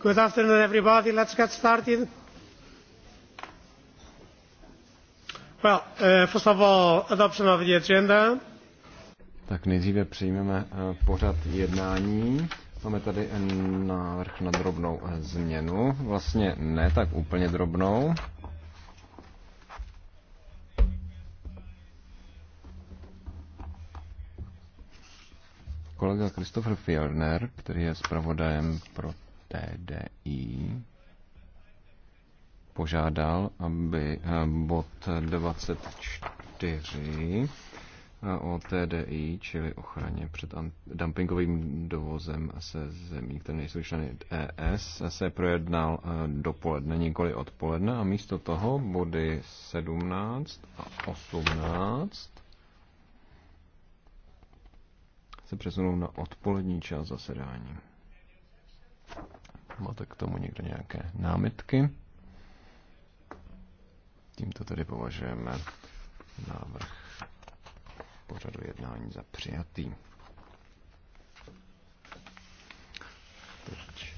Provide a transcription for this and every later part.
Good afternoon, everybody. Let's get started. Well, uh, first of all, adoption of the agenda. Tak nejdříve přijmeme uh, pořad jednání. Máme tady návrh na drobnou uh, změnu. Vlastně ne tak úplně drobnou. kolega Christopher Fjellner, který je zpravodajem pro TDI, požádal, aby eh, bod 24 eh, o TDI, čili ochraně před dumpingovým dovozem se zemí, které nejsou členy ES, se projednal eh, dopoledne, nikoli odpoledne a místo toho body 17 a 18 se přesunou na odpolední část zasedání. Máte k tomu někdo nějaké námitky? Tímto tedy považujeme návrh pořadu jednání za přijatý. Teď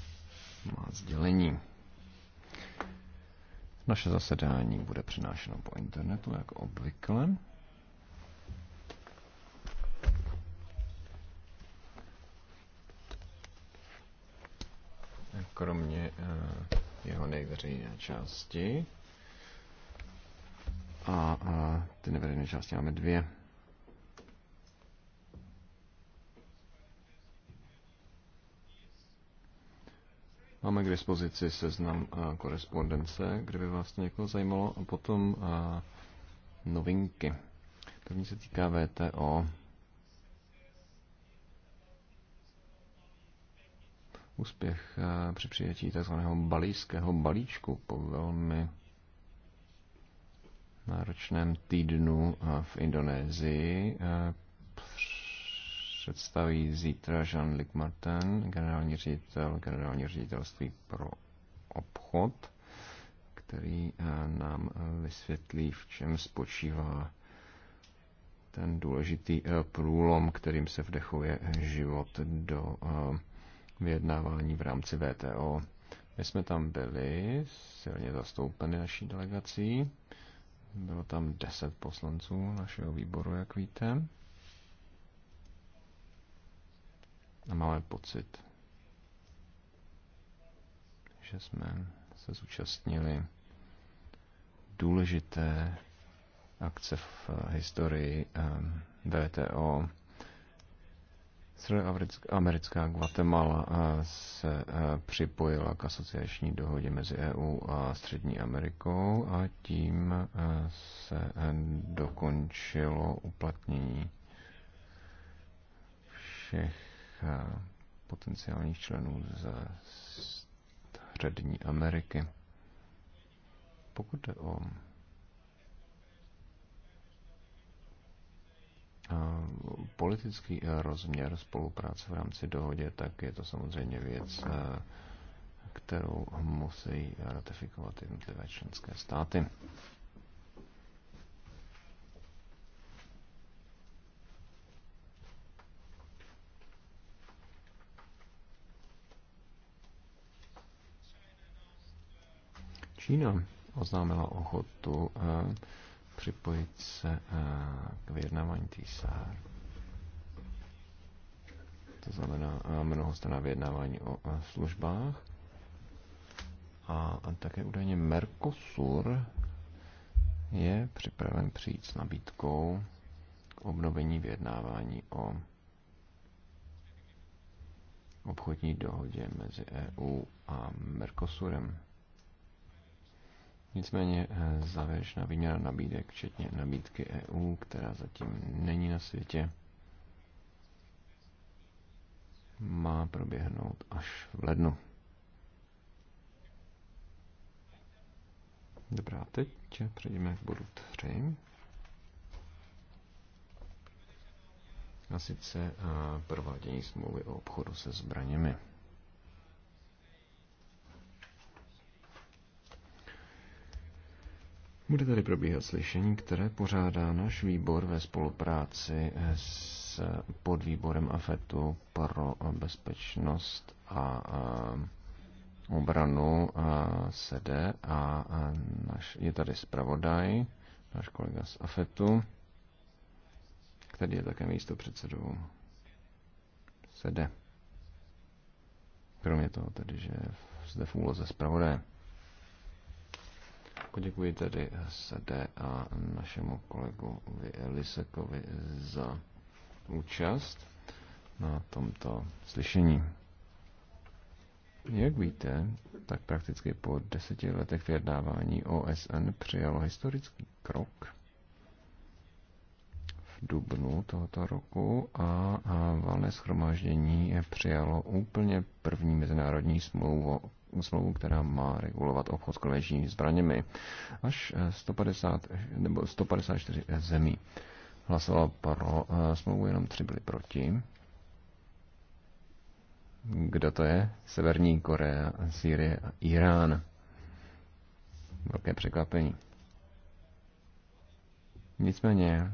má sdělení. Naše zasedání bude přenášeno po internetu, jako obvykle. kromě eh, jeho nejveřejné části. A, a ty neveřejné části máme dvě. Máme k dispozici seznam eh, korespondence, by vás to někoho zajímalo, a potom eh, novinky. První se týká VTO. úspěch eh, při přijetí tzv. balíského balíčku po velmi náročném týdnu eh, v Indonésii eh, představí zítra Jean-Luc Martin, generální ředitel generální ředitelství pro obchod, který nám vysvětlí, v čem spočívá ten důležitý průlom, kterým se vdechuje život do vyjednávání v rámci VTO. My jsme tam byli silně zastoupeni naší delegací. Bylo tam deset poslanců našeho výboru, jak víte. A máme pocit, že jsme se zúčastnili důležité akce v historii eh, VTO Středoamerická Guatemala eh, se eh, připojila k asociační dohodě mezi EU a Střední Amerikou a tím eh, se dokončilo uplatnění všech potenciálních členů ze Střední Ameriky. Pokud je o politický eh, rozměr spolupráce v rámci dohodě, tak je to samozřejmě věc, eh, kterou musí ratifikovat jednotlivé členské státy. Čína oznámila ochotu eh, připojit se eh, k vyjednávání TSR. To znamená eh, mnohostranná vyjednávání o eh, službách. A, a také údajně Mercosur je připraven přijít s nabídkou k obnovení vyjednávání o obchodní dohodě mezi EU a Mercosurem. Nicméně eh, závěrečná výměna nabídek, včetně nabídky EU, která zatím není na světě, má proběhnout až v lednu. Dobrá, teď přejdeme k bodu 3. A sice eh, provádění smlouvy o obchodu se zbraněmi. Bude tady probíhat slyšení, které pořádá náš výbor ve spolupráci s podvýborem AFETu pro bezpečnost a obranu sede a naš, je tady zpravodaj, náš kolega z AFETu, který je také místo předsedou sede. Kromě toho tedy, že zde v úloze zpravodaje. Poděkuji tedy SD a našemu kolegu Lisekovi za účast na tomto slyšení. Jak víte, tak prakticky po deseti letech vyjednávání OSN přijalo historický krok v dubnu tohoto roku a, valné schromáždění přijalo úplně první mezinárodní smlouvu smlouvu, která má regulovat obchod s konvenčními zbraněmi. Až 150, eh, nebo 154 zemí hlasovalo pro eh, smlouvu, jenom tři byli proti. Kdo to je? Severní Korea, Sýrie a Irán. Velké překvapení. Nicméně,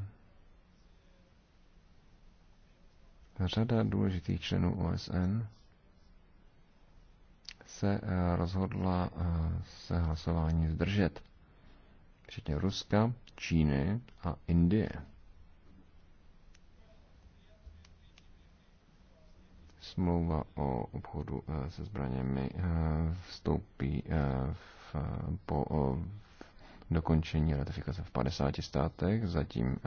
řada důležitých členů OSN se eh, rozhodla eh, se hlasování zdržet. Včetně Ruska, Číny a Indie. Smlouva o obchodu eh, se zbraněmi vstoupí v, po dokončení ratifikace v 50 státech, zatím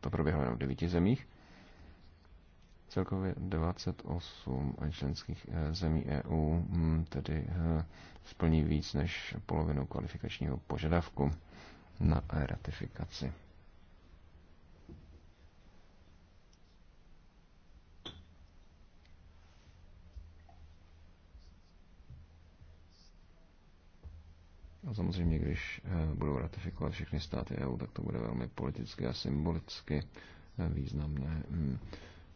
to proběhlo jenom v 9 zemích. Celkově 28 členských eh, zemí EU hm, tedy eh, splní víc než polovinu kvalifikačního požadavku na ratifikaci. A samozřejmě, když eh, budou ratifikovat všechny státy EU, tak to bude velmi politicky a symbolicky významné. Hm.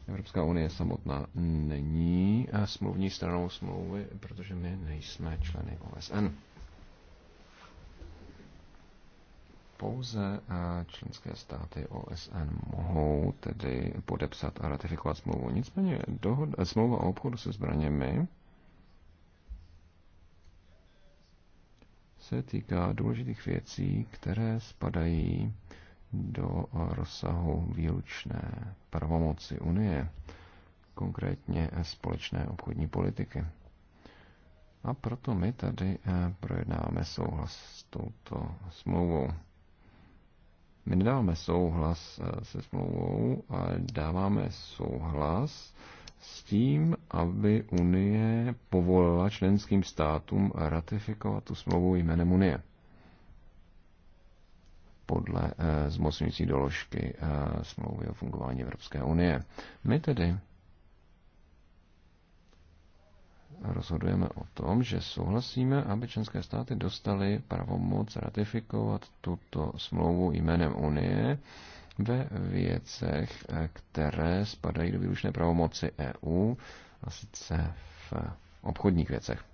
Evropská unie samotná není eh, smluvní stranou smlouvy, protože my nejsme členy OSN. Pouze eh, členské státy OSN mohou tedy podepsat a ratifikovat smlouvu. Nicméně dohod, smlouva o obchodu se zbraněmi se týká důležitých věcí, které spadají do rozsahu výlučné pravomoci Unie, konkrétně společné obchodní politiky. A proto my tady eh, projednáváme souhlas s touto smlouvou. My nedáváme souhlas eh, se smlouvou, ale dáváme souhlas s tím, aby Unie povolila členským státům ratifikovat tu smlouvu jménem Unie podle eh, zmocňující doložky eh, smlouvy o fungování Evropské unie. My tedy rozhodujeme o tom, že souhlasíme, aby členské státy dostaly pravomoc ratifikovat tuto smlouvu jménem Unie ve věcech, eh, které spadají do výlučné pravomoci EU, a sice v obchodních věcech.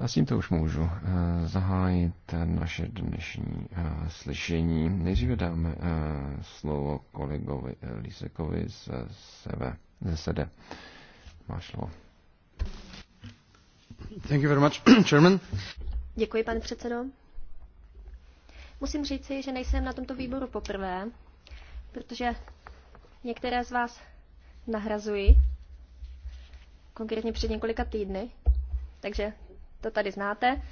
A s tímto už můžu eh, zahájit naše dnešní eh, slyšení. Nejdříve dáme eh, slovo kolegovi Lisekovi z sebe, ze sede. Máš slovo. Thank you very much, Chairman. Děkuji, pane předsedo. Musím říci, že nejsem na tomto výboru poprvé, protože některé z vás nahrazuji, konkrétně před několika týdny, takže to tady znáte.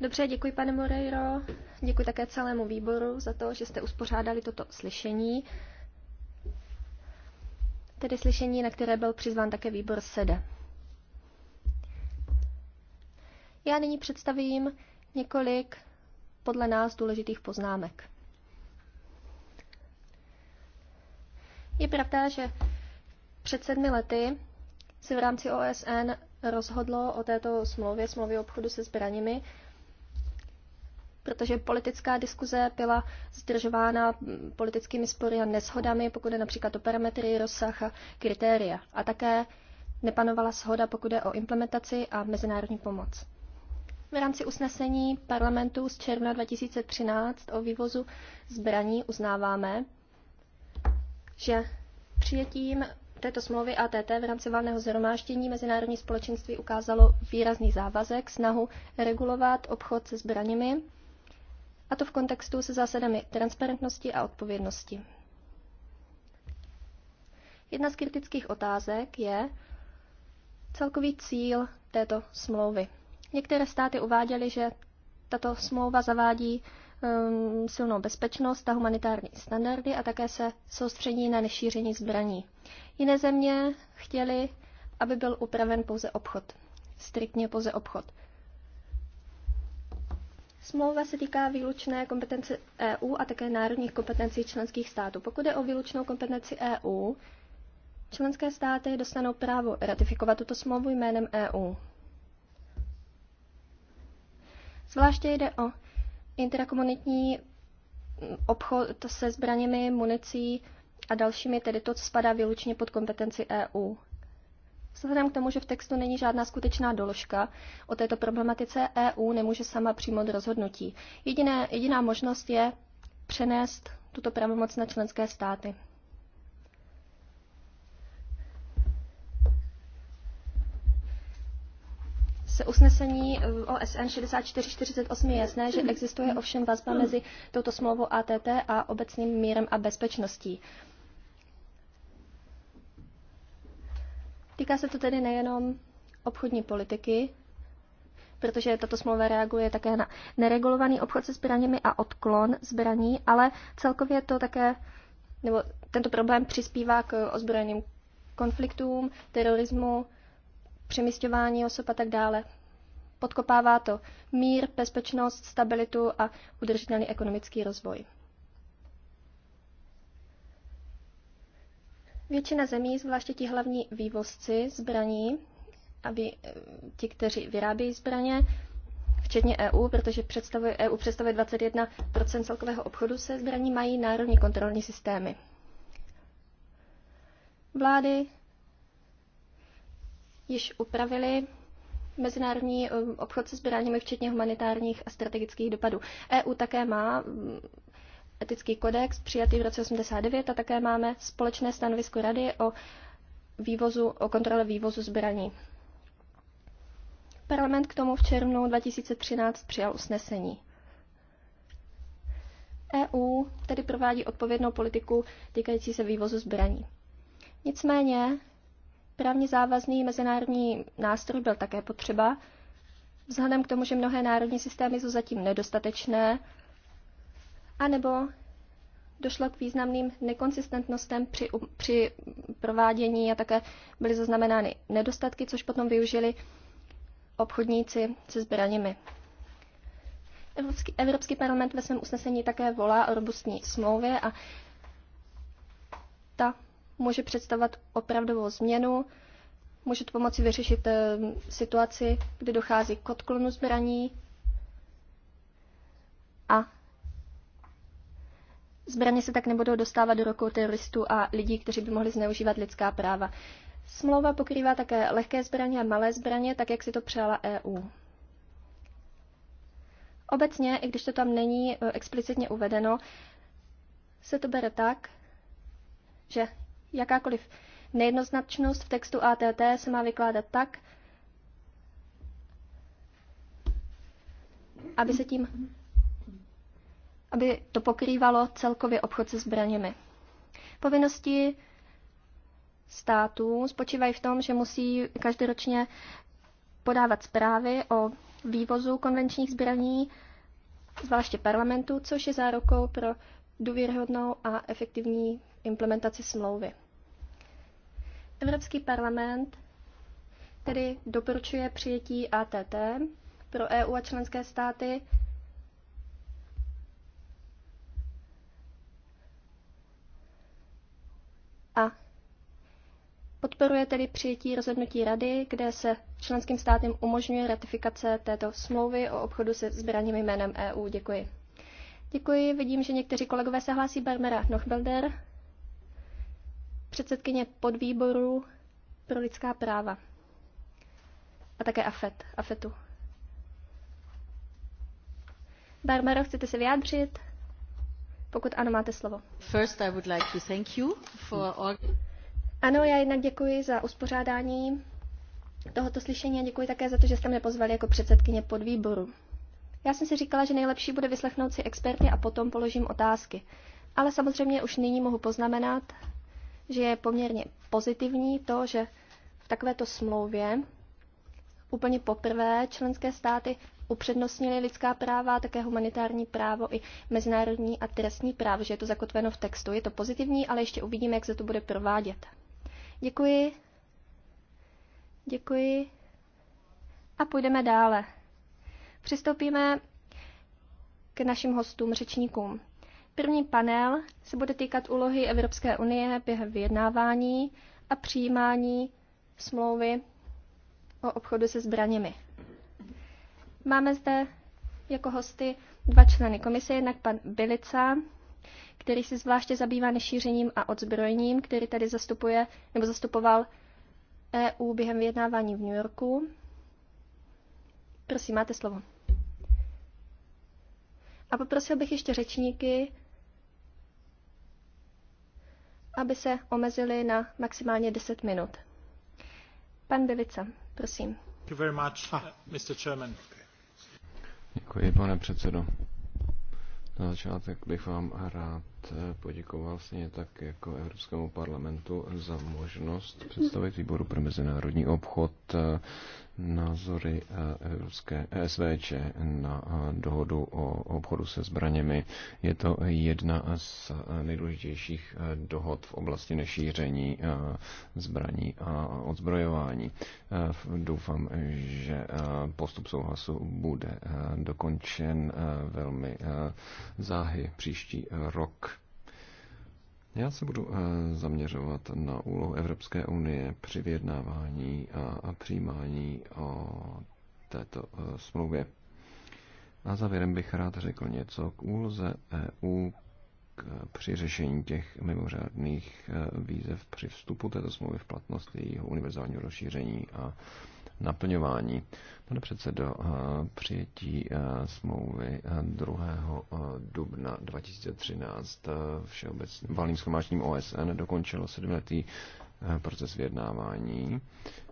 Dobře, děkuji pane Moreiro, děkuji také celému výboru za to, že jste uspořádali toto slyšení. Tedy slyšení, na které byl přizván také výbor SEDE. Já nyní představím několik podle nás důležitých poznámek. Je pravda, že před sedmi lety se v rámci OSN rozhodlo o této smlouvě, smlouvě obchodu se zbraněmi, protože politická diskuze byla zdržována politickými spory a neshodami, pokud je například o parametry, rozsah a kritéria. A také nepanovala shoda, pokud je o implementaci a mezinárodní pomoc. V rámci usnesení parlamentu z června 2013 o vývozu zbraní uznáváme, že přijetím této smlouvy ATT v rámci valného zhromáždění mezinárodní společenství ukázalo výrazný závazek, snahu regulovat obchod se zbraněmi, a to v kontextu se zásadami transparentnosti a odpovědnosti. Jedna z kritických otázek je celkový cíl této smlouvy. Některé státy uváděly, že tato smlouva zavádí Um, silnou bezpečnost a humanitární standardy a také se soustředí na nešíření zbraní. Jiné země chtěly, aby byl upraven pouze obchod. Striktně pouze obchod. Smlouva se týká výlučné kompetence EU a také národních kompetencí členských států. Pokud je o výlučnou kompetenci EU, členské státy dostanou právo ratifikovat tuto smlouvu jménem EU. Zvláště jde o Interkomunitní obchod se zbraněmi, municí a dalšími, tedy to, co spadá výlučně pod kompetenci EU. Vzhledem k tomu, že v textu není žádná skutečná doložka o této problematice, EU nemůže sama přijmout rozhodnutí. Jediné, jediná možnost je přenést tuto pravomoc na členské státy. Z usnesení eh, OSN 6448 je jasné, že existuje ovšem vazba mezi touto smlouvou ATT a obecným mírem a bezpečností. Týká se to tedy nejenom obchodní politiky, protože tato smlouva reaguje také na neregulovaný obchod se zbraněmi a odklon zbraní, ale celkově to také, nebo tento problém přispívá k ozbrojeným konfliktům, terorismu, přemysťování osob a tak dále. Podkopává to mír, bezpečnost, stabilitu a udržitelný ekonomický rozvoj. Většina zemí, zvláště ti hlavní vývozci zbraní, aby ti, kteří vyrábějí zbraně, včetně EU, protože představuje, EU představuje 21 celkového obchodu se zbraní, mají národní kontrolní systémy. Vlády již upravili mezinárodní um, obchod se zbraněmi, včetně humanitárních a strategických dopadů. EU také má mm, etický kodex přijatý v roce 89 a také máme společné stanovisko Rady o, vývozu, o kontrole vývozu zbraní. Parlament k tomu v červnu 2013 přijal usnesení. EU tedy provádí odpovědnou politiku týkající se vývozu zbraní. Nicméně Právně závazný mezinárodní nástroj byl také potřeba, vzhledem k tomu, že mnohé národní systémy jsou zatím nedostatečné, anebo došlo k významným nekonsistentnostem při, při provádění a také byly zaznamenány nedostatky, což potom využili obchodníci se zbraněmi. Evropský, Evropský parlament ve svém usnesení také volá o robustní smlouvě a ta může představovat opravdovou změnu, může to pomoci vyřešit eh, situaci, kdy dochází k odklonu zbraní a zbraně se tak nebudou dostávat do rukou teroristů a lidí, kteří by mohli zneužívat lidská práva. Smlouva pokrývá také lehké zbraně a malé zbraně, tak jak si to přála EU. Obecně, i když to tam není eh, explicitně uvedeno, se to bere tak, že Jakákoliv nejednoznačnost v textu ATT se má vykládat tak, aby se tím aby to pokrývalo celkově obchod se zbraněmi. Povinnosti států spočívají v tom, že musí každoročně podávat zprávy o vývozu konvenčních zbraní, zvláště parlamentu, což je zárukou pro důvěrhodnou a efektivní implementaci smlouvy. Evropský parlament tedy doporučuje přijetí ATT pro EU a členské státy a podporuje tedy přijetí rozhodnutí Rady, kde se členským státem umožňuje ratifikace této smlouvy o obchodu se zbraněmi jménem EU. Děkuji. Děkuji. Vidím, že někteří kolegové se hlásí. Barmera Nochbelder předsedkyně podvýboru pro lidská práva a také AFET, AFETu. Barbaro, chcete se vyjádřit? Pokud ano, máte slovo. First I would like to thank you for all... Ano, já jednak děkuji za uspořádání tohoto slyšení a děkuji také za to, že jste mě pozvali jako předsedkyně podvýboru. Já jsem si říkala, že nejlepší bude vyslechnout si experty a potom položím otázky. Ale samozřejmě už nyní mohu poznamenat, že je poměrně pozitivní to, že v takovéto smlouvě úplně poprvé členské státy upřednostnili lidská práva, také humanitární právo i mezinárodní a trestní právo, že je to zakotveno v textu. Je to pozitivní, ale ještě uvidíme, jak se to bude provádět. Děkuji. Děkuji. A půjdeme dále. Přistoupíme k našim hostům, řečníkům. První panel se bude týkat úlohy Evropské unie během vyjednávání a přijímání smlouvy o obchodu se zbraněmi. Máme zde jako hosty dva členy komise, jednak pan Bilica, který se zvláště zabývá nešířením a odzbrojením, který tady zastupuje nebo zastupoval EU během vyjednávání v New Yorku. Prosím, máte slovo. A poprosil bych ještě řečníky, aby se omezili na maximálně 10 minut. Pan Bivica, prosím. Ah. Uh, Děkuji, pane předsedo. Na začátek bych vám rád Eh, poděkoval stejně tak jako Evropskému parlamentu za možnost představit výboru pro mezinárodní obchod eh, názory eh, Evropské SVČ na dohodu o obchodu se zbraněmi. Je to jedna z nejdůležitějších dohod v oblasti nešíření zbraní a odzbrojování. Doufám, že postup souhlasu bude dokončen velmi záhy příští rok já se budu eh, zaměřovat na úlohu Evropské unie při vyjednávání a přijímání o této eh, smlouvě. A závěrem bych rád řekl něco k úloze EU k, při řešení těch mimořádných eh, výzev při vstupu této smlouvy v platnost jejího univerzálního rozšíření a naplňování. Pane předsedo, eh, přijetí eh, smlouvy 2. Eh, dubna 2013 všeobecným valným schromážděním OSN dokončilo sedmletý Eh, proces vyjednávání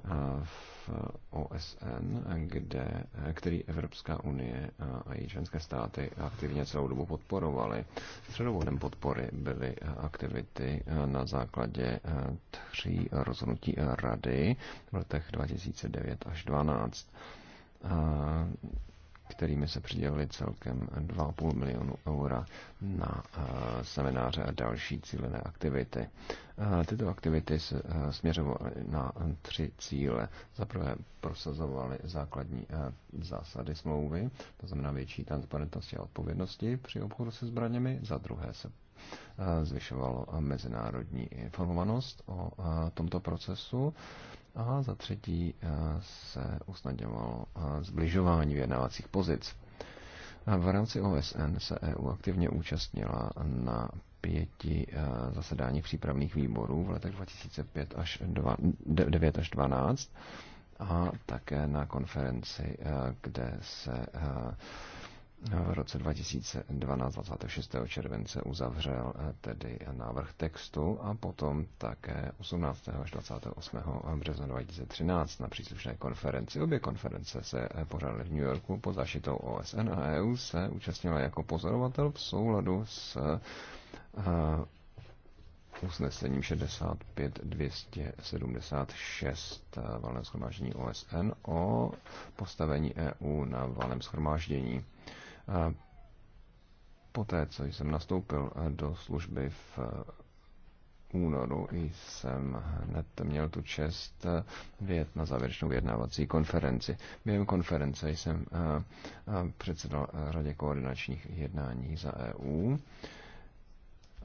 eh, v OSN, kde, eh, který Evropská unie a její členské státy aktivně celou dobu podporovaly. Středovodem podpory byly aktivity na základě tří rozhodnutí Rady v letech 2009 až 2012 kterými se přidělili celkem 2,5 milionu eura na eh, semináře a další cílené aktivity. Eh, tyto aktivity eh, směřovaly na tři cíle. Za prvé prosazovaly základní zásady smlouvy, to znamená větší transparentnosti a odpovědnosti při obchodu se zbraněmi. Za druhé se zvyšovalo mezinárodní informovanost o tomto procesu a za třetí eh, se usnadňovalo eh, zbližování vyjednávacích pozic. V rámci OSN se EU aktivně účastnila na pěti eh, zasedáních přípravných výborů v letech 2005 až 2009 až 2012 a také na konferenci, kde se v roce 2012 26. července uzavřel eh, tedy návrh textu a potom také 18. až 28. března 2013 na příslušné konferenci. Obě konference se eh, pořádaly v New Yorku pod zašitou OSN a EU se účastnila jako pozorovatel v souladu s eh, usnesením 65-276 valném schromáždění OSN o postavení EU na valném schromáždění. Poté, co jsem nastoupil eh, do služby v eh, únoru jsem hned měl tu čest eh, vyjet na závěrečnou vyjednávací konferenci. Během konference jsem předsedal Radě koordinačních jednání za EU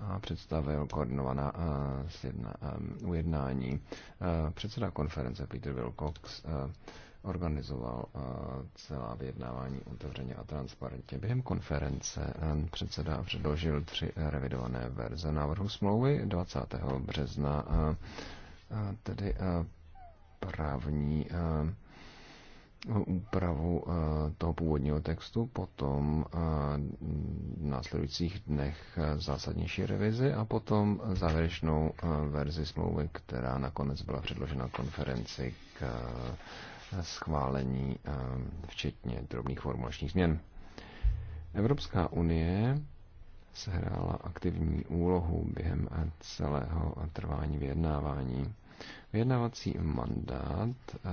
a představil koordinovaná ujednání. Předseda konference Peter Wilcox organizoval eh, celá vyjednávání otevřeně a transparentně. Během konference eh, předseda předložil tři revidované verze návrhu smlouvy 20. března, eh, tedy právní úpravu toho původního textu, potom v následujících dnech zásadnější revizi a potom závěrečnou verzi smlouvy, která nakonec byla předložena konferenci k schválení, eh, včetně drobných formulačních změn. Evropská unie sehrála aktivní úlohu během celého trvání vyjednávání. Vyjednávací mandát eh,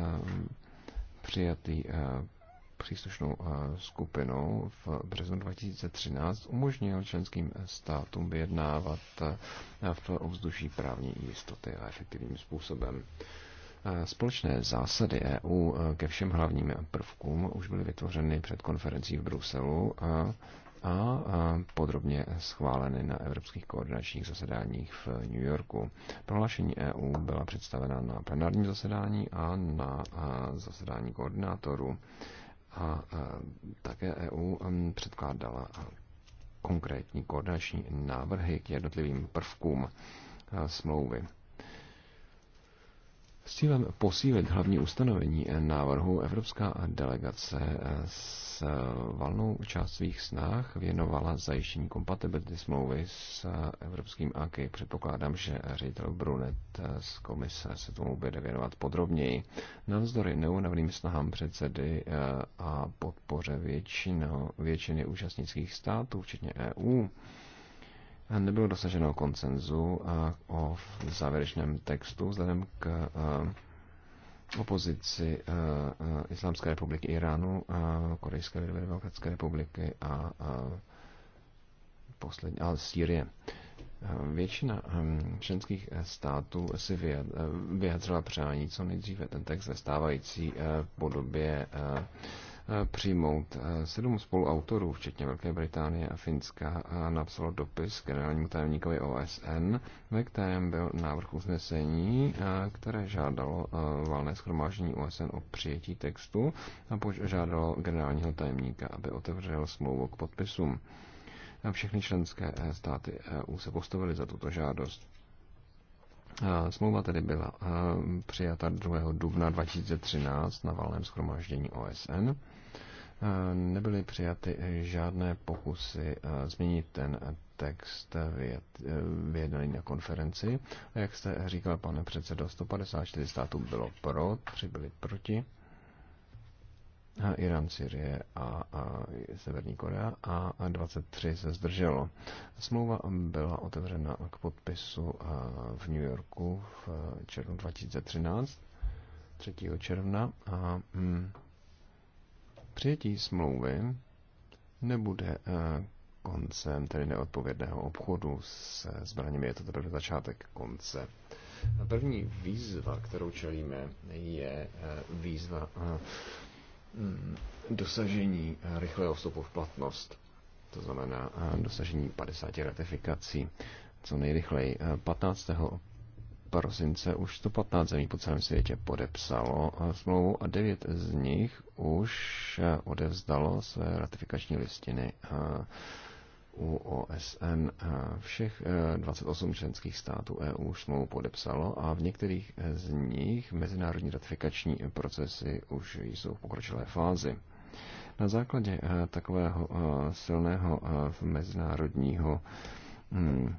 přijatý eh, příslušnou skupinou v březnu 2013 umožnil členským státům vyjednávat v ovzduší právní jistoty a efektivním způsobem. Eh, společné zásady EU eh, ke všem hlavním prvkům už byly vytvořeny před konferencí v Bruselu a, a podrobně schváleny na evropských koordinačních zasedáních v New Yorku. Prohlášení EU byla představena na plenárním zasedání a na eh, zasedání koordinátorů. A také EU předkládala konkrétní koordinační návrhy k jednotlivým prvkům smlouvy. S cílem posílit hlavní ustanovení návrhu Evropská delegace s valnou část svých snah věnovala zajištění kompatibility smlouvy s Evropským AKI. Předpokládám, že ředitel Brunet z komise se tomu bude věnovat podrobněji. Navzdory neunavným snahám předsedy eh, a podpoře většinu, většiny účastnických států, včetně EU, nebylo dosaženo koncenzu o závěrečném textu vzhledem k opozici Islámské republiky Iránu, Korejské lidové demokratické republiky a poslední, ale Sýrie. Většina hm, členských států si vyjadřila přání co nejdříve ten text ve stávající podobě přijmout. Eh, sedm spoluautorů, včetně Velké Británie a Finska, eh, napsalo dopis generálnímu tajemníkovi OSN, ve kterém byl návrh usnesení, eh, které žádalo valné schromáždění OSN o přijetí textu a požádalo generálního tajemníka, aby otevřel smlouvu k podpisům. Všechny členské státy EU se postavily za tuto žádost. Smlouva tedy byla přijata 2. dubna 2013 na valném schromáždění OSN nebyly přijaty žádné pokusy eh, změnit ten text eh, vyjednaný na konferenci. Jak jste říkal, pane předsedo, 154 států bylo pro, tři byly proti. Irán, Syrie a, a Severní Korea a 23 se zdrželo. Smlouva byla otevřena k podpisu eh, v New Yorku v červnu 2013, 3. června a hm, Přijetí smlouvy nebude eh, koncem tedy neodpovědného obchodu se zbraněmi. Je to teprve začátek konce. první výzva, kterou čelíme, je eh, výzva eh, mm, dosažení rychlého vstupu v platnost. To znamená dosažení 50 ratifikací co nejrychleji. 15 prosince už 115 zemí po celém světě podepsalo eh, smlouvu a 9 z nich už eh, odevzdalo své ratifikační listiny eh, u OSN. Všech 28 členských států EU už smlouvu podepsalo a v některých z nich mezinárodní ratifikační procesy už jsou v pokročilé fázi. Na základě takového silného mezinárodního hm,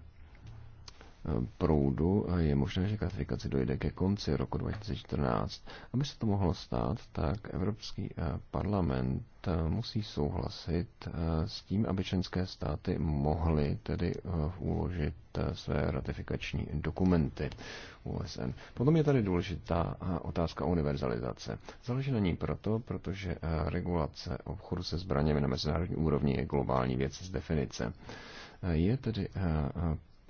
proudu je možné, že klasifikace dojde ke konci roku 2014. Aby se to mohlo stát, tak Evropský eh, parlament eh, musí souhlasit eh, s tím, aby členské státy mohly tedy uložit své ratifikační dokumenty USN. Potom je tady důležitá otázka univerzalizace. Záleží na ní proto, protože regulace obchodu se zbraněmi na mezinárodní úrovni je globální věc z definice. Je tedy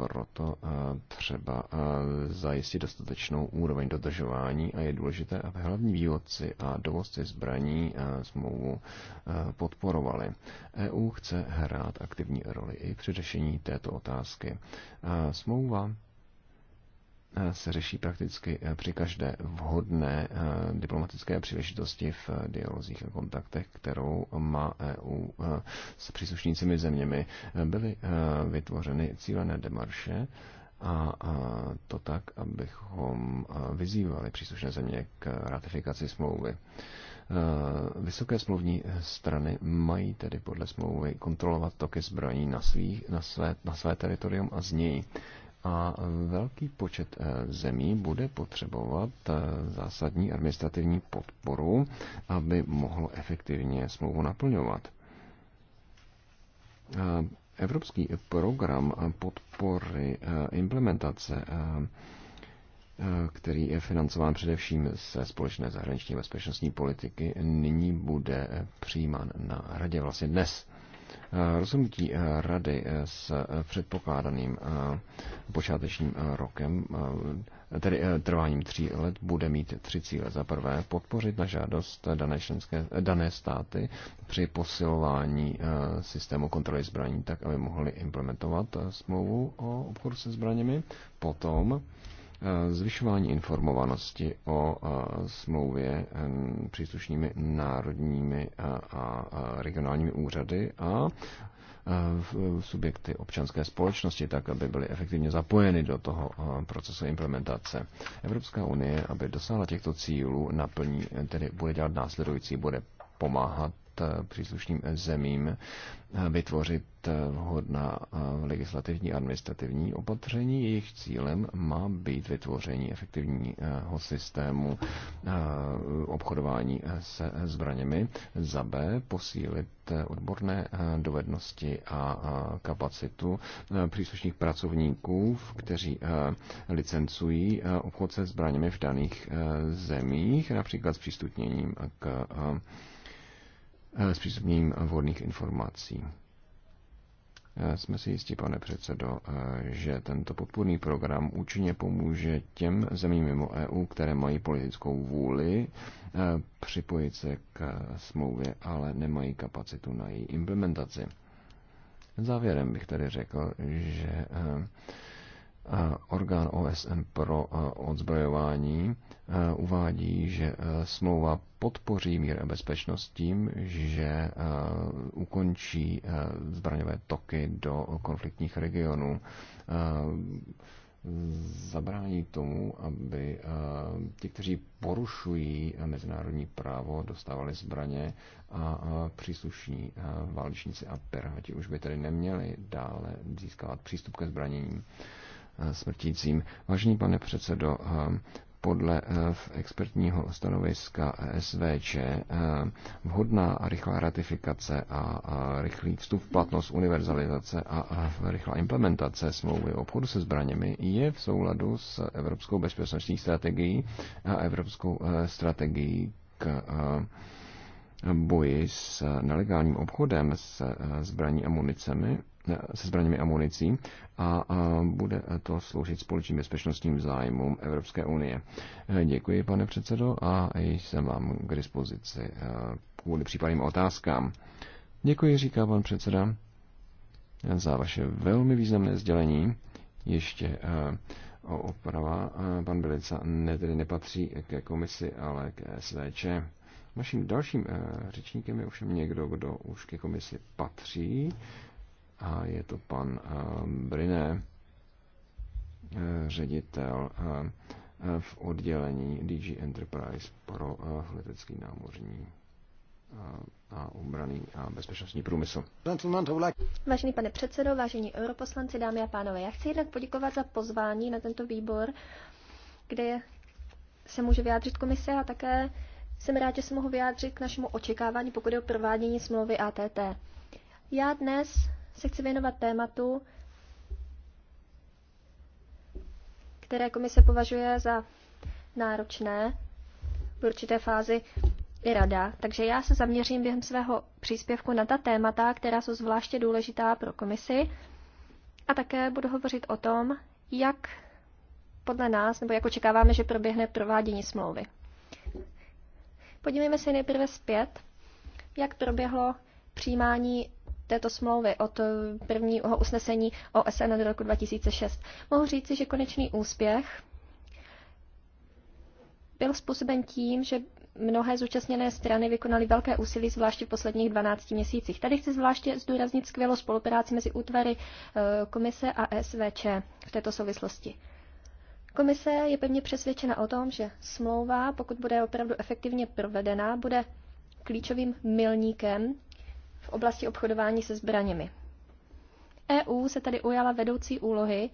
proto eh, třeba eh, zajistit dostatečnou úroveň dodržování a je důležité, aby hlavní vývodci a dovozci zbraní eh, smlouvu podporovali. EU chce hrát aktivní roli i při řešení této otázky. Smlouva se řeší prakticky eh, při každé vhodné eh, diplomatické příležitosti v eh, dialozích a kontaktech, kterou má EU s příslušnícími zeměmi. Byly vytvořeny cílené demarše a to tak, abychom vyzývali příslušné země k ratifikaci smlouvy. Vysoké smluvní strany mají tedy podle smlouvy kontrolovat toky zbraní na, svých, na, své, na své teritorium a z něj a velký počet eh, zemí bude potřebovat eh, zásadní administrativní podporu, aby mohlo efektivně smlouvu naplňovat. Eh, evropský program podpory implementace, který je financován především ze společné zahraniční bezpečnostní politiky, nyní bude přijímán na radě vlastně dnes. Eh, rozhodnutí eh, rady eh, s předpokládaným počátečním rokem, tedy trváním tří let, bude mít tři cíle. Za prvé podpořit na žádost dané, členské, dané státy při posilování systému kontroly zbraní tak, aby mohli implementovat smlouvu o obchodu se zbraněmi. Potom Eh, zvyšování informovanosti o eh, smlouvě eh, příslušnými národními a regionálními úřady a subjekty občanské společnosti, tak aby byly efektivně zapojeny do toho procesu implementace. Evropská unie, aby dosáhla těchto cílů, naplní, tedy bude dělat následující, bude pomáhat Eh, příslušným eh, zemím eh, vytvořit vhodná legislativní a administrativní opatření. Jejich cílem má být vytvoření efektivního systému obchodování se zbraněmi. Za B posílit odborné dovednosti a kapacitu příslušných pracovníků, kteří licencují obchod se zbraněmi v daných zemích, například s přístupněním k Eh, s zpřístupněním vhodných informací. Eh, jsme si jistí, pane předsedo, eh, že tento podpůrný program účinně pomůže těm zemím mimo EU, které mají politickou vůli připojit se k smlouvě, ale nemají kapacitu na její implementaci. Závěrem bych tedy řekl, že orgán OSN pro odzbrojování uvádí, že smlouva podpoří mír a bezpečnost tím, že ukončí zbraňové toky do konfliktních regionů. Zabrání tomu, aby ti, kteří porušují mezinárodní právo, dostávali zbraně a příslušní válečníci a pirháti už by tedy neměli dále získávat přístup ke zbraněním. Eh, smrtícím. Vážený pane předsedo, eh, podle eh, expertního stanoviska SVČ vhodná a rychlá ratifikace a rychlý vstup v platnost univerzalizace a rychlá implementace smlouvy o obchodu se zbraněmi je v souladu s Evropskou bezpečnostní strategií a Evropskou strategií k boji s nelegálním obchodem s zbraní a municemi Eh, se zbraněmi a municí a bude to sloužit společným bezpečnostním zájmům Evropské unie. Eh, děkuji, pane předsedo, a jsem vám k dispozici eh, kvůli případným otázkám. Děkuji, říká pan předseda, za vaše velmi významné sdělení. Ještě oprava. Pan Belica ne, tedy nepatří ke komisi, ale k SVČ. Naším dalším řečníkem je ovšem někdo, kdo už ke komisi patří a je to pan eh, Briné, eh, ředitel eh, v oddělení DG Enterprise pro letecký námořní a obraný a bezpečnostní průmysl. Vážený pane předsedo, vážení europoslanci, dámy a pánové, já chci jednak poděkovat za pozvání na tento výbor, kde se může vyjádřit komise a také jsem rád, že se mohu vyjádřit k našemu očekávání, pokud je o provádění smlouvy ATT. Já dnes se chci věnovat tématu, které komise považuje za náročné v určité fázi i rada. Takže já se zaměřím během svého příspěvku na ta témata, která jsou zvláště důležitá pro komisi. A také budu hovořit o tom, jak podle nás, nebo jak očekáváme, že proběhne provádění smlouvy. Podívejme se nejprve zpět, jak proběhlo přijímání této smlouvy, od eh, prvního usnesení SN do roku 2006. Mohu říci, že konečný úspěch byl způsoben tím, že mnohé zúčastněné strany vykonaly velké úsilí, zvláště v posledních 12 měsících. Tady chci zvláště zdůraznit skvělou spolupráci mezi útvary eh, komise a SVČ v této souvislosti. Komise je pevně přesvědčena o tom, že smlouva, pokud bude opravdu efektivně provedena, bude klíčovým milníkem v oblasti obchodování se zbraněmi. EU se tedy ujala vedoucí úlohy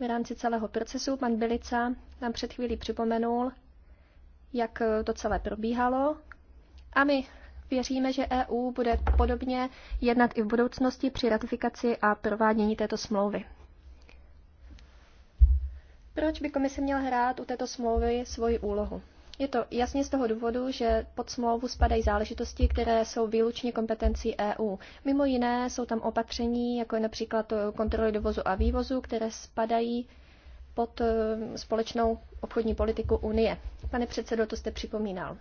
v rámci celého procesu. Pan Bilica nám před chvílí připomenul, jak to celé probíhalo. A my věříme, že EU bude podobně jednat i v budoucnosti při ratifikaci a provádění této smlouvy. Proč by komise měla hrát u této smlouvy svoji úlohu? Je to jasně z toho důvodu, že pod smlouvu spadají záležitosti, které jsou výlučně kompetencí EU. Mimo jiné jsou tam opatření, jako je například eh, kontroly dovozu a vývozu, které spadají pod eh, společnou obchodní politiku Unie. Pane předsedo, to jste připomínal.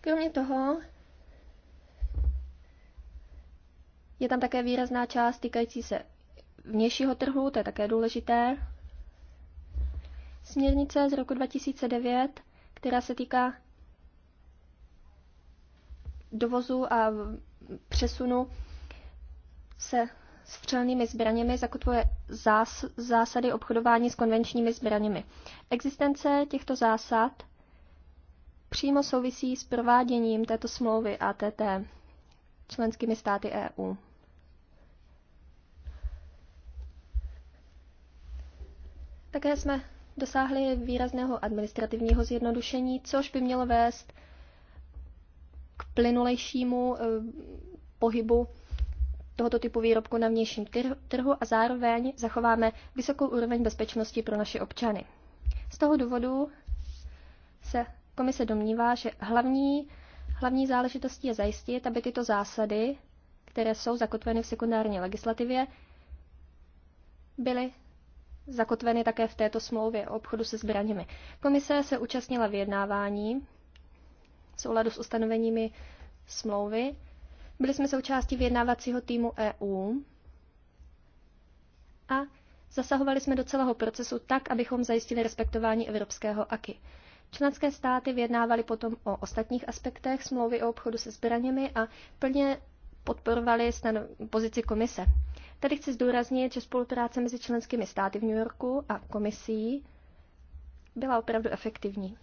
Kromě toho je tam také výrazná část týkající se vnějšího trhu, to je také důležité, Směrnice z roku 2009, která se týká dovozu a přesunu se střelnými zbraněmi zakotvuje zás- zásady obchodování s konvenčními zbraněmi. Existence těchto zásad přímo souvisí s prováděním této smlouvy ATT členskými státy EU. Také jsme dosáhli výrazného administrativního zjednodušení, což by mělo vést k plynulejšímu eh, pohybu tohoto typu výrobku na vnějším trhu a zároveň zachováme vysokou úroveň bezpečnosti pro naše občany. Z toho důvodu se komise domnívá, že hlavní, hlavní záležitostí je zajistit, aby tyto zásady, které jsou zakotveny v sekundární legislativě, byly zakotveny také v této smlouvě o obchodu se zbraněmi. Komise se účastnila vyjednávání v souladu s ustanoveními smlouvy. Byli jsme součástí vyjednávacího týmu EU a zasahovali jsme do celého procesu tak, abychom zajistili respektování evropského AKY. Členské státy vyjednávaly potom o ostatních aspektech smlouvy o obchodu se zbraněmi a plně podporovali pozici komise. Tady chci zdůraznit, že spolupráce mezi členskými státy v New Yorku a komisí byla opravdu efektivní.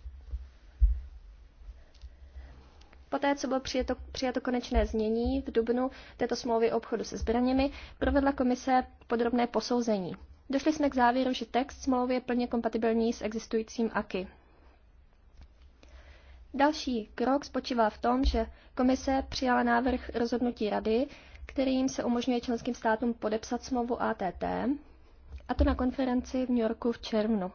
Poté, co bylo přijato, přijato konečné znění v dubnu této smlouvy o obchodu se zbraněmi, provedla komise podrobné posouzení. Došli jsme k závěru, že text smlouvy je plně kompatibilní s existujícím AKY. Další krok spočívá v tom, že komise přijala návrh rozhodnutí rady, kterým se umožňuje členským státům podepsat smlouvu ATT, a to na konferenci v New Yorku v červnu,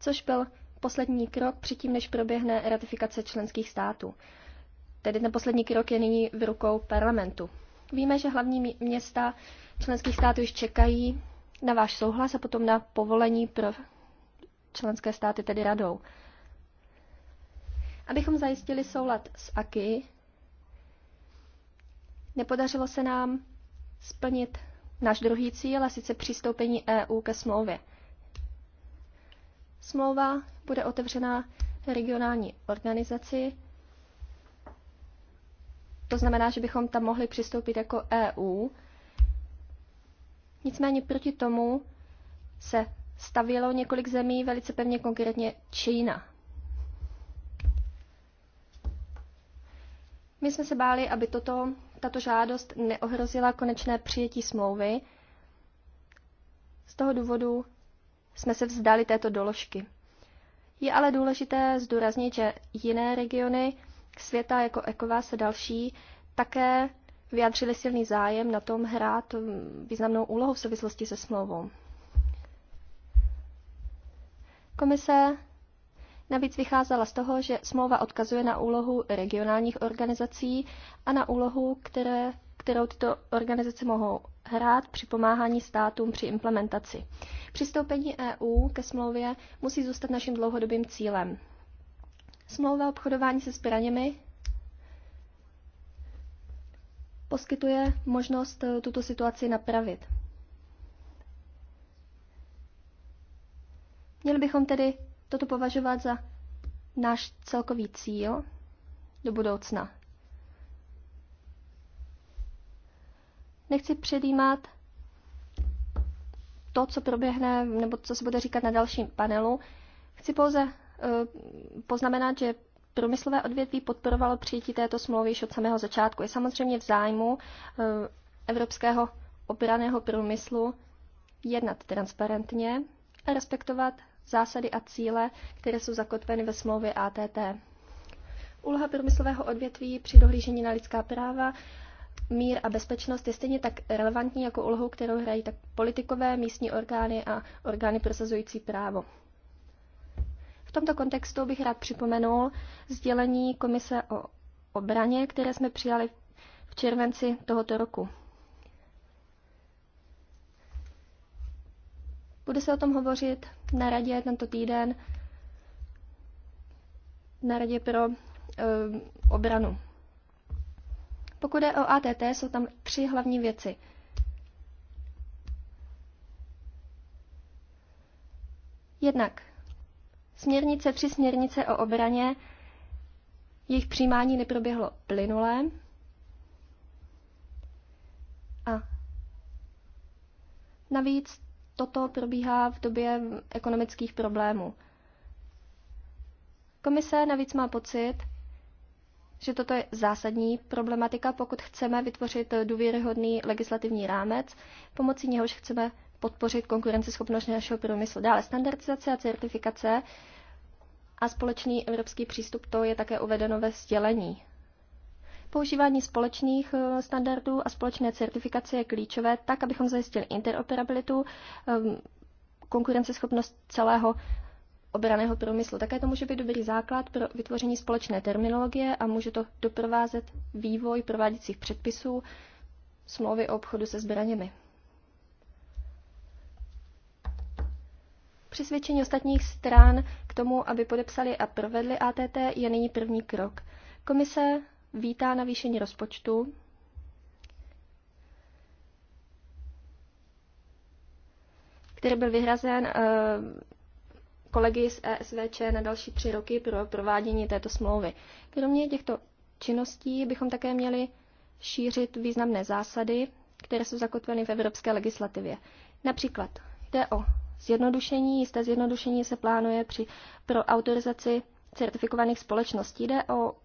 což byl poslední krok předtím, než proběhne ratifikace členských států. Tedy ten poslední krok je nyní v rukou parlamentu. Víme, že hlavní města členských států již čekají na váš souhlas a potom na povolení pro členské státy, tedy radou. Abychom zajistili soulad s AKI, Nepodařilo se nám splnit náš druhý cíl, a sice přistoupení EU ke smlouvě. Smlouva bude otevřená regionální organizaci. To znamená, že bychom tam mohli přistoupit jako EU. Nicméně proti tomu se stavilo několik zemí, velice pevně konkrétně Čína. My jsme se báli, aby toto tato žádost neohrozila konečné přijetí smlouvy. Z toho důvodu jsme se vzdali této doložky. Je ale důležité zdůraznit, že jiné regiony světa jako ECOWAS a další také vyjádřili silný zájem na tom hrát významnou úlohu v souvislosti se smlouvou. Komise Navíc vycházela z toho, že smlouva odkazuje na úlohu regionálních organizací a na úlohu, které, kterou tyto organizace mohou hrát při pomáhání státům při implementaci. Přistoupení EU ke smlouvě musí zůstat naším dlouhodobým cílem. Smlouva o obchodování se zbraněmi poskytuje možnost eh, tuto situaci napravit. Měli bychom tedy toto považovat za náš celkový cíl do budoucna. Nechci předjímat to, co proběhne, nebo co se bude říkat na dalším panelu. Chci pouze uh, poznamenat, že průmyslové odvětví podporovalo přijetí této smlouvy již od samého začátku. Je samozřejmě v zájmu uh, evropského obraného průmyslu jednat transparentně a respektovat zásady a cíle, které jsou zakotveny ve smlouvě ATT. Úloha průmyslového odvětví při dohlížení na lidská práva, mír a bezpečnost je stejně tak relevantní jako úlohou, kterou hrají tak politikové, místní orgány a orgány prosazující právo. V tomto kontextu bych rád připomenul sdělení Komise o obraně, které jsme přijali v červenci tohoto roku. Bude se o tom hovořit na radě tento týden, na radě pro um, obranu. Pokud je o ATT, jsou tam tři hlavní věci. Jednak směrnice, tři směrnice o obraně, jejich přijímání neproběhlo plynulé. A navíc toto probíhá v době ekonomických problémů. Komise navíc má pocit, že toto je zásadní problematika, pokud chceme vytvořit důvěryhodný legislativní rámec, pomocí něhož chceme podpořit konkurenceschopnost našeho průmyslu. Dále standardizace a certifikace a společný evropský přístup, to je také uvedeno ve sdělení Používání společných eh, standardů a společné certifikace je klíčové, tak abychom zajistili interoperabilitu, ehm, konkurenceschopnost celého obraného průmyslu. Také to může být dobrý základ pro vytvoření společné terminologie a může to doprovázet vývoj prováděcích předpisů smlouvy o obchodu se zbraněmi. Přesvědčení ostatních stran k tomu, aby podepsali a provedli ATT, je nyní první krok. Komise vítá navýšení rozpočtu. který byl vyhrazen eh, kolegy z ESVČ na další tři roky pro provádění této smlouvy. Kromě těchto činností bychom také měli šířit významné zásady, které jsou zakotveny v evropské legislativě. Například jde o zjednodušení, jisté zjednodušení se plánuje při, pro autorizaci certifikovaných společností. Jde o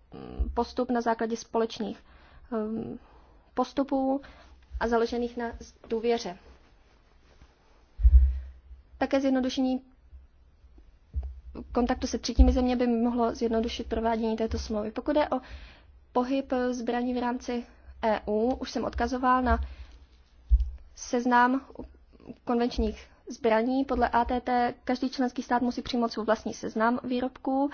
postup na základě společných ehm, postupů a založených na důvěře. Také zjednodušení kontaktu se třetími země by mohlo zjednodušit provádění této smlouvy. Pokud je o pohyb zbraní v rámci EU, už jsem odkazoval na seznam konvenčních zbraní. Podle ATT každý členský stát musí přijmout svůj vlastní seznam výrobků,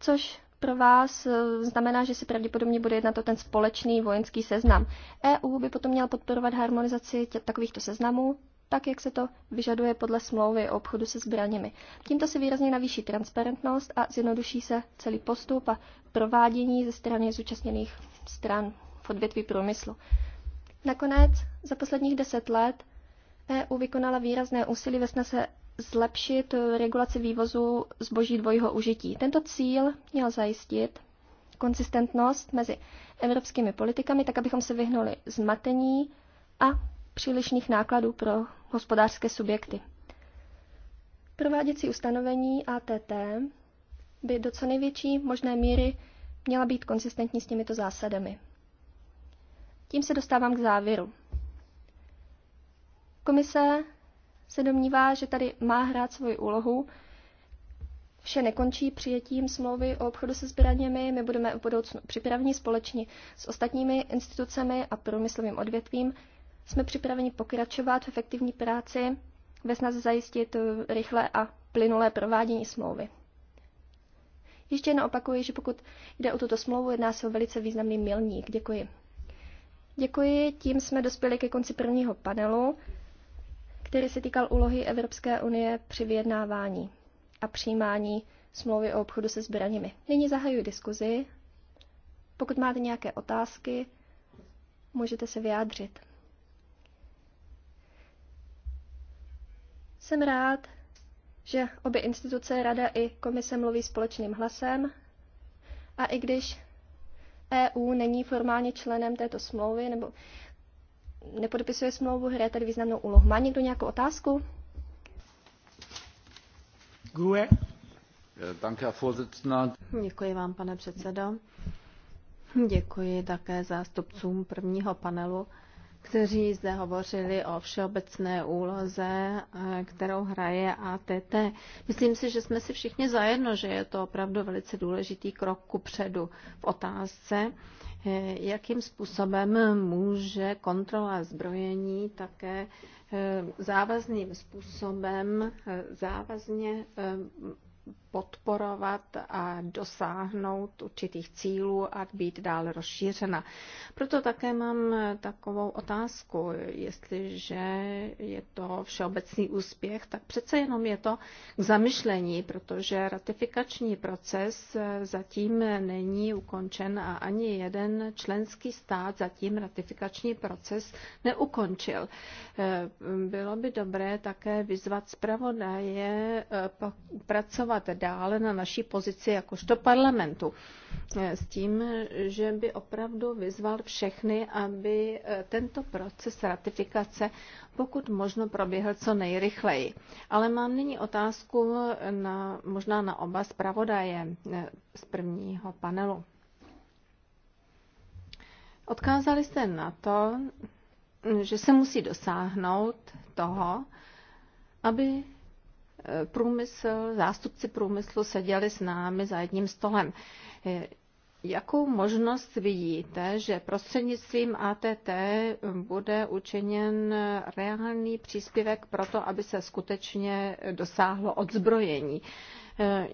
což pro vás eh, znamená, že se pravděpodobně bude jednat o ten společný vojenský seznam. EU by potom měla podporovat harmonizaci takovýchto seznamů, tak jak se to vyžaduje podle smlouvy o obchodu se zbraněmi. Tímto se výrazně navýší transparentnost a zjednoduší se celý postup a provádění ze strany zúčastněných stran v odvětví průmyslu. Nakonec za posledních deset let EU vykonala výrazné úsilí ve snaze zlepšit eh, regulaci vývozu zboží dvojího užití. Tento cíl měl zajistit konsistentnost mezi evropskými politikami, tak abychom se vyhnuli zmatení a přílišných nákladů pro hospodářské subjekty. Prováděcí ustanovení ATT by do co největší možné míry měla být konsistentní s těmito zásadami. Tím se dostávám k závěru. Komise se domnívá, že tady má hrát svoji úlohu. Vše nekončí přijetím smlouvy o obchodu se zbraněmi. My budeme v budoucnu připraveni společně s ostatními institucemi a průmyslovým odvětvím. Jsme připraveni pokračovat v efektivní práci ve snaze zajistit rychlé a plynulé provádění smlouvy. Ještě jen opakuji, že pokud jde o tuto smlouvu, jedná se o velice významný milník. Děkuji. Děkuji, tím jsme dospěli ke konci prvního panelu který se týkal úlohy Evropské unie při vyjednávání a přijímání smlouvy o obchodu se zbraněmi. Nyní zahajuji diskuzi. Pokud máte nějaké otázky, můžete se vyjádřit. Jsem rád, že obě instituce, Rada i Komise mluví společným hlasem a i když EU není formálně členem této smlouvy nebo nepodepisuje smlouvu, hraje tady významnou úlohu. Má někdo nějakou otázku? GUE. Děkuji vám, pane předsedo. Děkuji také zástupcům prvního panelu kteří zde hovořili o všeobecné úloze, eh, kterou hraje ATT. Myslím si, že jsme si všichni zajedno, že je to opravdu velice důležitý krok ku předu v otázce, eh, jakým způsobem může kontrola zbrojení také eh, závazným způsobem závazně podporovat a dosáhnout určitých cílů a být dále rozšířena. Proto také mám takovou otázku, jestliže je to všeobecný úspěch, tak přece jenom je to k zamyšlení, protože ratifikační proces zatím není ukončen a ani jeden členský stát zatím ratifikační proces neukončil. Bylo by dobré také vyzvat zpravodaje eh, pracovat dále na naší pozici jakožto parlamentu. Eh, s tím, že by opravdu vyzval všechny, aby eh, tento proces ratifikace pokud možno proběhl co nejrychleji. Ale mám nyní otázku eh, na, možná na oba zpravodaje z prvního panelu. Odkázali jste na to, že se musí dosáhnout toho, aby průmysl, zástupci průmyslu seděli s námi za jedním stolem. Jakou možnost vidíte, že prostřednictvím ATT bude učiněn reálný příspěvek pro to, aby se skutečně dosáhlo odzbrojení?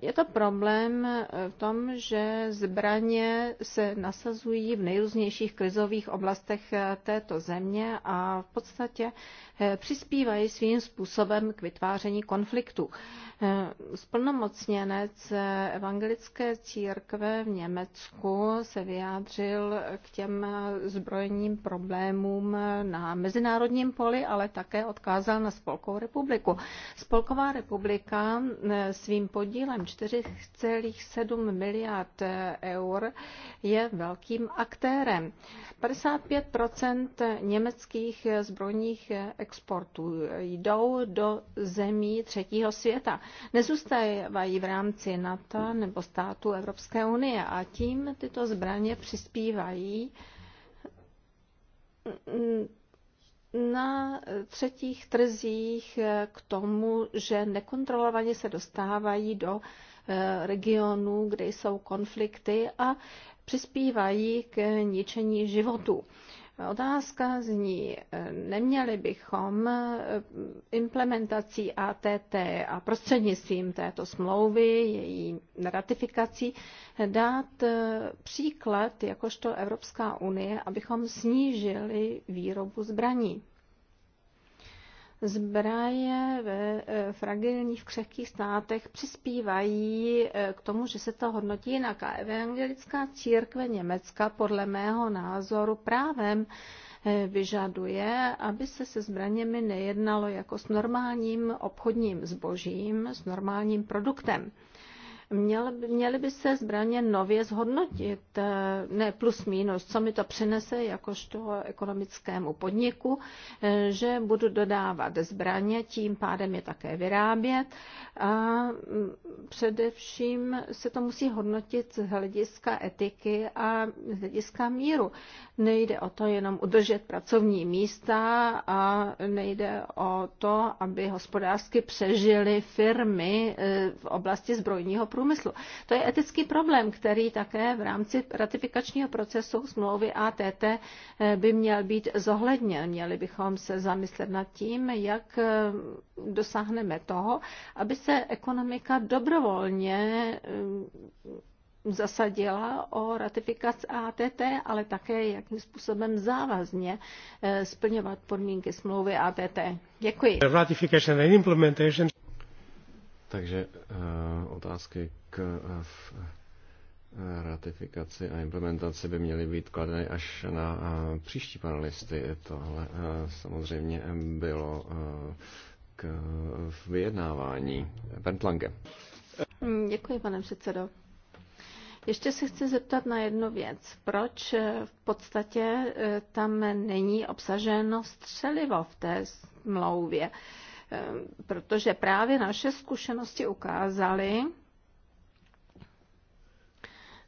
Je to problém v tom, že zbraně se nasazují v nejrůznějších krizových oblastech této země a v podstatě Eh, přispívají svým způsobem k vytváření konfliktu. Eh, splnomocněnec eh, evangelické církve v Německu se vyjádřil k těm zbrojním problémům na mezinárodním poli, ale také odkázal na Spolkovou republiku. Spolková republika svým podílem 4,7 miliard eur je velkým aktérem. 55 německých zbrojních exportu jdou do zemí třetího světa. Nezůstávají v rámci NATO nebo států Evropské unie a tím tyto zbraně přispívají na třetích trzích k tomu, že nekontrolovaně se dostávají do eh, regionů, kde jsou konflikty a přispívají k ničení životů. Otázka zní, neměli bychom e, implementací ATT a prostřednictvím této smlouvy, její ratifikací, dát e, příklad jakožto Evropská unie, abychom snížili výrobu zbraní zbraně ve fragilních, e, v křehkých státech přispívají e, k tomu, že se to hodnotí jinak. A evangelická církve Německa podle mého názoru právem e, vyžaduje, aby se se zbraněmi nejednalo jako s normálním obchodním zbožím, s normálním produktem. Měl, měly by se zbraně nově zhodnotit, eh, ne plus minus, co mi to přinese jakožto ekonomickému podniku, eh, že budu dodávat zbraně, tím pádem je také vyrábět a mm, především se to musí hodnotit z hlediska etiky a z hlediska míru. Nejde o to jenom udržet pracovní místa a nejde o to, aby hospodářsky přežily firmy eh, v oblasti zbrojního průmyslu průmyslu. To je etický problém, který také v rámci ratifikačního procesu smlouvy ATT eh, by měl být zohledněn. Měli bychom se zamyslet nad tím, jak eh, dosáhneme toho, aby se ekonomika dobrovolně eh, zasadila o ratifikaci ATT, ale také jakým způsobem závazně splňovat podmínky smlouvy ATT. Děkuji. Ratification and implementation. Takže eh, otázky k eh, eh, ratifikaci a implementaci by měly být kladeny až na příští panelisty. Tohle samozřejmě bylo k vyjednávání. Bernd Lange. Děkuji, pane předsedo. Ještě se chci zeptat na jednu věc. Proč v podstatě tam není obsaženo střelivo v té smlouvě? Ehm, protože právě naše zkušenosti ukázaly,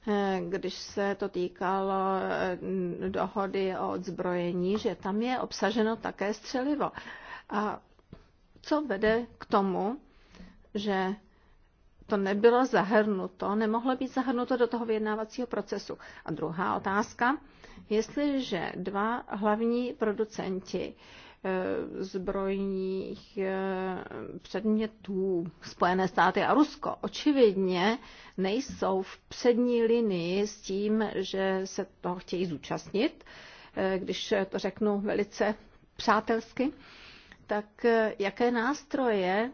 ehm, když se to týkalo ehm, dohody o odzbrojení, že tam je obsaženo také střelivo. A co vede k tomu, že to nebylo zahrnuto, nemohlo být zahrnuto do toho vyjednávacího procesu. A druhá otázka, jestliže dva hlavní producenti eh, Eh, zbrojních eh, předmětů Spojené státy a Rusko očividně nejsou v přední linii s tím, že se toho chtějí zúčastnit, eh, když to řeknu velice přátelsky, tak jaké nástroje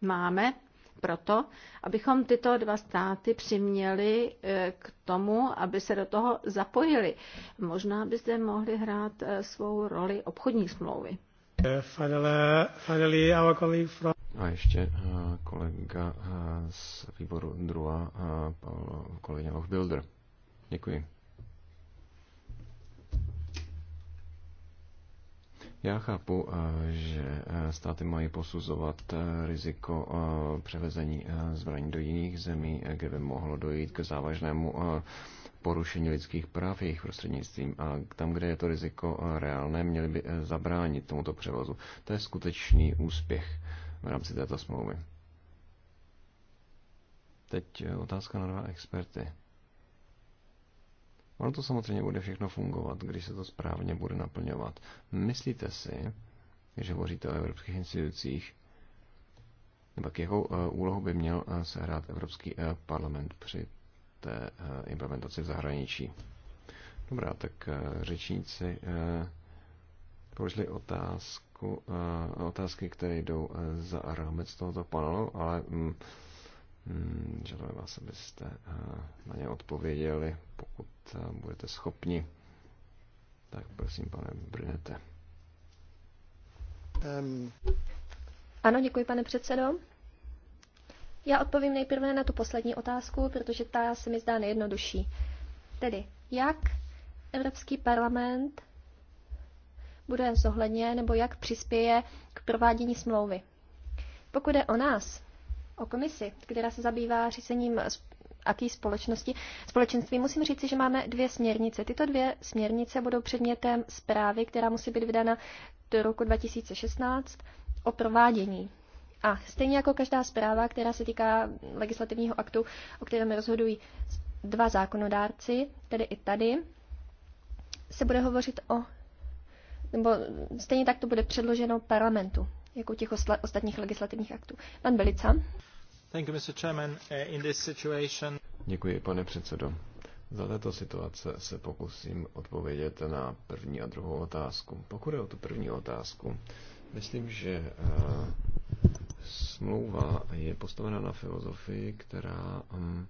máme proto, abychom tyto dva státy přiměli eh, k tomu, aby se do toho zapojili. Možná by zde mohli hrát eh, svou roli obchodní smlouvy. Eh, A ještě kolega z výboru druhá, Paul, kolegyně Lochbilder. Děkuji. Já chápu, eh, že eh, státy mají posuzovat eh, riziko převezení zbraní do jiných zemí, kde by mohlo dojít k závažnému porušení lidských práv jejich prostřednictvím a tam, kde je to riziko reálné, měli by zabránit tomuto převozu. To je skutečný úspěch v rámci této smlouvy. Teď otázka na dva experty. Ono to samozřejmě bude všechno fungovat, když se to správně bude naplňovat. Myslíte si, když hovoříte o evropských institucích, nebo jakou eh, úlohu by měl eh, sehrát Evropský eh, parlament při té implementaci v zahraničí? Dobrá, tak řečníci položili otázku, otázky, které jdou za rámec tohoto panelu, ale mm, Hmm, žádám vás, abyste eh, na ně odpověděli, pokud eh, budete schopni. Tak prosím, pane Brnete. Um. Ano, děkuji, pane předsedo. Já odpovím nejprve na tu poslední otázku, protože ta se mi zdá nejjednodušší. Tedy, jak Evropský parlament bude zohledně nebo jak přispěje k provádění smlouvy. Pokud je o nás, o komisi, která se zabývá řízením aký společnosti. Společenství musím říci, že máme dvě směrnice. Tyto dvě směrnice budou předmětem zprávy, která musí být vydána do roku 2016 o provádění. A stejně jako každá zpráva, která se týká legislativního aktu, o kterém rozhodují dva zákonodárci, tedy i tady, se bude hovořit o, nebo stejně tak to bude předloženo parlamentu, jako těch ostatních legislativních aktů. Pan Belica. Eh, Děkuji, pane předsedo. Za této situace se pokusím odpovědět na první a druhou otázku. Pokud je o tu první otázku, myslím, že eh, smlouva je postavena na filozofii, která mm,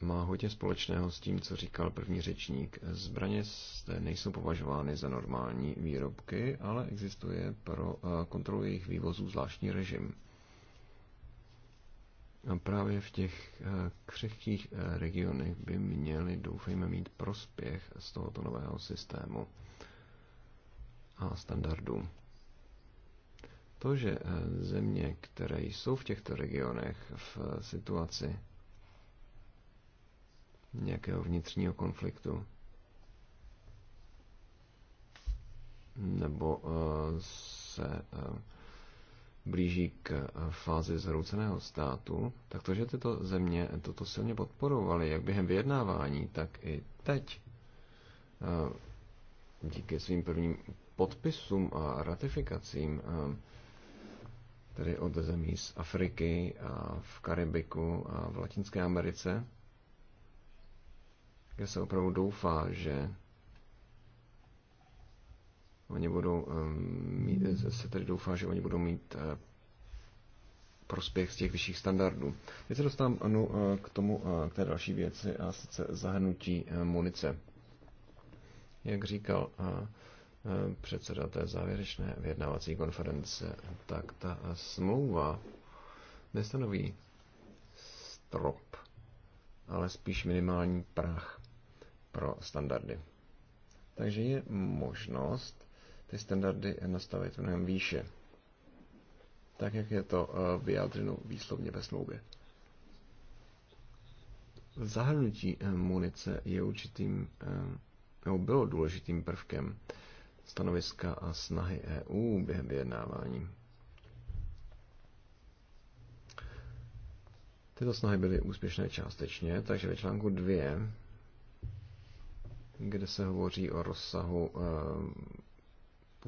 má hodně společného s tím, co říkal první řečník. Zbraně nejsou považovány za normální výrobky, ale existuje pro eh, kontrolu jejich vývozů zvláštní režim. A právě v těch eh, křehkých eh, regionech by měli, doufejme, mít prospěch z tohoto nového systému a standardů. To, že eh, země, které jsou v těchto regionech v situaci nějakého vnitřního konfliktu, nebo se blíží k eh, fázi zhrouceného státu, tak to, že tyto země toto silně podporovaly, jak během vyjednávání, tak i teď, eh, díky svým prvním podpisům a ratifikacím, eh, tedy od zemí z Afriky a v Karibiku a v Latinské Americe, kde se opravdu doufá, že Oni budou ehm, mít, e, se tedy doufá, že oni budou mít e, prospěch z těch vyšších standardů. Teď se dostávám anu, e, k tomu, k té další věci a sice zahrnutí munice. Jak říkal předseda té závěrečné vyjednávací konference, tak ta smlouva nestanoví strop, ale spíš minimální prach pro standardy. Takže je možnost ty standardy nastavit mnohem výše, tak jak je to eh, vyjádřeno výslovně ve smlouvě. Zahrnutí eh, munice je určitým, eh, nebo bylo důležitým prvkem stanoviska a snahy EU během vyjednávání. Tyto snahy byly úspěšné částečně, takže ve článku 2, kde se hovoří o rozsahu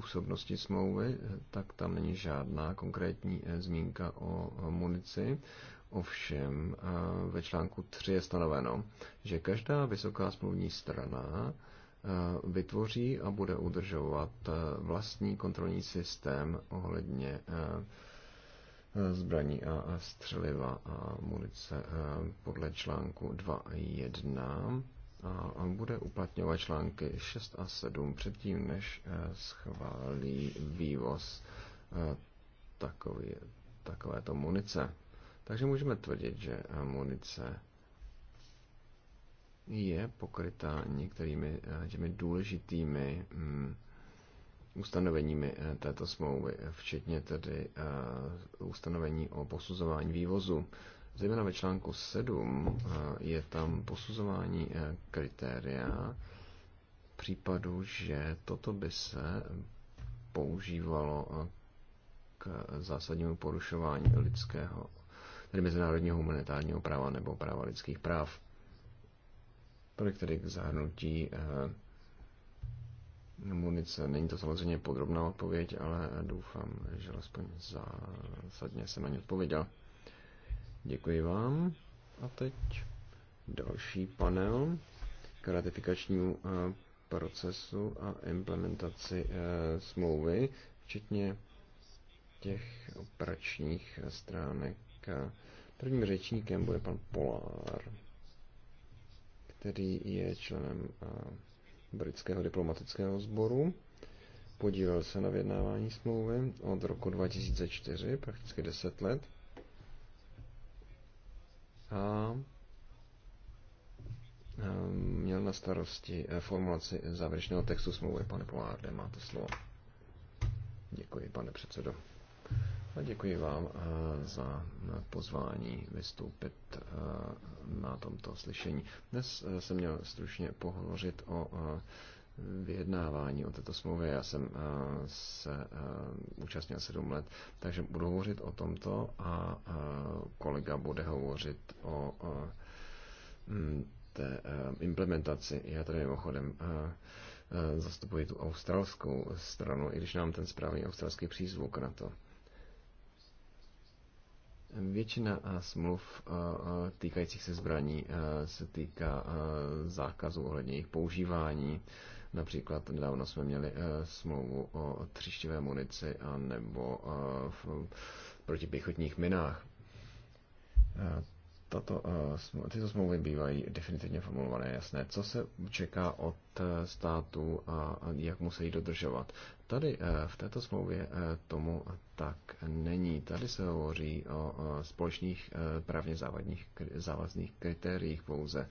působnosti smlouvy, tak tam není žádná konkrétní eh, zmínka o munici. Ovšem eh, ve článku 3 je stanoveno, že každá vysoká smluvní strana eh, vytvoří a bude udržovat vlastní kontrolní systém ohledně zbraní a střeliva a munice podle článku a bude uplatňovat články 6 a 7 předtím, než eh, schválí vývoz eh, takový, takovéto munice. Takže můžeme tvrdit, že eh, munice je pokryta některými těmi důležitými mm, ustanoveními této smlouvy, včetně tedy ustanovení o posuzování vývozu. Zejména ve článku 7 eh, je tam posuzování eh, kritéria v případu, že toto by se používalo eh, k zásadnímu porušování lidského, tedy mezinárodního humanitárního práva nebo práva lidských práv. Tolik tedy k zahrnutí munice. Není to samozřejmě podrobná odpověď, ale doufám, že alespoň zásadně jsem na ně odpověděl. Děkuji vám. A teď další panel k ratifikačnímu eh, procesu a implementaci eh, smlouvy, včetně těch operačních stránek. Prvním řečníkem bude pan Polár, který je členem eh, britského diplomatického sboru. Podílel se na vyjednávání smlouvy od roku 2004, prakticky 10 let a eh, měl na starosti eh, formulaci závěrečného textu smlouvy. Pane Polárde, máte slovo. Děkuji, pane předsedo. A děkuji vám eh, za pozvání vystoupit na tomto slyšení. Dnes jsem měl stručně pohovořit o vyjednávání o této smlouvě. Já jsem eh, se eh, účastnil sedm let, takže budu hovořit o tomto a eh, kolega bude hovořit o mm, té implementaci. Já tady mimochodem zastupuji tu australskou stranu, i když nám ten správný australský přízvuk na to. Většina smluv týkajících se zbraní se týká zákazu ohledně jejich používání, Například nedávno jsme měli eh, smlouvu o třištivé munici a nebo eh, v protipěchotních minách eh, tato, eh, tyto smlouvy bývají definitivně formulované jasné, co se čeká od eh, státu a jak musí dodržovat. Tady eh, v této smlouvě tomu tak není. Tady se hovoří o společných právně závazných kritériích pouze.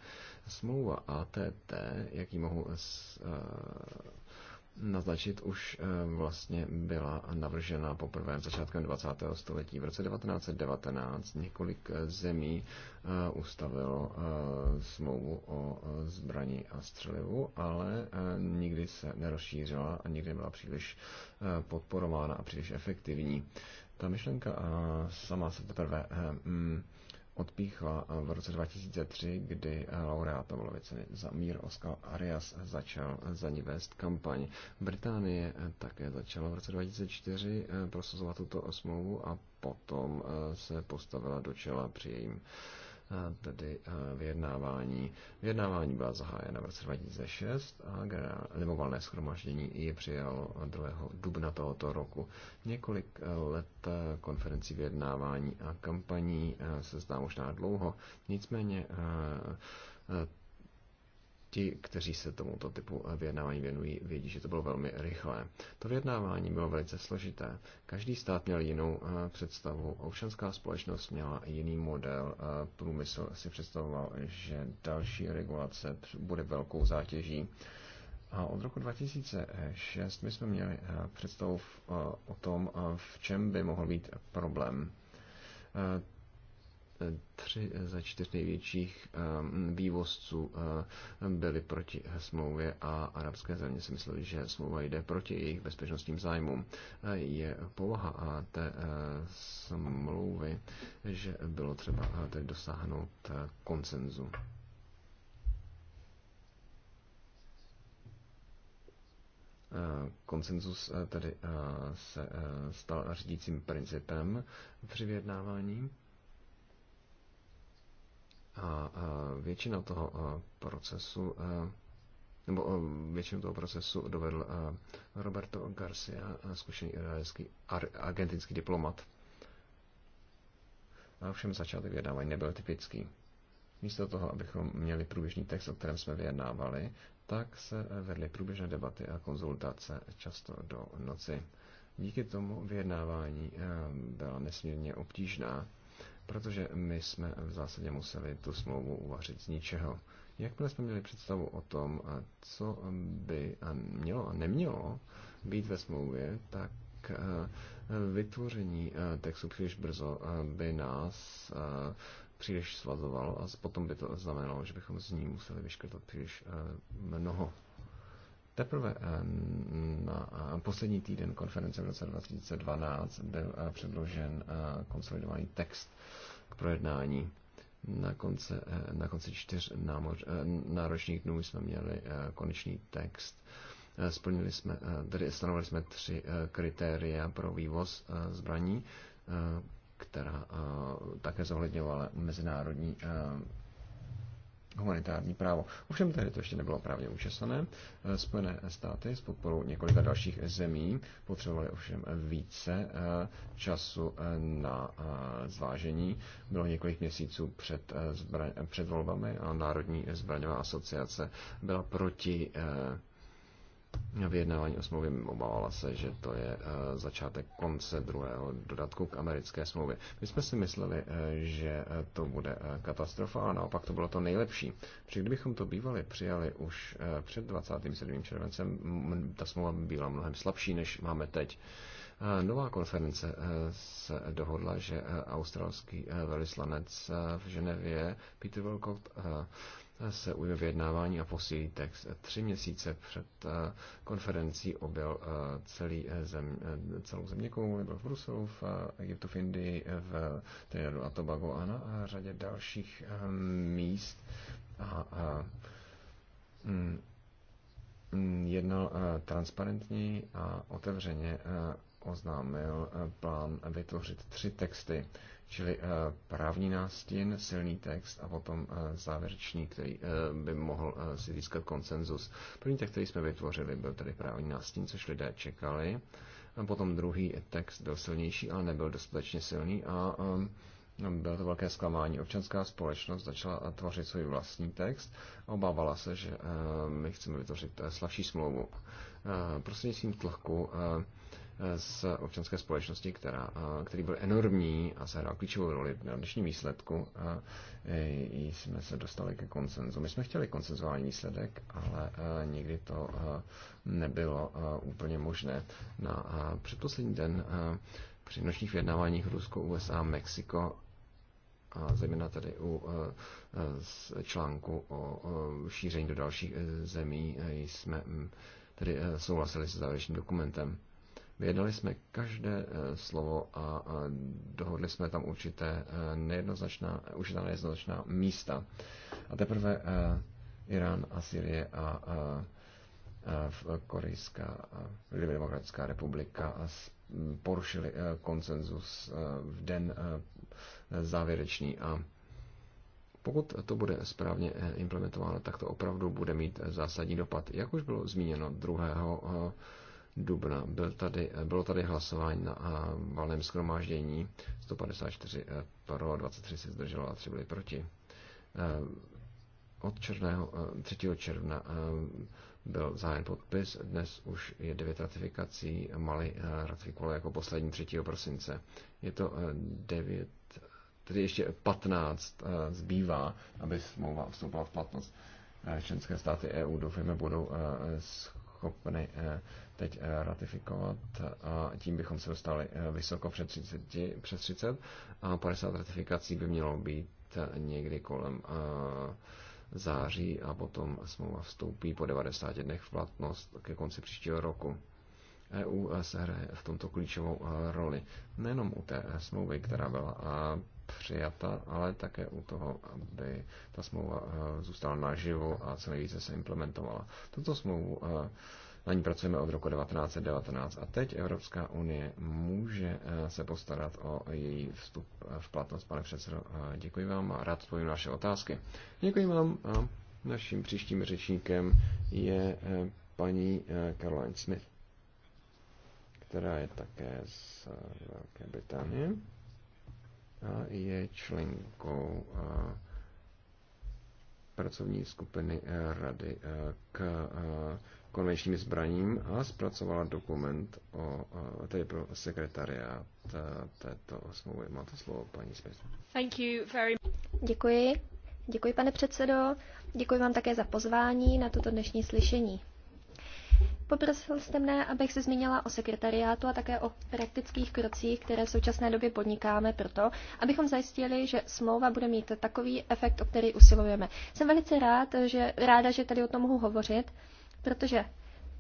Smlouva ATT, jaký mohu naznačit, už eh, vlastně byla navržena poprvé začátkem 20. století. V roce 1919 několik eh, zemí eh, ustavilo smlouvu o zbraní a střelivu, ale nikdy se nerozšířila a nikdy byla příliš podporována a příliš efektivní. Ta myšlenka sama se teprve mm, odpíchla v roce 2003, kdy laureát Nobelovy ceny za mír Oscar Arias začal za ní vést kampaň. Británie také začala v roce 2004 eh, prosazovat tuto smlouvu a potom eh, se postavila do čela při jejím tedy vyjednávání. Vyjednávání byla zahájena v roce 2006 a nebo valné schromaždění je přijalo 2. dubna tohoto roku. Několik e, let e, konferenci vyjednávání a kampaní e, se zdá možná dlouho, nicméně ti, kteří se tomuto typu vyjednávání věnují, vědí, že to bylo velmi rychlé. To vyjednávání bylo velice složité. Každý stát měl jinou eh, představu, občanská společnost měla jiný model, eh, průmysl si představoval, že další regulace bude velkou zátěží. A od roku 2006 my jsme měli eh, představu o tom, v čem by mohl být problém tři ze čtyř největších ehm, vývozců ehm, byli proti smlouvě a arabské země si mysleli, že smlouva jde proti jejich bezpečnostním zájmům. E, je povaha té e, smlouvy, že bylo třeba e, tedy dosáhnout koncenzu. Konsenzus tedy se stal řídícím principem při vyjednávání. A většina toho procesu, nebo většinu toho procesu dovedl Roberto Garcia, zkušený izraelský argentinský diplomat. A všem začátek vyjednávání nebyl typický. Místo toho, abychom měli průběžný text, o kterém jsme vyjednávali, tak se vedly průběžné debaty a konzultace často do noci. Díky tomu vyjednávání byla nesmírně obtížná protože my jsme v zásadě museli tu smlouvu uvařit z ničeho. Jakmile jsme měli představu o tom, co by a mělo a nemělo být ve smlouvě, tak vytvoření textu příliš brzo by nás příliš svazovalo a potom by to znamenalo, že bychom z ní museli vyškrtat příliš mnoho. Teprve eh, na eh, poslední týden konference v roce 2012 byl eh, předložen konsolidovaný text k projednání. Na, konci na konci čtyř námoř, náročných dnů jsme měli konečný text. Splnili jsme, tedy stanovili jsme tři kritéria pro vývoz zbraní, která také zohledňovala mezinárodní humanitární právo. Ovšem tehdy to ještě nebylo právě účesané. Eh, Spojené státy s podporou několika dalších zemí potřebovaly ovšem více eh, času eh, na zvážení. Bylo několik měsíců před, zbraň, před volbami a Národní zbraňová asociace byla proti vyjednávání o smlouvě obávala se, že to je eh, začátek konce druhého dodatku k americké smlouvě. My jsme si mysleli, eh, že eh, to bude katastrofa, a naopak to bylo to nejlepší. Protože kdybychom to bývali přijali už před 27. červencem, ta smlouva by byla mnohem slabší, než máme teď. Nová konference se dohodla, že australský velislanec v Ženevě Peter Wilcott se ujme vyjednávání a posílí text. Tři měsíce před eh, konferencí objel eh, celý eh, zem, celou zeměkouli, byl v Bruselu, v Egyptu, v Indii, v Trinidadu a Tobago a na řadě dalších míst. A, a, mm, mm, jednal transparentně a otevřeně oznámil eh, plán vytvořit tři texty, čili eh, právní nástin, silný text a potom eh, závěrečný, který by mohl si získat konsenzus. První text, který jsme vytvořili, byl tedy právní nástin, což lidé čekali. A potom druhý text byl silnější, ale nebyl dostatečně silný a bylo to velké zklamání. Občanská společnost začala tvořit svůj vlastní text a obávala se, že my chceme vytvořit slavší smlouvu. Prostřednictvím tlaku s občanské společnosti, která, který byl enormní a sehrál klíčovou roli na dnešním výsledku, jsme se dostali ke konsenzu. My jsme chtěli koncenzuální výsledek, ale nikdy to nebylo úplně možné. Na předposlední den při nočních vyjednáváních Rusko, USA, Mexiko a zejména tady u článku o šíření do dalších e, zemí jsme tedy e, souhlasili se závěrečným dokumentem. Vyjednali jsme každé eh, slovo a dohodli jsme tam určité eh, nejednoznačná, určitá nejednoznačná místa. A teprve eh, Irán a Syrie a Korejská lidově demokratická republika porušili konsenzus v den závěrečný a pokud to bude správně implementováno, tak to opravdu bude mít zásadní dopad. Jak už bylo zmíněno 2 dubna. Byl tady, bylo tady hlasování na valném schromáždění. 154 e, pro, 23 se zdrželo a 3 byli proti. E, od černého, 3. E, června byl zájem podpis. Dnes už je 9 ratifikací. Mali ratifikoval jako poslední 3. prosince. Je to 9 tedy ještě 15 zbývá, aby smlouva vstoupila v platnost. Členské státy EU doufejme budou schopny teď eh, ratifikovat a tím bychom se dostali eh, vysoko před 30, přes 30 a 50 ratifikací by mělo být eh, někdy kolem září a potom smlouva vstoupí po 90 dnech v platnost ke konci příštího roku. EU se hraje v tomto klíčovou roli. Nejenom u té smlouvy, která byla přijata, ale také u toho, aby ta smlouva zůstala naživu a co nejvíce se implementovala. Tuto smlouvu na ní pracujeme od roku 1919 a teď Evropská unie může eh, se postarat o její vstup eh, v platnost. Pane předsedo, eh, děkuji vám a rád spojím vaše otázky. Děkuji vám a naším příštím řečníkem je paní Caroline Smith, která je také z Velké Británie a je členkou pracovní skupiny rady k konvenčním zbraním a zpracovala dokument o, tedy pro sekretariát této smlouvy. Máte slovo, paní Smith. Thank you very... Děkuji. Děkuji, pane předsedo. Děkuji vám také za pozvání na toto dnešní slyšení. Poprosil jste mne, abych se zmínila o sekretariátu a také o praktických krocích, které v současné době podnikáme proto, abychom zajistili, že smlouva bude mít takový efekt, o který usilujeme. Jsem velice rád, že, ráda, že tady o tom mohu hovořit protože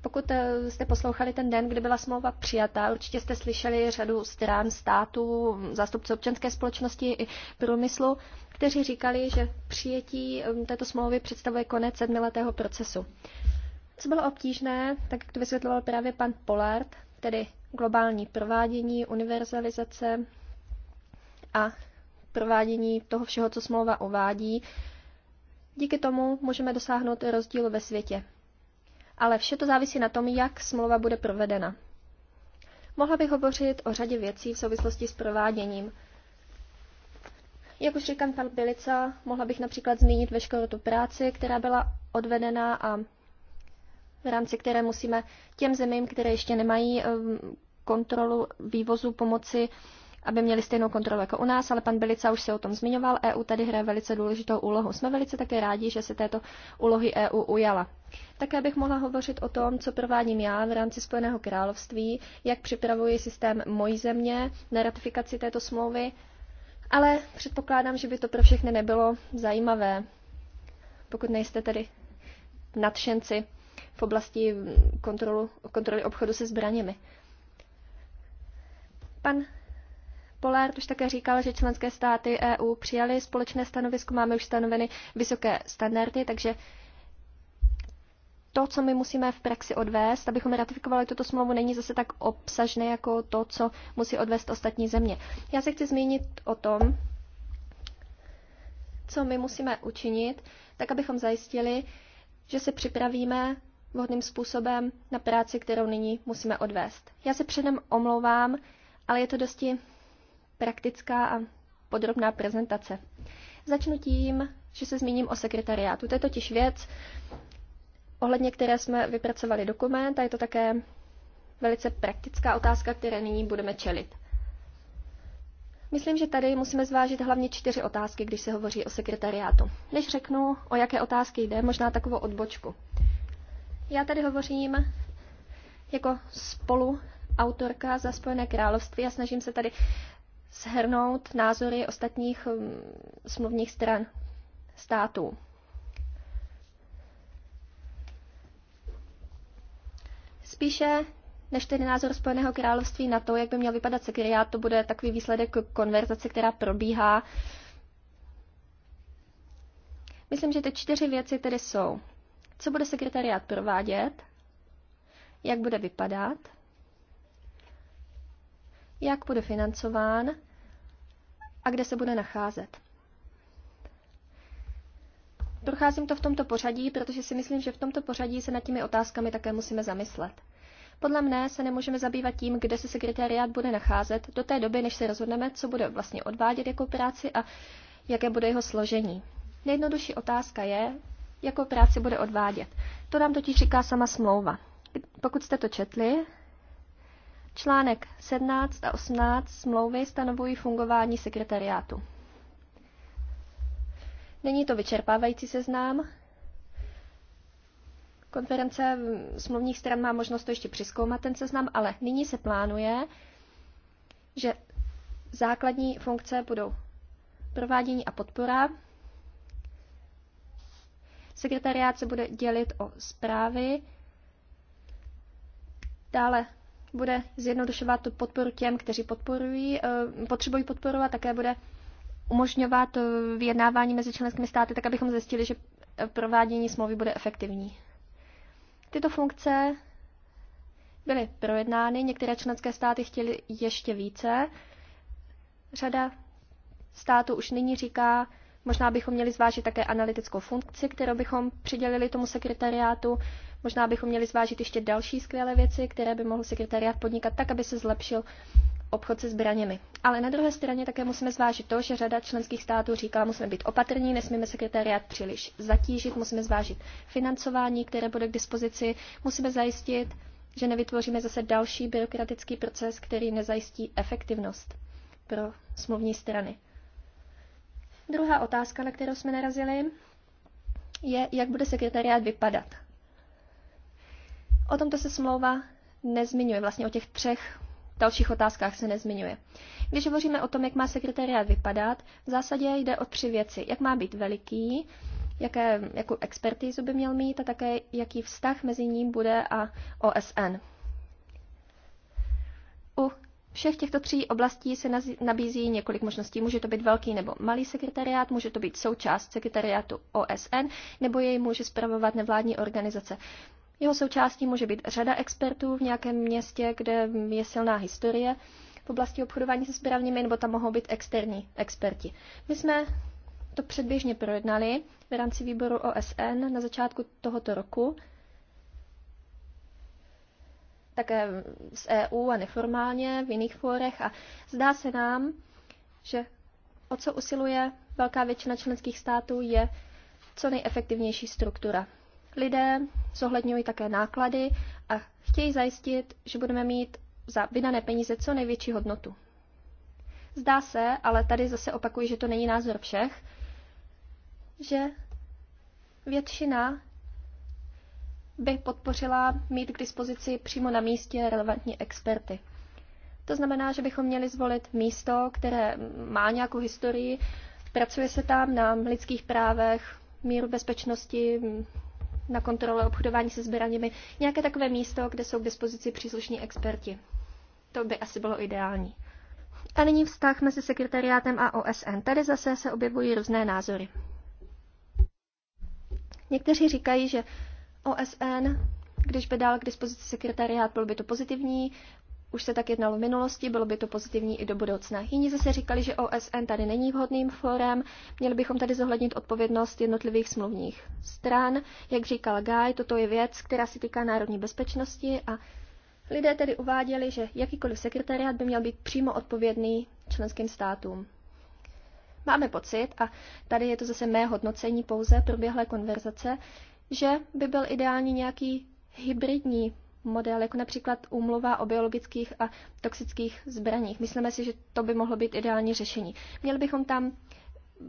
pokud eh, jste poslouchali ten den, kdy byla smlouva přijatá, určitě jste slyšeli řadu stran států, zástupců občanské společnosti i průmyslu, kteří říkali, že přijetí eh, této smlouvy představuje konec sedmiletého procesu. Co bylo obtížné, tak jak to vysvětloval právě pan Polard, tedy globální provádění, univerzalizace a provádění toho všeho, co smlouva uvádí, díky tomu můžeme dosáhnout rozdílu ve světě ale vše to závisí na tom, jak smlouva bude provedena. Mohla bych hovořit o řadě věcí v souvislosti s prováděním. Jak už říkám pan Bilica, mohla bych například zmínit veškerou tu práci, která byla odvedena a v rámci které musíme těm zemím, které ještě nemají um, kontrolu vývozu pomoci, aby měli stejnou kontrolu jako u nás, ale pan Belica už se o tom zmiňoval. EU tady hraje velice důležitou úlohu. Jsme velice také rádi, že se této úlohy EU ujala. Také bych mohla hovořit o tom, co provádím já v rámci Spojeného království, jak připravuji systém mojí země na ratifikaci této smlouvy, ale předpokládám, že by to pro všechny nebylo zajímavé, pokud nejste tedy nadšenci v oblasti kontrolu, kontroly obchodu se zbraněmi. Pan Polár už také říkal, že členské státy EU přijali společné stanovisko, máme už stanoveny vysoké standardy, takže to, co my musíme v praxi odvést, abychom ratifikovali tuto smlouvu, není zase tak obsažné jako to, co musí odvést ostatní země. Já se chci zmínit o tom, co my musíme učinit, tak abychom zajistili, že se připravíme vhodným způsobem na práci, kterou nyní musíme odvést. Já se předem omlouvám, ale je to dosti praktická a podrobná prezentace. Začnu tím, že se zmíním o sekretariátu. To je totiž věc, ohledně které jsme vypracovali dokument a je to také velice praktická otázka, které nyní budeme čelit. Myslím, že tady musíme zvážit hlavně čtyři otázky, když se hovoří o sekretariátu. Než řeknu, o jaké otázky jde, možná takovou odbočku. Já tady hovořím jako spoluautorka za Spojené království a snažím se tady shrnout názory ostatních um, smluvních stran států. Spíše než tedy názor Spojeného království na to, jak by měl vypadat sekretariát, to bude takový výsledek konverzace, která probíhá. Myslím, že ty čtyři věci tedy jsou. Co bude sekretariát provádět? Jak bude vypadat? Jak bude financován? a kde se bude nacházet. Procházím to v tomto pořadí, protože si myslím, že v tomto pořadí se nad těmi otázkami také musíme zamyslet. Podle mne se nemůžeme zabývat tím, kde se sekretariát bude nacházet do té doby, než se rozhodneme, co bude vlastně odvádět jako práci a jaké bude jeho složení. Nejjednodušší otázka je, jakou práci bude odvádět. To nám totiž říká sama smlouva. Pokud jste to četli, Článek 17 a 18 smlouvy stanovují fungování sekretariátu. Není to vyčerpávající seznám. Konference smluvních stran má možnost to ještě přizkoumat, ten seznam, ale nyní se plánuje, že základní funkce budou provádění a podpora. Sekretariát se bude dělit o zprávy, dále bude zjednodušovat tu podporu těm, kteří podporují, eh, potřebují podporu a také bude umožňovat eh, vyjednávání mezi členskými státy, tak abychom zjistili, že provádění smlouvy bude efektivní. Tyto funkce byly projednány, některé členské státy chtěly ještě více. Řada států už nyní říká, možná bychom měli zvážit také analytickou funkci, kterou bychom přidělili tomu sekretariátu. Možná bychom měli zvážit ještě další skvělé věci, které by mohl sekretariát podnikat tak, aby se zlepšil obchod se zbraněmi. Ale na druhé straně také musíme zvážit to, že řada členských států říká, musíme být opatrní, nesmíme sekretariát příliš zatížit, musíme zvážit financování, které bude k dispozici, musíme zajistit, že nevytvoříme zase další byrokratický proces, který nezajistí efektivnost pro smluvní strany. Druhá otázka, na kterou jsme narazili, je, jak bude sekretariát vypadat. O tomto se smlouva nezmiňuje, vlastně o těch třech dalších otázkách se nezmiňuje. Když hovoříme o tom, jak má sekretariát vypadat, v zásadě jde o tři věci. Jak má být veliký, jaké, jakou expertizu by měl mít a také jaký vztah mezi ním bude a OSN. U všech těchto tří oblastí se nabízí několik možností. Může to být velký nebo malý sekretariát, může to být součást sekretariátu OSN, nebo jej může spravovat nevládní organizace. Jeho součástí může být řada expertů v nějakém městě, kde je silná historie v oblasti obchodování se zbraněmi, nebo tam mohou být externí experti. My jsme to předběžně projednali v rámci výboru OSN na začátku tohoto roku, také z EU a neformálně v jiných fórech a zdá se nám, že o co usiluje velká většina členských států je co nejefektivnější struktura Lidé zohledňují také náklady a chtějí zajistit, že budeme mít za vydané peníze co největší hodnotu. Zdá se, ale tady zase opakuji, že to není názor všech, že většina by podpořila mít k dispozici přímo na místě relevantní experty. To znamená, že bychom měli zvolit místo, které má nějakou historii, pracuje se tam na lidských právech, míru bezpečnosti, na kontrole obchodování se zbraněmi, nějaké takové místo, kde jsou k dispozici příslušní experti. To by asi bylo ideální. A nyní vztah mezi sekretariátem a OSN. Tady zase se objevují různé názory. Někteří říkají, že OSN, když by dal k dispozici sekretariát, byl by to pozitivní už se tak jednalo v minulosti, bylo by to pozitivní i do budoucna. Jiní zase říkali, že OSN tady není vhodným fórem, měli bychom tady zohlednit odpovědnost jednotlivých smluvních stran. Jak říkal Guy, toto je věc, která se týká národní bezpečnosti a lidé tedy uváděli, že jakýkoliv sekretariát by měl být přímo odpovědný členským státům. Máme pocit, a tady je to zase mé hodnocení pouze proběhlé konverzace, že by byl ideální nějaký hybridní model, jako například úmluva o biologických a toxických zbraních. Myslíme si, že to by mohlo být ideální řešení. Měli bychom tam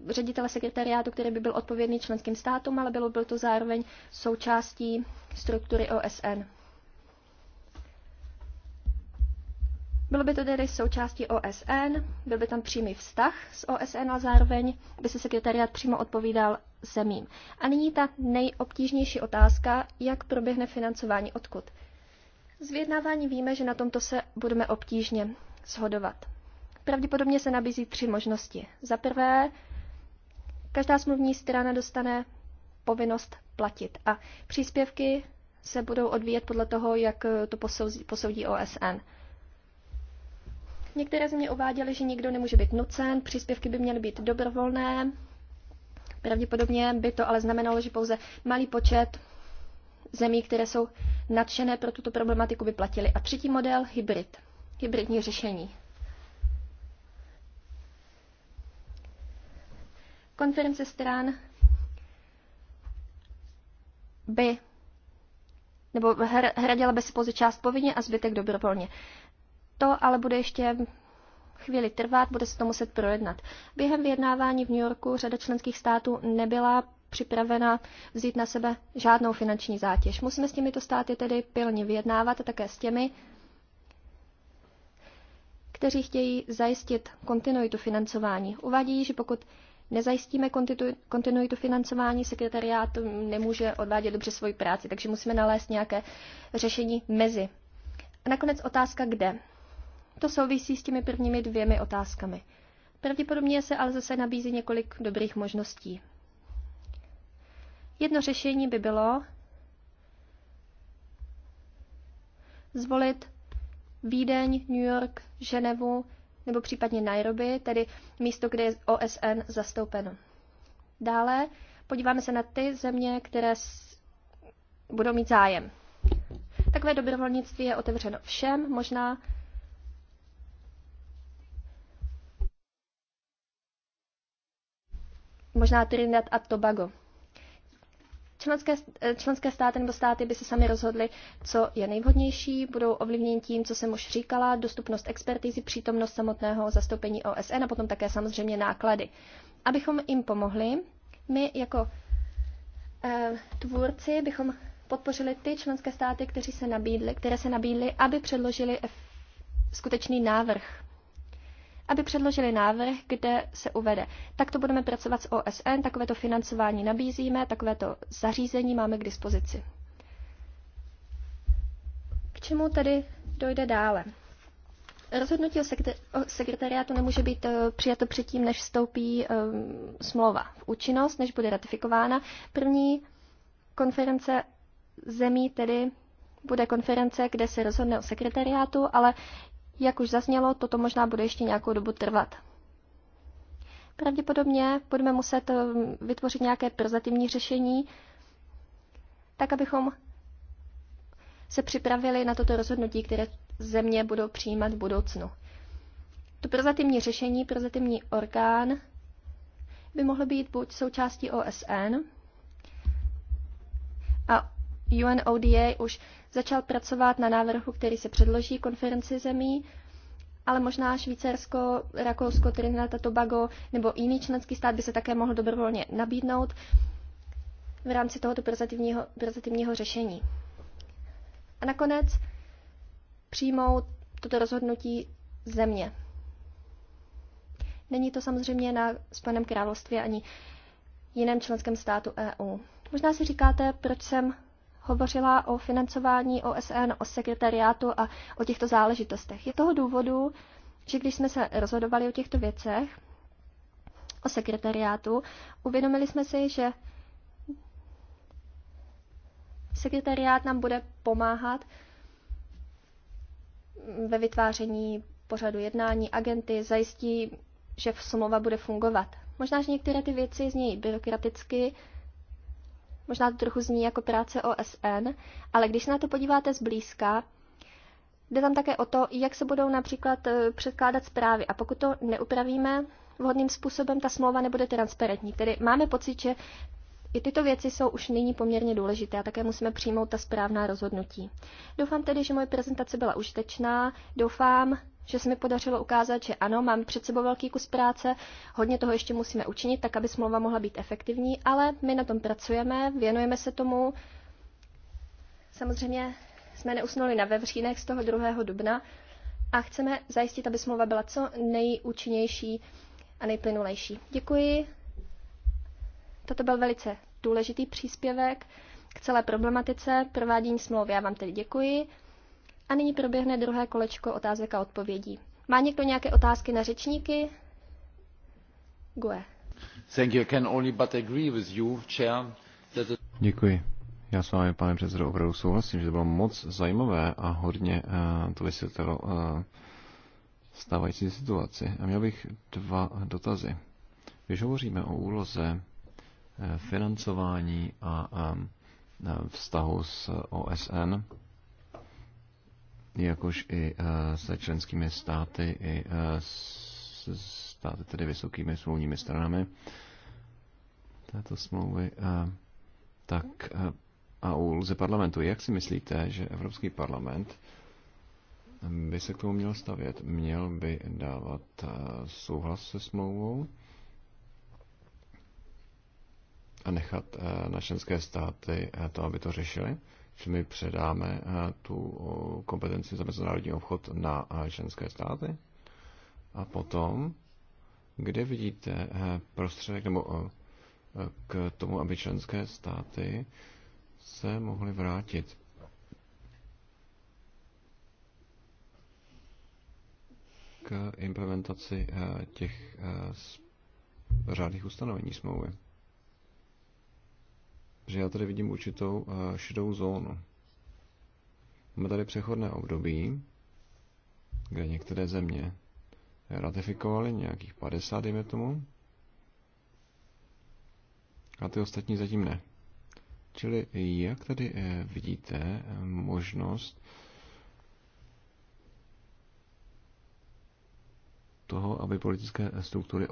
ředitele sekretariátu, který by byl odpovědný členským státům, ale bylo by to zároveň součástí struktury OSN. Bylo by to tedy součástí OSN, byl by tam přímý vztah s OSN a zároveň by se sekretariat přímo odpovídal zemím. A nyní ta nejobtížnější otázka, jak proběhne financování odkud. Z vyjednávání víme, že na tomto se budeme obtížně shodovat. Pravděpodobně se nabízí tři možnosti. Za prvé, každá smluvní strana dostane povinnost platit a příspěvky se budou odvíjet podle toho, jak to posoudí, posoudí OSN. Některé země uváděly, že nikdo nemůže být nucen, příspěvky by měly být dobrovolné. Pravděpodobně by to ale znamenalo, že pouze malý počet zemí, které jsou nadšené pro tuto problematiku, by platily. A třetí model, hybrid. Hybridní řešení. Konference stran by nebo hradila by si pouze část povinně a zbytek dobrovolně. To ale bude ještě chvíli trvat, bude se to muset projednat. Během vyjednávání v New Yorku řada členských států nebyla připravena vzít na sebe žádnou finanční zátěž. Musíme s těmito státy tedy pilně vyjednávat a také s těmi, kteří chtějí zajistit kontinuitu financování. Uvádí, že pokud nezajistíme kontinuitu financování, sekretariát nemůže odvádět dobře svoji práci, takže musíme nalézt nějaké řešení mezi. A nakonec otázka kde. To souvisí s těmi prvními dvěmi otázkami. Pravděpodobně se ale zase nabízí několik dobrých možností. Jedno řešení by bylo zvolit Vídeň, New York, Ženevu nebo případně Nairobi, tedy místo, kde je OSN zastoupeno. Dále podíváme se na ty země, které budou mít zájem. Takové dobrovolnictví je otevřeno všem, možná možná Trinidad a Tobago. Členské, eh, členské státy nebo státy by se sami rozhodly, co je nejvhodnější, budou ovlivněni tím, co jsem už říkala, dostupnost expertízy, přítomnost samotného zastoupení OSN a potom také samozřejmě náklady. Abychom jim pomohli, my jako eh, tvůrci bychom podpořili ty členské státy, kteří se nabídli, které se nabídly, aby předložili skutečný návrh aby předložili návrh, kde se uvede. Tak to budeme pracovat s OSN, takovéto financování nabízíme, takovéto zařízení máme k dispozici. K čemu tedy dojde dále? Rozhodnutí o, sekre- o sekretariátu nemůže být uh, přijato předtím, než vstoupí um, smlouva v účinnost, než bude ratifikována. První konference zemí tedy bude konference, kde se rozhodne o sekretariátu, ale jak už zaznělo, toto možná bude ještě nějakou dobu trvat. Pravděpodobně budeme muset eh, vytvořit nějaké prozatímní řešení, tak abychom se připravili na toto rozhodnutí, které země budou přijímat v budoucnu. To prozatímní řešení, prozatímní orgán by mohlo být buď součástí OSN a UNODA už začal pracovat na návrhu, který se předloží konferenci zemí, ale možná Švýcarsko, Rakousko, Trinidad a Tobago nebo jiný členský stát by se také mohl dobrovolně nabídnout v rámci tohoto prozativního, prozativního řešení. A nakonec přijmout toto rozhodnutí země. Není to samozřejmě na Spojeném království ani jiném členském státu EU. Možná si říkáte, proč jsem hovořila o financování OSN, o sekretariátu a o těchto záležitostech. Je toho důvodu, že když jsme se rozhodovali o těchto věcech, o sekretariátu, uvědomili jsme si, že sekretariát nám bude pomáhat ve vytváření pořadu jednání, agenty, zajistí, že smlouva bude fungovat. Možná, že některé ty věci znějí byrokraticky, Možná to trochu zní jako práce OSN, ale když se na to podíváte zblízka, jde tam také o to, jak se budou například eh, předkládat zprávy. A pokud to neupravíme vhodným způsobem, ta smlouva nebude transparentní. Tedy máme pocit, že i tyto věci jsou už nyní poměrně důležité a také musíme přijmout ta správná rozhodnutí. Doufám tedy, že moje prezentace byla užitečná. Doufám, že se mi podařilo ukázat, že ano, mám před sebou velký kus práce, hodně toho ještě musíme učinit, tak aby smlouva mohla být efektivní, ale my na tom pracujeme, věnujeme se tomu. Samozřejmě jsme neusnuli na vevřínech z toho 2. dubna a chceme zajistit, aby smlouva byla co nejúčinnější a nejplynulejší. Děkuji Toto byl velice důležitý příspěvek k celé problematice provádění smlouvy. Já vám tedy děkuji. A nyní proběhne druhé kolečko otázek a odpovědí. Má někdo nějaké otázky na řečníky? Gue. Thank you. Can only but agree with you, chair, that Děkuji. Já s vámi, pane předsedo, opravdu souhlasím, že to bylo moc zajímavé a hodně uh, to vysvětlilo uh, stávající situaci. A měl bych dva dotazy. Když hovoříme o úloze financování a vztahu s OSN, jakož i e, se členskými státy, i e, s státy tedy vysokými smluvními stranami této smlouvy, e, tak a u lze parlamentu. Jak si myslíte, že Evropský parlament by se k tomu měl stavět? Měl by dávat souhlas se smlouvou? a nechat eh, na členské státy eh, to, aby to řešili, Čili my předáme eh, tu kompetenci za mezinárodní obchod na členské státy. A potom, kde vidíte prostředek nebo k tomu, aby členské státy se mohly vrátit k implementaci těch řádných ustanovení smlouvy že já tady vidím určitou eh, šedou zónu. Máme tady přechodné období, kde některé země ratifikovaly nějakých 50, dejme tomu, a ty ostatní zatím ne. Čili jak tady eh, vidíte eh, možnost toho, aby politické struktury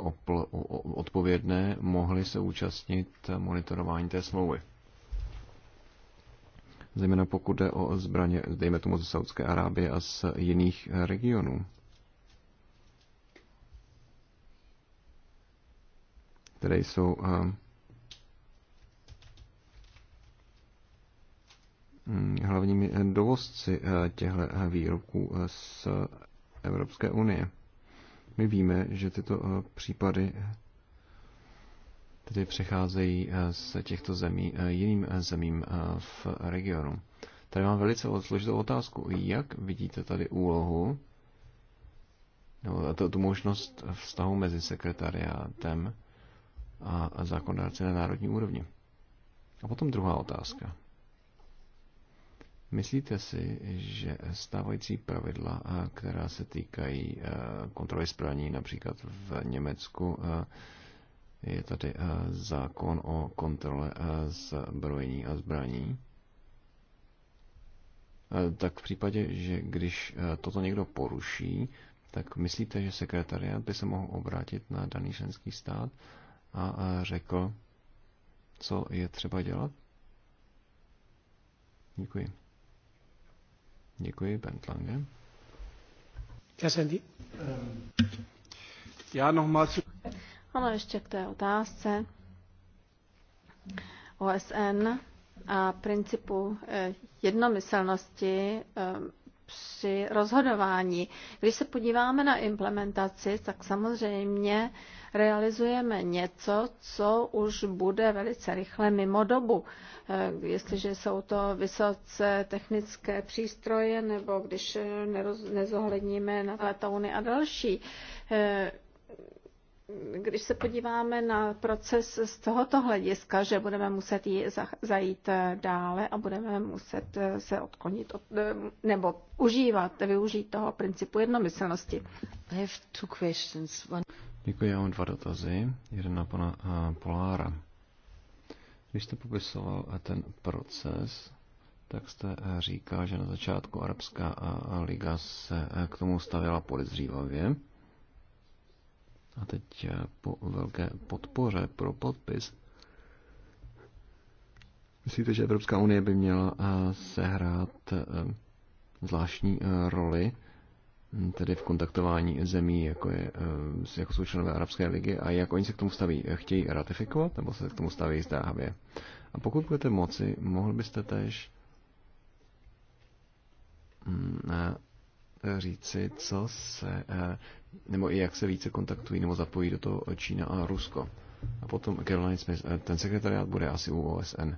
odpovědné mohly se účastnit monitorování té smlouvy. Zejména pokud jde o zbraně, dejme tomu ze Saudské Arábie a z jiných regionů. které jsou eh, hm, hlavními dovozci eh, těchto výrobků z Evropské unie. My víme, že tyto eh, případy tedy přecházejí eh, z těchto zemí eh, jiným zemím v regionu. Tady mám velice složitou otázku. Jak vidíte tady úlohu, nebo tu, tu možnost vztahu mezi sekretariátem a zákonodárci na národní úrovni? A potom druhá otázka. Myslíte si, že stávající pravidla, která se týkají kontroly zbraní, například v Německu, je tady zákon o kontrole zbrojení a zbraní, tak v případě, že když toto někdo poruší, tak myslíte, že sekretariat by se mohl obrátit na daný členský stát a řekl, co je třeba dělat? Děkuji. Děkuji, Bernd Lange. Já jsem Já nochmal Ano, ještě k té otázce. OSN a principu eh, jednomyslnosti eh, při rozhodování. Když se podíváme na implementaci, tak samozřejmě realizujeme něco, co už bude velice rychle mimo dobu. Eh, jestliže jsou to vysoce technické přístroje, nebo když eh, nezohledníme na letouny a další. Eh, když se podíváme na proces z tohoto hlediska, že budeme muset zajít dále a budeme muset se odkonit od, nebo užívat, využít toho principu jednomyslnosti. I have two questions. One... Děkuji, já mám dva dotazy. Jeden na pana eh, Polára. Když jste popisoval eh, ten proces, tak jste eh, říkal, že na začátku Arabská a liga se k tomu stavěla podezřívavě. A teď po velké podpoře pro podpis. Myslíte, že Evropská unie by měla sehrát zvláštní roli tedy v kontaktování zemí, jako, je, eh, jako jsou členové Arabské ligy a jak oni se k tomu staví. Chtějí ratifikovat nebo se k tomu staví zdáhavě. A pokud budete moci, mohl byste tež mm, eh, říci, co se, eh, nebo i jak se více kontaktují nebo zapojí do toho Čína a Rusko. A potom Caroline Smith, ten sekretariát bude asi u OSN.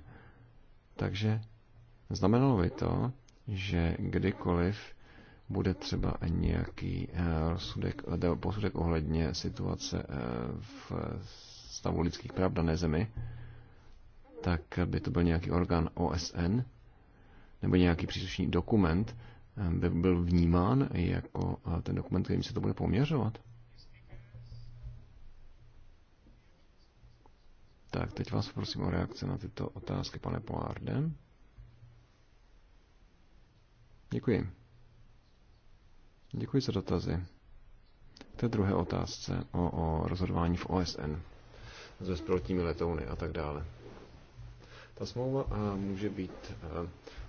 Takže znamenalo by to, že kdykoliv bude třeba nějaký eh, rozsudek, posudek ohledně situace eh, v stavu lidských práv dané zemi, tak by to byl nějaký orgán OSN nebo nějaký příslušný dokument, eh, by byl vnímán jako ten dokument, kterým se to bude poměřovat. Tak, teď vás prosím o reakce na tyto otázky, pane Poárde. Děkuji. Děkuji za dotazy. K té druhé otázce o, o rozhodování v OSN s bezpilotními letouny a tak dále. Ta smlouva a, může být a,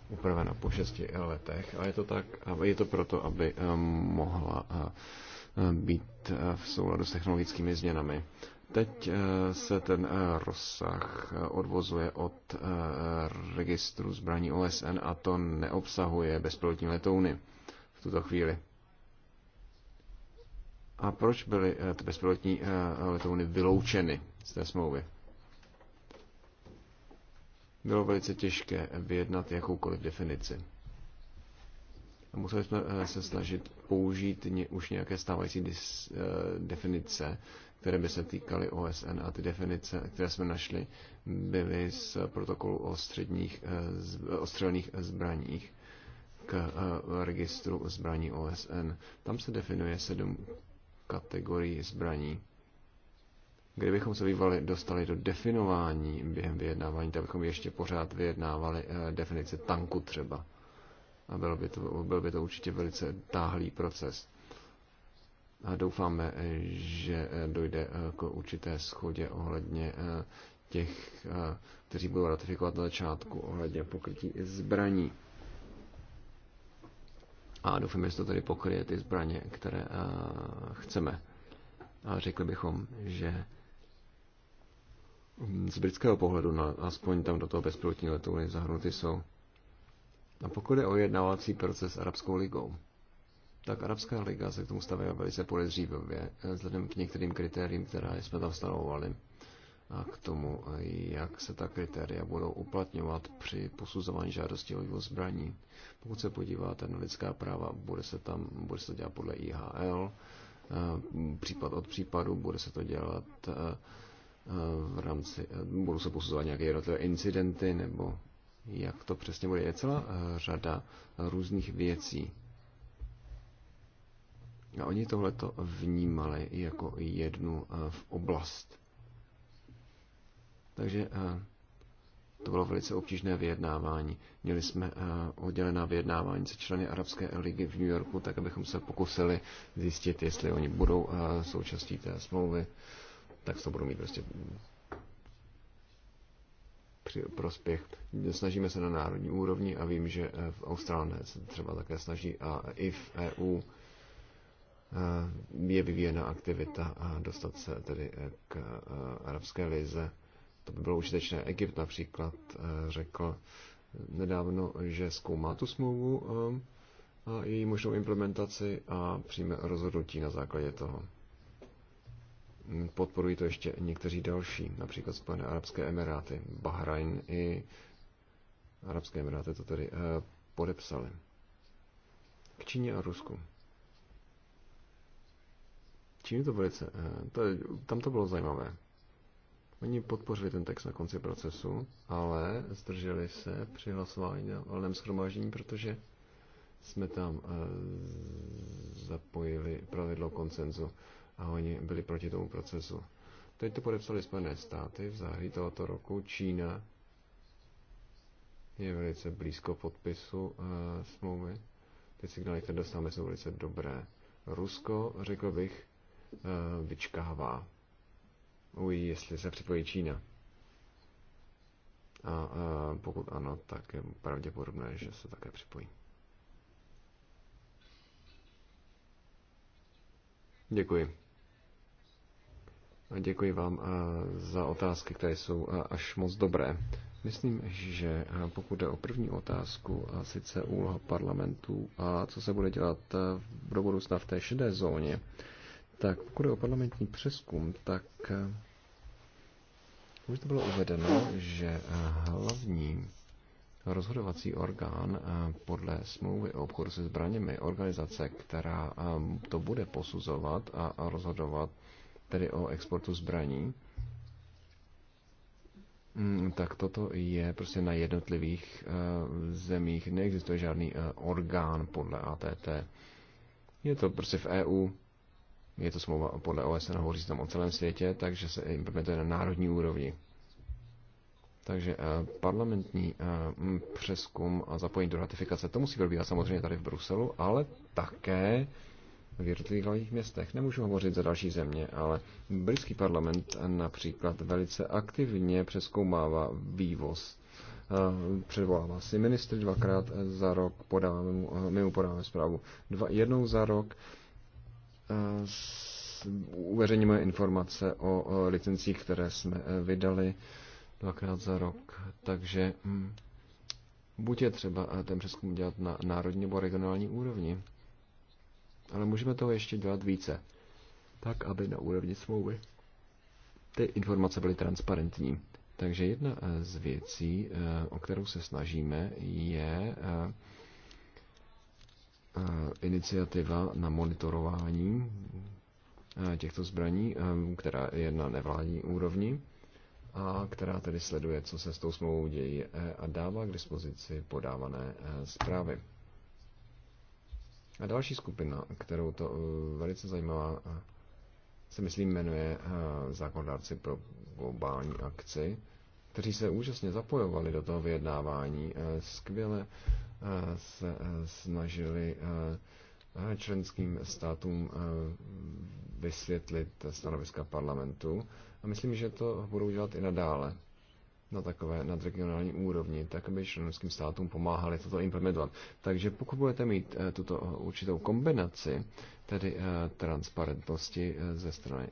upravena po šesti letech a je to, tak, a je to proto, aby a, mohla a, být a, v souladu s technologickými změnami. Teď se ten rozsah odvozuje od registru zbraní OSN a to neobsahuje bezpilotní letouny v tuto chvíli. A proč byly eh, ty bezpilotní eh, letouny vyloučeny z té smlouvy? Bylo velice těžké vyjednat jakoukoliv definici. A museli jsme eh, se snažit použít už nějaké stávající definice, které by se týkaly OSN a ty definice, které jsme našli, byly z protokolu o, středních, o střelných zbraních k registru zbraní OSN. Tam se definuje sedm kategorii zbraní. Kdybychom se bývali dostali do definování během vyjednávání, tak bychom ještě pořád vyjednávali eh, definice tanku třeba. A byl by to, byl by to určitě velice táhlý proces. A doufáme, eh, že eh, dojde k určité schodě ohledně těch, kteří budou ratifikovat na začátku, ohledně pokrytí zbraní. A doufám, že to tady pokryje ty zbraně, které eh, chceme. A řekli bychom, že z britského pohledu, no, aspoň tam do toho bezpilotní letouny zahrnuty jsou. A pokud je o jednávací proces s Arabskou ligou, tak Arabská liga se k tomu stavila velice podezřívavě, eh, vzhledem k některým kritériím, která jsme tam stanovovali a k tomu, jak se ta kritéria budou uplatňovat při posuzování žádosti o vývoz zbraní. Pokud se podíváte na lidská práva, bude se tam bude se to dělat podle IHL, eh, případ od případu, bude se to dělat eh, v rámci, eh, budou se posuzovat nějaké jednotlivé incidenty, nebo jak to přesně bude. Je celá řada různých věcí. A oni tohleto vnímali jako jednu v oblast takže eh, to bylo velice obtížné vyjednávání. Měli jsme eh, oddělená vyjednávání se členy Arabské ligy v New Yorku, tak abychom se pokusili zjistit, jestli oni budou eh, součástí té smlouvy, tak to budou mít prostě při prospěch. Snažíme se na národní úrovni a vím, že v Austrálii se třeba také snaží a i v EU je vyvíjena aktivita a dostat se tedy k arabské lize to by bylo užitečné. Egypt například eh, řekl nedávno, že zkoumá tu smlouvu eh, a její možnou implementaci a přijme rozhodnutí na základě toho. Podporují to ještě někteří další, například Spojené Arabské Emiráty, Bahrajn i Arabské Emiráty to tedy eh, podepsali. K Číně a Rusku. Číně to velice, to, tam to bylo zajímavé. Oni podpořili ten text na konci procesu, ale zdrželi se při hlasování na valném schromáždění, protože jsme tam eh, zapojili pravidlo koncenzu a oni byli proti tomu procesu. Teď to podepsali Spojené státy v září tohoto roku. Čína je velice blízko podpisu e, smlouvy. Ty signály, které dostáváme, jsou velice dobré. Rusko, řekl bych, e, vyčkává ují, jestli se připojí Čína. A, a pokud ano, tak je pravděpodobné, že se také připojí. Děkuji. A děkuji vám za otázky, které jsou až moc dobré. Myslím, že pokud jde o první otázku, a sice úloha parlamentu a co se bude dělat v do budoucna v té šedé zóně, tak pokud je o parlamentní přeskum, tak eh, už to bylo uvedeno, že eh, hlavní rozhodovací orgán eh, podle smlouvy o obchodu se zbraněmi, organizace, která to bude posuzovat a rozhodovat tedy o exportu zbraní, mm, tak toto je prostě na jednotlivých zemích. Neexistuje žádný orgán podle ATT. Je to prostě v EU je to smlouva podle OSN, hovoří se tam o celém světě, takže se implementuje na národní úrovni. Takže eh, parlamentní eh, přeskum a zapojení do ratifikace, to musí probíhat samozřejmě tady v Bruselu, ale také v jednotlivých hlavních městech. Nemůžu hovořit za další země, ale britský parlament například velice aktivně přeskoumává vývoz. Eh, předvolává si ministry dvakrát za rok, podáváme mu, my mu podáváme zprávu dva, jednou za rok uveřejníme informace o licencích, které jsme eh, vydali dvakrát za rok. Takže hm, buď je třeba eh, ten přeskum dělat na národní nebo regionální úrovni, ale můžeme toho ještě dělat více, tak aby na úrovni smlouvy ty informace byly transparentní. Takže jedna eh, z věcí, o kterou se snažíme, je Eh, iniciativa na monitorování eh, těchto zbraní, eh, která je na nevládní úrovni a která tedy sleduje, co se s tou smlouvou děje a dává k dispozici podávané zprávy. A další skupina, kterou to velice zajímavá, se myslím jmenuje zákonodárci pro globální akci kteří se úžasně zapojovali do toho vyjednávání, skvěle se snažili členským státům vysvětlit stanoviska parlamentu a myslím, že to budou dělat i nadále na takové nadregionální úrovni, tak aby členským státům pomáhali toto implementovat. Takže pokud budete mít tuto určitou kombinaci, tedy transparentnosti ze strany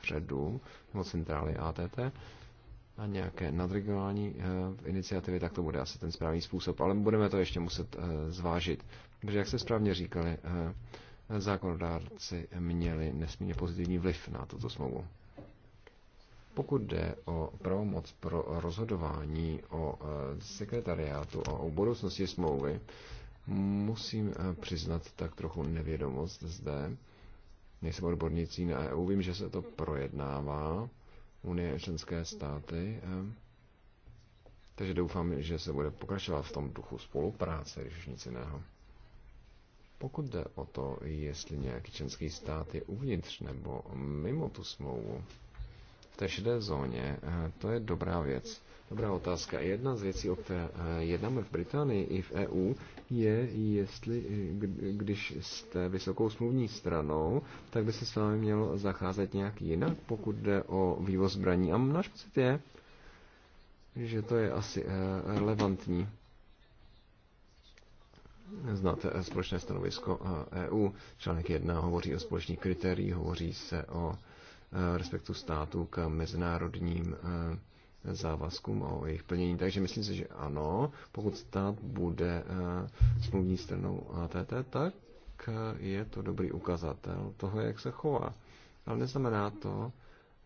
středu nebo centrály ATT, a nějaké nadregionální eh, iniciativy, tak to bude asi ten správný způsob. Ale budeme to ještě muset eh, zvážit, protože, jak se správně říkali, eh, zákonodárci měli nesmírně pozitivní vliv na tuto smlouvu. Pokud jde o pravomoc pro rozhodování o sekretariátu a o budoucnosti smlouvy, musím přiznat tak trochu nevědomost zde. Nejsem odbornicí na EU, vím, že se to projednává unie členské státy. Eh, takže doufám, že se bude pokračovat v tom duchu spolupráce, když nic jiného. Pokud jde o to, jestli nějaký členský stát je uvnitř nebo mimo tu smlouvu, té šedé zóně, eh, to je dobrá věc. Dobrá otázka. Jedna z věcí, o které eh, jednáme v Británii i v EU, je, jestli, eh, když jste vysokou smluvní stranou, tak by se s vámi mělo zacházet nějak jinak, pokud jde o vývoz zbraní. A náš pocit je, že to je asi relevantní. Znáte společné stanovisko EU. E Článek 1 hovoří o společných kritériích, hovoří se o Eh, respektu států k mezinárodním eh, závazkům a o jejich plnění. Takže myslím si, že ano, pokud stát bude eh, smluvní stranou ATT, tak je to dobrý ukazatel toho, jak se chová. Ale neznamená to,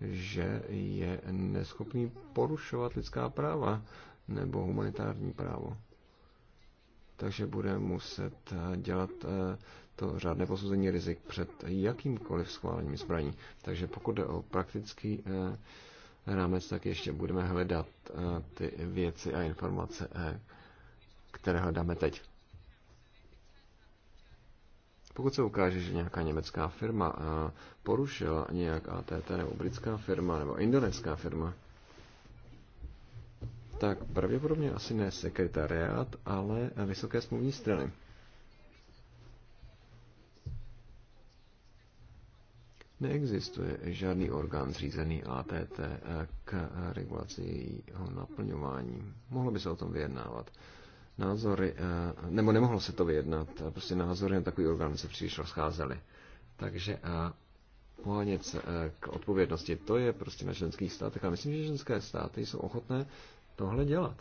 že je neschopný porušovat lidská práva nebo humanitární právo. Takže bude muset dělat to řádné posouzení rizik před jakýmkoliv schválením zbraní. Takže pokud jde o praktický eh, rámec, tak ještě budeme hledat eh, ty věci a informace, eh, které hledáme teď. Pokud se ukáže, že nějaká německá firma porušila nějak ATT, nebo britská firma, nebo indonéská firma, tak pravděpodobně asi ne sekretariát, ale vysoké smluvní strany. Neexistuje žádný orgán zřízený ATT k regulaci jejího naplňování. Mohlo by se o tom vyjednávat. Názory, eh, nebo nemohlo se to vyjednat, prostě názory na takový orgán se příliš rozcházely. Takže a eh, pohánět eh, k odpovědnosti, to je prostě na členských státech. A myslím, že ženské státy jsou ochotné tohle dělat.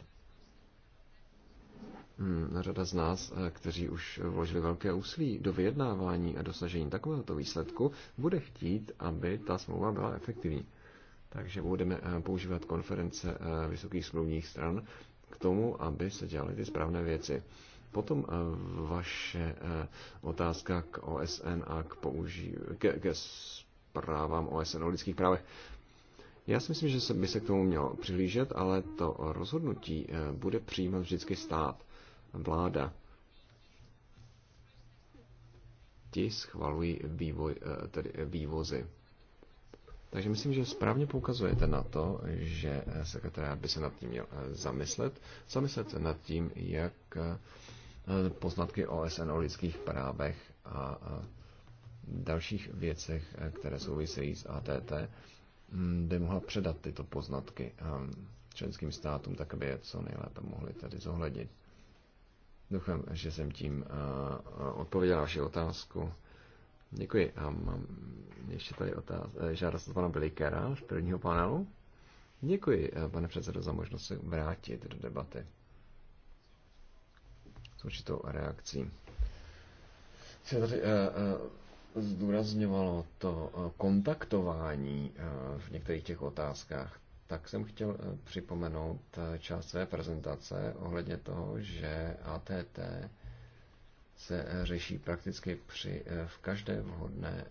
Hmm, řada z nás, eh, kteří už vložili velké úsilí do vyjednávání a dosažení takovéhoto výsledku, bude chtít, aby ta smlouva byla efektivní. Takže budeme eh, používat konference eh, vysokých smluvních stran k tomu, aby se dělaly ty správné věci. Potom vaše otázka k OSN a k, použi- ke, ke zprávám OSN o lidských právech. Já si myslím, že by se k tomu mělo přihlížet, ale to rozhodnutí bude přijímat vždycky stát vláda. Ti schvalují vývoj, eh, tedy vývozy. Takže myslím, že správně poukazujete na to, že eh, sekretariat by se nad tím měl eh, zamyslet. Zamyslet se nad tím, jak poznatky OSN o lidských právech a dalších věcech, které souvisejí s ATT, hm, by mohla předat tyto poznatky hm, členským státům, tak aby je co nejlépe mohli tady zohlednit. Doufám, že jsem tím eh, eh, odpověděl na vaši otázku. Děkuji. A mám ještě tady otáz- eh, žádost od pana Blikera z prvního panelu. Děkuji, pane předsedo, za možnost se vrátit do debaty s určitou reakcí. Se tady uh, uh, zdůrazňovalo to kontaktování uh, v některých těch otázkách tak jsem chtěl eh, připomenout eh, část své prezentace ohledně toho, že ATT se eh, řeší prakticky při, v každé vhodné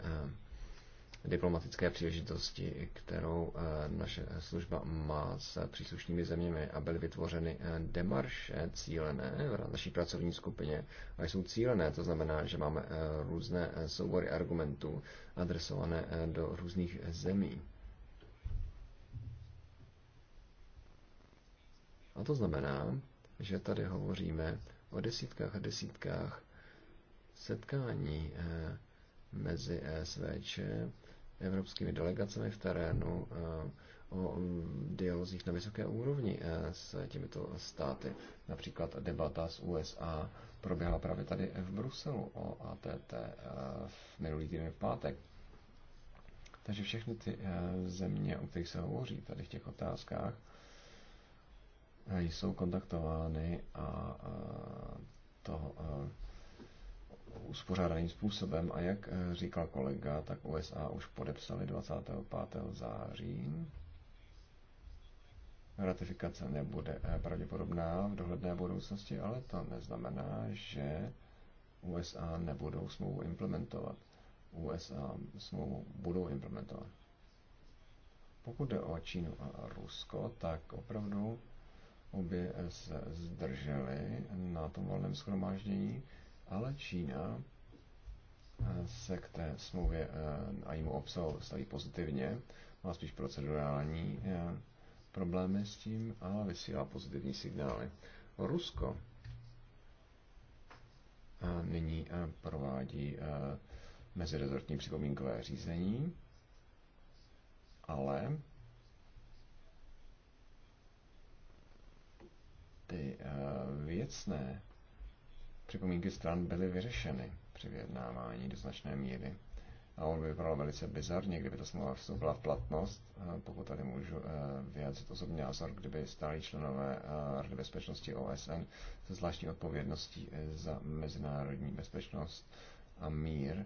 diplomatické příležitosti, kterou naše služba má s příslušnými zeměmi a byly vytvořeny demarše cílené v naší pracovní skupině a jsou cílené, to znamená, že máme různé soubory argumentů adresované do různých zemí. A to znamená, že tady hovoříme o desítkách a desítkách setkání eh, mezi SVČ, evropskými delegacemi v terénu, eh, o mm, dialozích na vysoké úrovni eh, s těmito státy. Například debata s USA proběhla právě tady v Bruselu o ATT v minulý týden v pátek. Takže všechny ty země, o kterých se hovoří tady v těch otázkách, jsou kontaktovány a to uspořádaným způsobem. A jak e, říkal kolega, tak USA už podepsali 25. září. Ratifikace nebude e, pravděpodobná v dohledné budoucnosti, ale to neznamená, že USA nebudou smlouvu implementovat. USA smlouvu budou implementovat. Pokud jde o Čínu a Rusko, tak opravdu Obě se zdržely na tom volném schromáždění, ale Čína eh, se k té smlouvě eh, a jejímu obsahu staví pozitivně. Má spíš procedurální eh, problémy s tím, ale vysílá pozitivní signály. Rusko nyní provádí mezirezortní připomínkové řízení, ale ty eh, věcné připomínky stran byly vyřešeny při vyjednávání do značné míry. A on by vypadal velice bizarně, kdyby ta smlouva vstoupila v platnost, eh, pokud tady můžu eh, vyjádřit osobní názor, kdyby stáli členové Rady bezpečnosti OSN se zvláštní odpovědností za mezinárodní bezpečnost a mír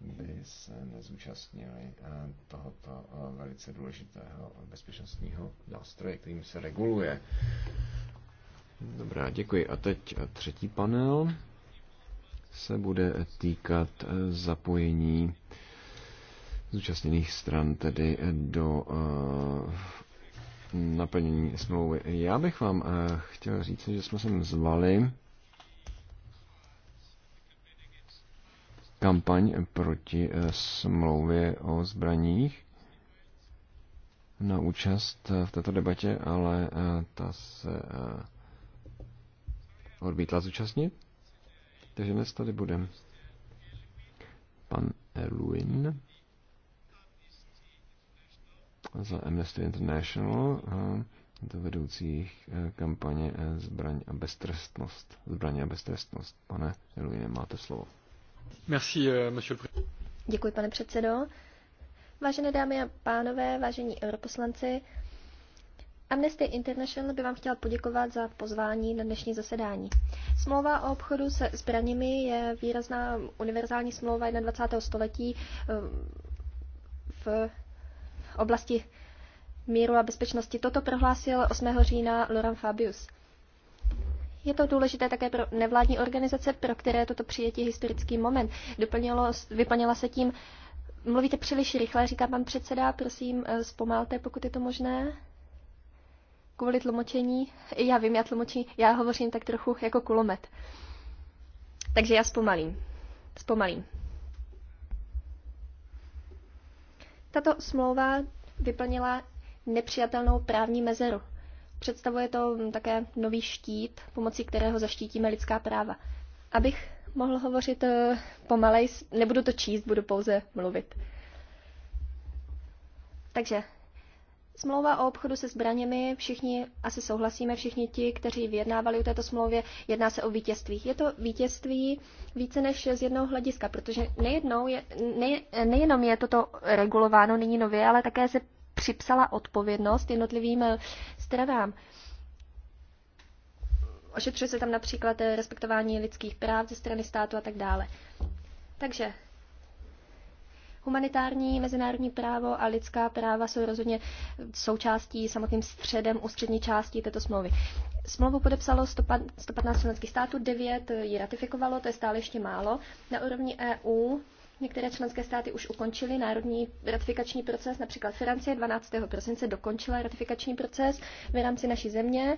by se nezúčastnili tohoto velice důležitého bezpečnostního nástroje, kterým se reguluje Dobrá, děkuji. A teď třetí panel se bude týkat e, zapojení zúčastněných stran tedy e, do e, naplnění smlouvy. Já bych vám chtěl říct, že jsme sem zvali kampaň proti smlouvě o zbraních na účast v této debatě, ale ta se odmítla zúčastnit. Takže dnes tady bude pan Erwin za Amnesty International, to vedoucích e, kampaně e, Zbraň a beztrestnost. Zbraň a beztrestnost. Pane Erluine, máte slovo. Merci, e, monsieur Děkuji, pane předsedo. Vážené dámy a pánové, vážení europoslanci, Amnesty International by vám chtěla poděkovat za pozvání na dnešní zasedání. Smlouva o obchodu se zbraněmi je výrazná univerzální smlouva 21. století eh, v oblasti míru a bezpečnosti. Toto prohlásil 8. října Laurent Fabius. Je to důležité také pro nevládní organizace, pro které toto přijetí historický moment. Doplnilo, vyplnila se tím, mluvíte příliš rychle, říká pan předseda, prosím, eh, zpomalte, pokud je to možné kvůli tlumočení. Já vím, já tlumočím, já hovořím tak trochu jako kulomet. Takže já zpomalím. Zpomalím. Tato smlouva vyplnila nepřijatelnou právní mezeru. Představuje to také nový štít, pomocí kterého zaštítíme lidská práva. Abych mohl hovořit eh, pomalej, nebudu to číst, budu pouze mluvit. Takže Smlouva o obchodu se zbraněmi, všichni asi souhlasíme, všichni ti, kteří vyjednávali o této smlouvě, jedná se o vítězství. Je to vítězství více než z jednoho hlediska, protože nejednou je, ne, nejenom je toto regulováno nyní nově, ale také se připsala odpovědnost jednotlivým eh, stranám. Ošetřuje se tam například eh, respektování lidských práv ze strany státu a tak dále. Takže Humanitární, mezinárodní právo a lidská práva jsou rozhodně součástí, samotným středem, ústřední částí této smlouvy. Smlouvu podepsalo 115 členských států, 9 ji ratifikovalo, to je stále ještě málo. Na úrovni EU Některé členské státy už ukončily národní ratifikační proces, například Francie 12. prosince dokončila ratifikační proces v rámci naší země.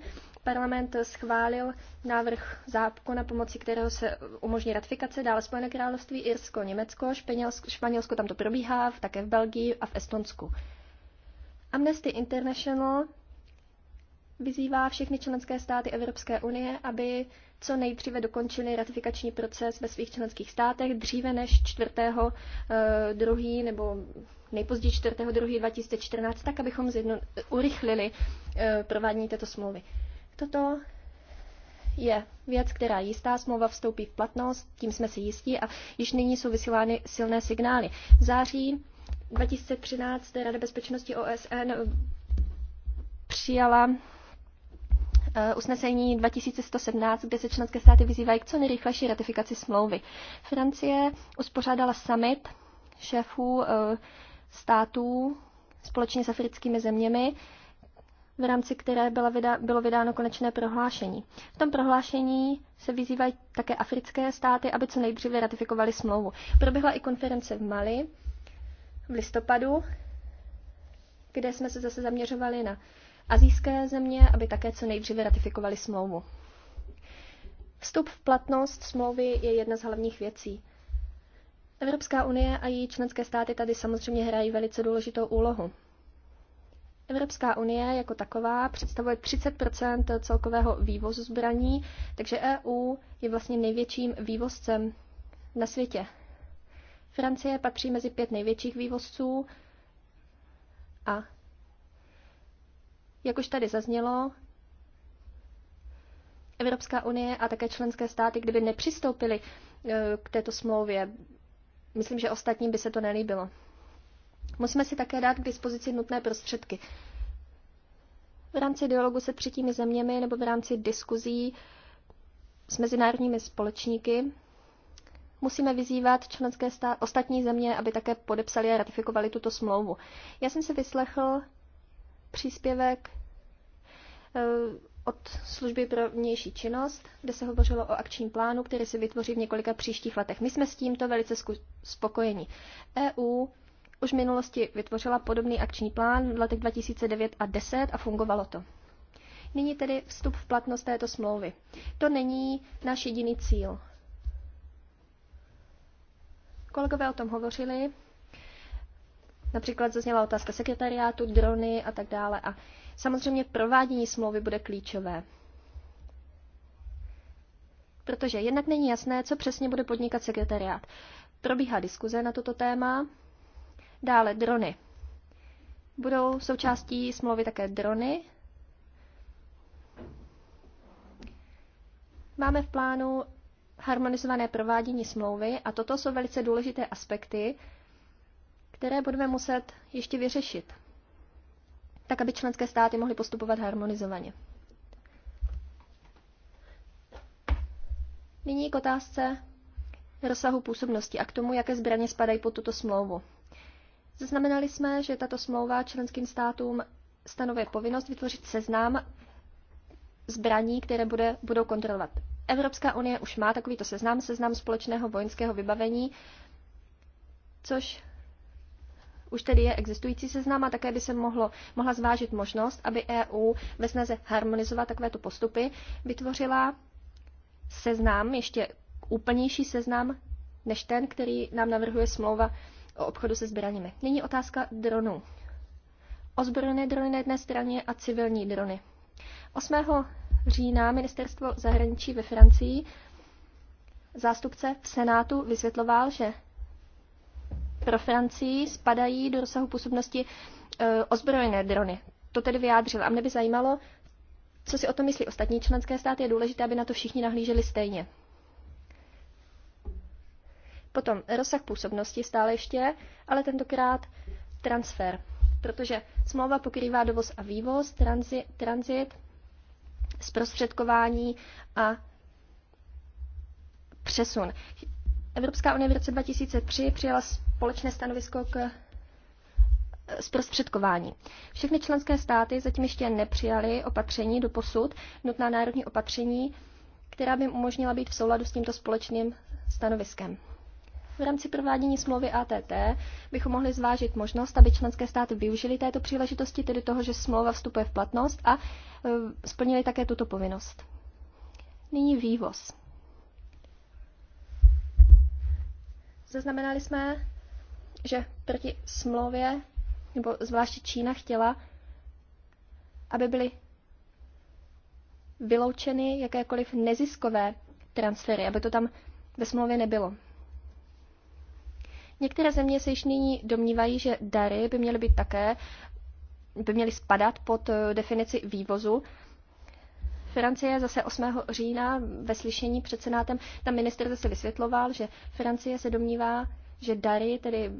Parlament schválil návrh zákona, pomocí kterého se umožní ratifikace, dále Spojené království, Irsko, Německo, Španělsko, Španělsko tam to probíhá, také v Belgii a v Estonsku. Amnesty International vyzývá všechny členské státy Evropské unie, aby co nejdříve dokončili ratifikační proces ve svých členských státech dříve než 4. 2. Eh, nebo nejpozději 4. 2. 2014, tak abychom zjedno, urychlili eh, provádění této smlouvy. Toto je věc, která jistá, smlouva vstoupí v platnost, tím jsme si jistí a již nyní jsou vysílány silné signály. V září 2013 Rada bezpečnosti OSN přijala eh, usnesení 2117, kde se členské státy vyzývají k co nejrychlejší ratifikaci smlouvy. Francie uspořádala summit šéfů eh, států společně s africkými zeměmi, v rámci které byla vydá, bylo vydáno konečné prohlášení. V tom prohlášení se vyzývají také africké státy, aby co nejdříve ratifikovali smlouvu. Proběhla i konference v Mali v listopadu, kde jsme se zase zaměřovali na azijské země, aby také co nejdříve ratifikovali smlouvu. Vstup v platnost smlouvy je jedna z hlavních věcí. Evropská unie a její členské státy tady samozřejmě hrají velice důležitou úlohu. Evropská unie jako taková představuje 30 celkového vývozu zbraní, takže EU je vlastně největším vývozcem na světě. Francie patří mezi pět největších vývozců a jak už tady zaznělo, Evropská unie a také členské státy, kdyby nepřistoupily e, k této smlouvě, myslím, že ostatním by se to nelíbilo. Musíme si také dát k dispozici nutné prostředky. V rámci dialogu se třetími zeměmi nebo v rámci diskuzí s mezinárodními společníky musíme vyzývat členské stát, ostatní země, aby také podepsali a ratifikovali tuto smlouvu. Já jsem si vyslechl příspěvek eh, od služby pro vnější činnost, kde se hovořilo o akčním plánu, který se vytvoří v několika příštích letech. My jsme s tímto velice spokojeni. EU už v minulosti vytvořila podobný akční plán v letech 2009 a 10 a fungovalo to. Nyní tedy vstup v platnost této smlouvy. To není náš jediný cíl. Kolegové o tom hovořili. Například zazněla otázka sekretariátu, drony a tak dále. A samozřejmě provádění smlouvy bude klíčové. Protože jednak není jasné, co přesně bude podnikat sekretariát. Probíhá diskuze na toto téma, Dále drony. Budou součástí smlouvy také drony. Máme v plánu harmonizované provádění smlouvy a toto jsou velice důležité aspekty, které budeme muset ještě vyřešit, tak aby členské státy mohly postupovat harmonizovaně. Nyní k otázce rozsahu působnosti a k tomu, jaké zbraně spadají pod tuto smlouvu. Zaznamenali jsme, že tato smlouva členským státům stanovuje povinnost vytvořit seznam zbraní, které bude, budou kontrolovat. Evropská unie už má takovýto seznam, seznam společného vojenského vybavení, což už tedy je existující seznam a také by se mohlo, mohla zvážit možnost, aby EU ve snaze harmonizovat takovéto postupy vytvořila seznam, ještě úplnější seznam, než ten, který nám navrhuje smlouva o obchodu se zbraněmi. Nyní otázka dronů. Ozbrojené drony na jedné straně a civilní drony. 8. října ministerstvo zahraničí ve Francii zástupce v Senátu vysvětloval, že pro Francii spadají do rozsahu působnosti e, ozbrojené drony. To tedy vyjádřil. A mě by zajímalo, co si o tom myslí ostatní členské státy. Je důležité, aby na to všichni nahlíželi stejně. Potom rozsah působnosti stále ještě, ale tentokrát transfer, protože smlouva pokrývá dovoz a vývoz, transi, transit, zprostředkování a přesun. Evropská unie v roce 2003 přijala společné stanovisko k eh, zprostředkování. Všechny členské státy zatím ještě nepřijaly opatření do posud, nutná národní opatření, která by umožnila být v souladu s tímto společným stanoviskem. V rámci provádění smlouvy ATT bychom mohli zvážit možnost, aby členské státy využili této příležitosti, tedy toho, že smlouva vstupuje v platnost a e, splnili také tuto povinnost. Nyní vývoz. Zaznamenali jsme, že proti smlouvě, nebo zvláště Čína chtěla, aby byly vyloučeny jakékoliv neziskové transfery, aby to tam ve smlouvě nebylo. Některé země se již nyní domnívají, že dary by měly být také, by měly spadat pod eh, definici vývozu. Francie zase 8. října ve slyšení před Senátem, tam minister zase vysvětloval, že Francie se domnívá, že dary, tedy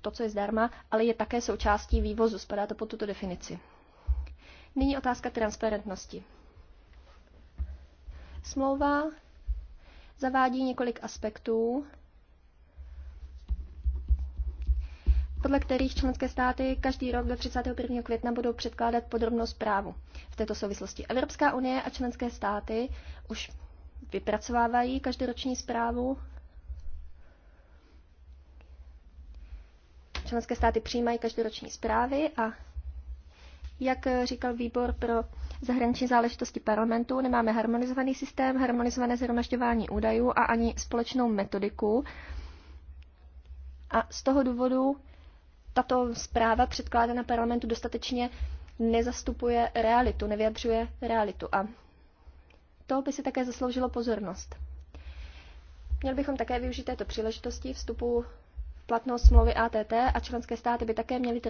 to, co je zdarma, ale je také součástí vývozu, spadá to pod tuto definici. Nyní otázka transparentnosti. Smlouva zavádí několik aspektů, podle kterých členské státy každý rok do 31. května budou předkládat podrobnou zprávu. V této souvislosti Evropská unie a členské státy už vypracovávají každoroční zprávu. Členské státy přijímají každoroční zprávy a jak říkal výbor pro zahraniční záležitosti parlamentu, nemáme harmonizovaný systém, harmonizované zhromažďování údajů a ani společnou metodiku. A z toho důvodu tato zpráva předkládána parlamentu dostatečně nezastupuje realitu, nevyjadřuje realitu. A to by si také zasloužilo pozornost. Měli bychom také využít této příležitosti vstupu v platnost smlouvy ATT a členské státy by také měly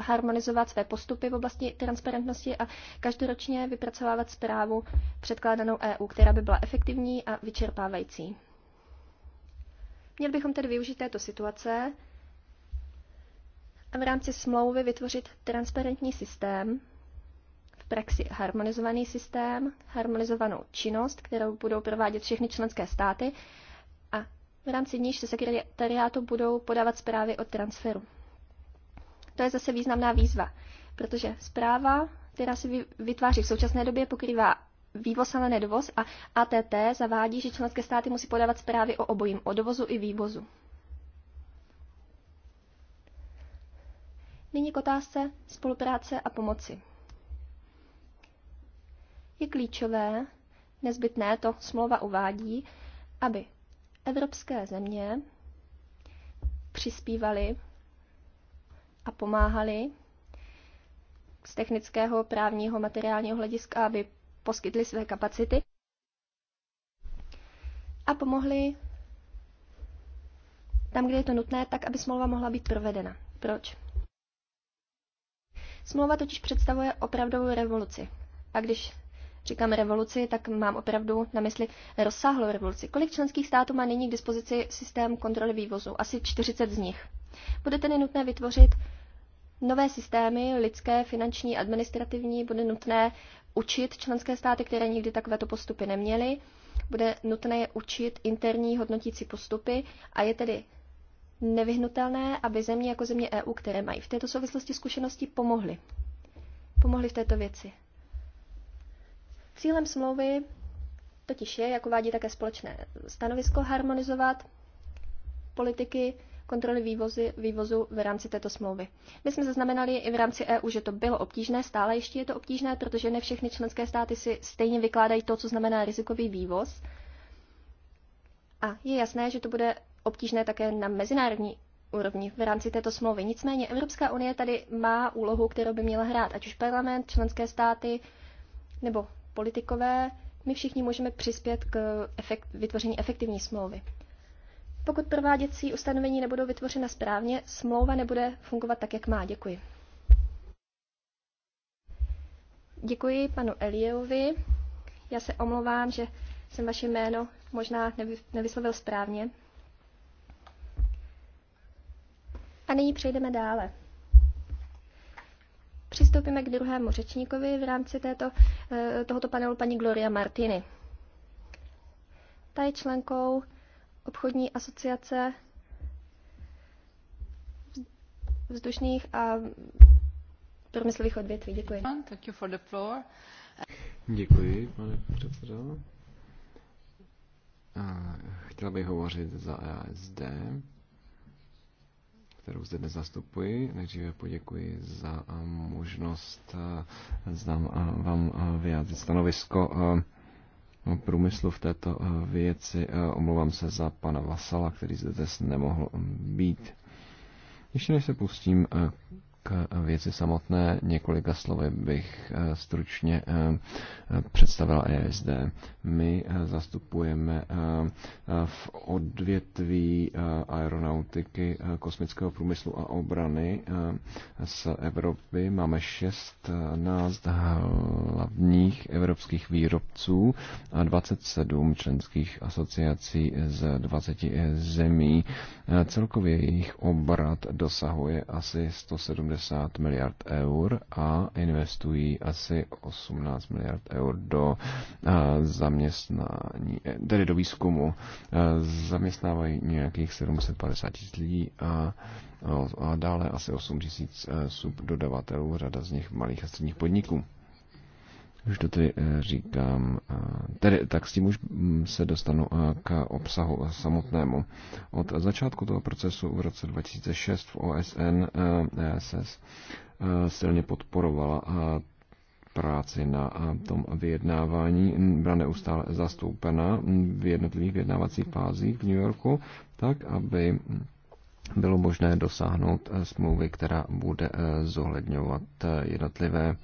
harmonizovat své postupy v oblasti transparentnosti a každoročně vypracovávat zprávu předkládanou EU, která by byla efektivní a vyčerpávající. Měli bychom tedy využít této situace a v rámci smlouvy vytvořit transparentní systém, v praxi harmonizovaný systém, harmonizovanou činnost, kterou budou provádět všechny členské státy a v rámci níž se sekretariátu budou podávat zprávy o transferu. To je zase významná výzva, protože zpráva, která se vytváří v současné době, pokrývá vývoz, a nedvoz a ATT zavádí, že členské státy musí podávat zprávy o obojím, o dovozu i vývozu. Nyní k otázce spolupráce a pomoci. Je klíčové, nezbytné, to smlouva uvádí, aby evropské země přispívaly a pomáhali z technického, právního, materiálního hlediska, aby poskytly své kapacity a pomohli tam, kde je to nutné, tak, aby smlouva mohla být provedena. Proč? Smlouva totiž představuje opravdovou revoluci. A když říkám revoluci, tak mám opravdu na mysli rozsáhlou revoluci. Kolik členských států má nyní k dispozici systém kontroly vývozu? Asi 40 z nich. Bude tedy nutné vytvořit nové systémy, lidské, finanční, administrativní, bude nutné učit členské státy, které nikdy takovéto postupy neměly, bude nutné je učit interní hodnotící postupy a je tedy nevyhnutelné, aby země jako země EU, které mají v této souvislosti zkušenosti, pomohly. Pomohly v této věci. Cílem smlouvy totiž je, jak uvádí také společné stanovisko, harmonizovat politiky kontroly vývozy, vývozu v rámci této smlouvy. My jsme zaznamenali i v rámci EU, že to bylo obtížné, stále ještě je to obtížné, protože ne všechny členské státy si stejně vykládají to, co znamená rizikový vývoz. A je jasné, že to bude obtížné také na mezinárodní úrovni v rámci této smlouvy. Nicméně Evropská unie tady má úlohu, kterou by měla hrát, ať už parlament, členské státy nebo politikové. My všichni můžeme přispět k efekt, vytvoření efektivní smlouvy. Pokud prováděcí ustanovení nebudou vytvořena správně, smlouva nebude fungovat tak, jak má. Děkuji. Děkuji panu Eliovi. Já se omlouvám, že jsem vaše jméno možná nevyslovil správně. A nyní přejdeme dále. Přistoupíme k druhému řečníkovi v rámci této, eh, tohoto panelu paní Gloria Martini. Ta je členkou obchodní asociace vzdušných a průmyslových odvětví. Děkuji. Děkuji, pane předsedo. Chtěla bych hovořit za e ASD kterou zde dnes zastupuji. Nejdříve poděkuji za eh, možnost eh, znám eh, vám vyjádřit stanovisko průmyslu v této věci. Omlouvám se za pana Vasala, který zde dnes nemohl mm, být. Ještě než se pustím věci samotné několika slovy bych eh, stručně eh, představil ESD. My eh, zastupujeme v odvětví aeronautiky, kosmického průmyslu a obrany z Evropy. Máme 16 hlavních evropských výrobců a 27 členských asociací z 20 zemí. Celkově jejich obrat dosahuje asi 170 60 miliard eur a investují asi 18 miliard eur do eh, zaměstnání, eh, tedy do výzkumu. Eh, zaměstnávají nějakých 750 tisíc lidí a a dále asi 8 tisíc subdodavatelů, řada z nich malých a středních podniků už to tady eh, říkám, eh, tedy tak s tím už mm, se dostanu eh, k obsahu samotnému. Od začátku toho procesu v roce 2006 v OSN ESS e silně podporovala práci na tom vyjednávání, byla neustále zastoupena mm, v jednotlivých vyjednávacích fázích v New Yorku, tak aby bylo možné dosáhnout smlouvy, která bude zohledňovat jednotlivé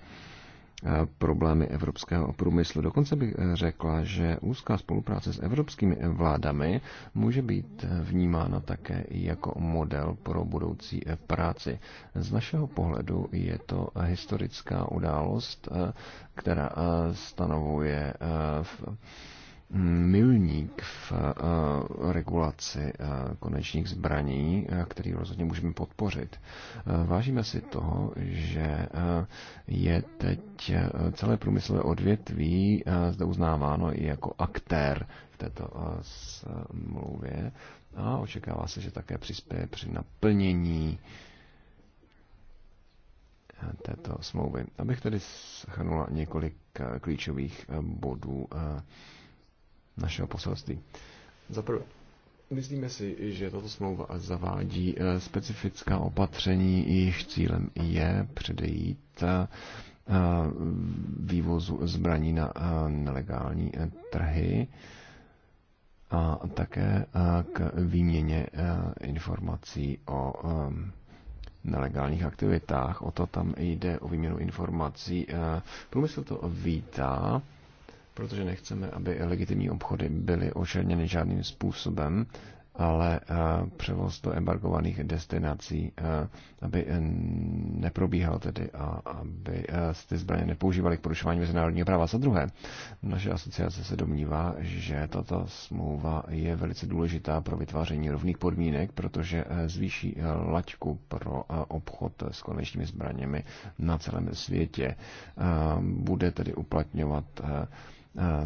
Eh, problémy evropského průmyslu. Dokonce bych eh, řekla, že úzká spolupráce s evropskými vládami může být eh, vnímána také i jako model pro budoucí práci. Z našeho pohledu je to historická událost, která stanovuje v milník v eh, regulaci eh, konečných zbraní, eh, který rozhodně můžeme podpořit. Vážíme si toho, že je teď celé průmyslové odvětví zde uznáváno i jako aktér v této smlouvě a očekává se, že také přispěje při naplnění této smlouvy. Abych tedy schrnula několik klíčových bodů našeho poselství. Za prvé, myslíme si, že tato smlouva zavádí eh, specifická opatření, jejich cílem je předejít eh, vývozu zbraní na eh, nelegální trhy a také k výměně informací o nelegálních aktivitách. O to tam jde, o výměnu informací. Průmysl to vítá protože nechceme, aby legitimní obchody byly ošerněny žádným způsobem, ale eh, převoz do embargovaných destinací, eh, aby eh, neprobíhal tedy a aby ty zbraně nepoužívaly k porušování mezinárodního práva. Za druhé, naše asociace se domnívá, že tato smlouva je velice důležitá pro vytváření rovných podmínek, protože zvýší laťku pro obchod s konečnými zbraněmi na celém světě. Bude tedy uplatňovat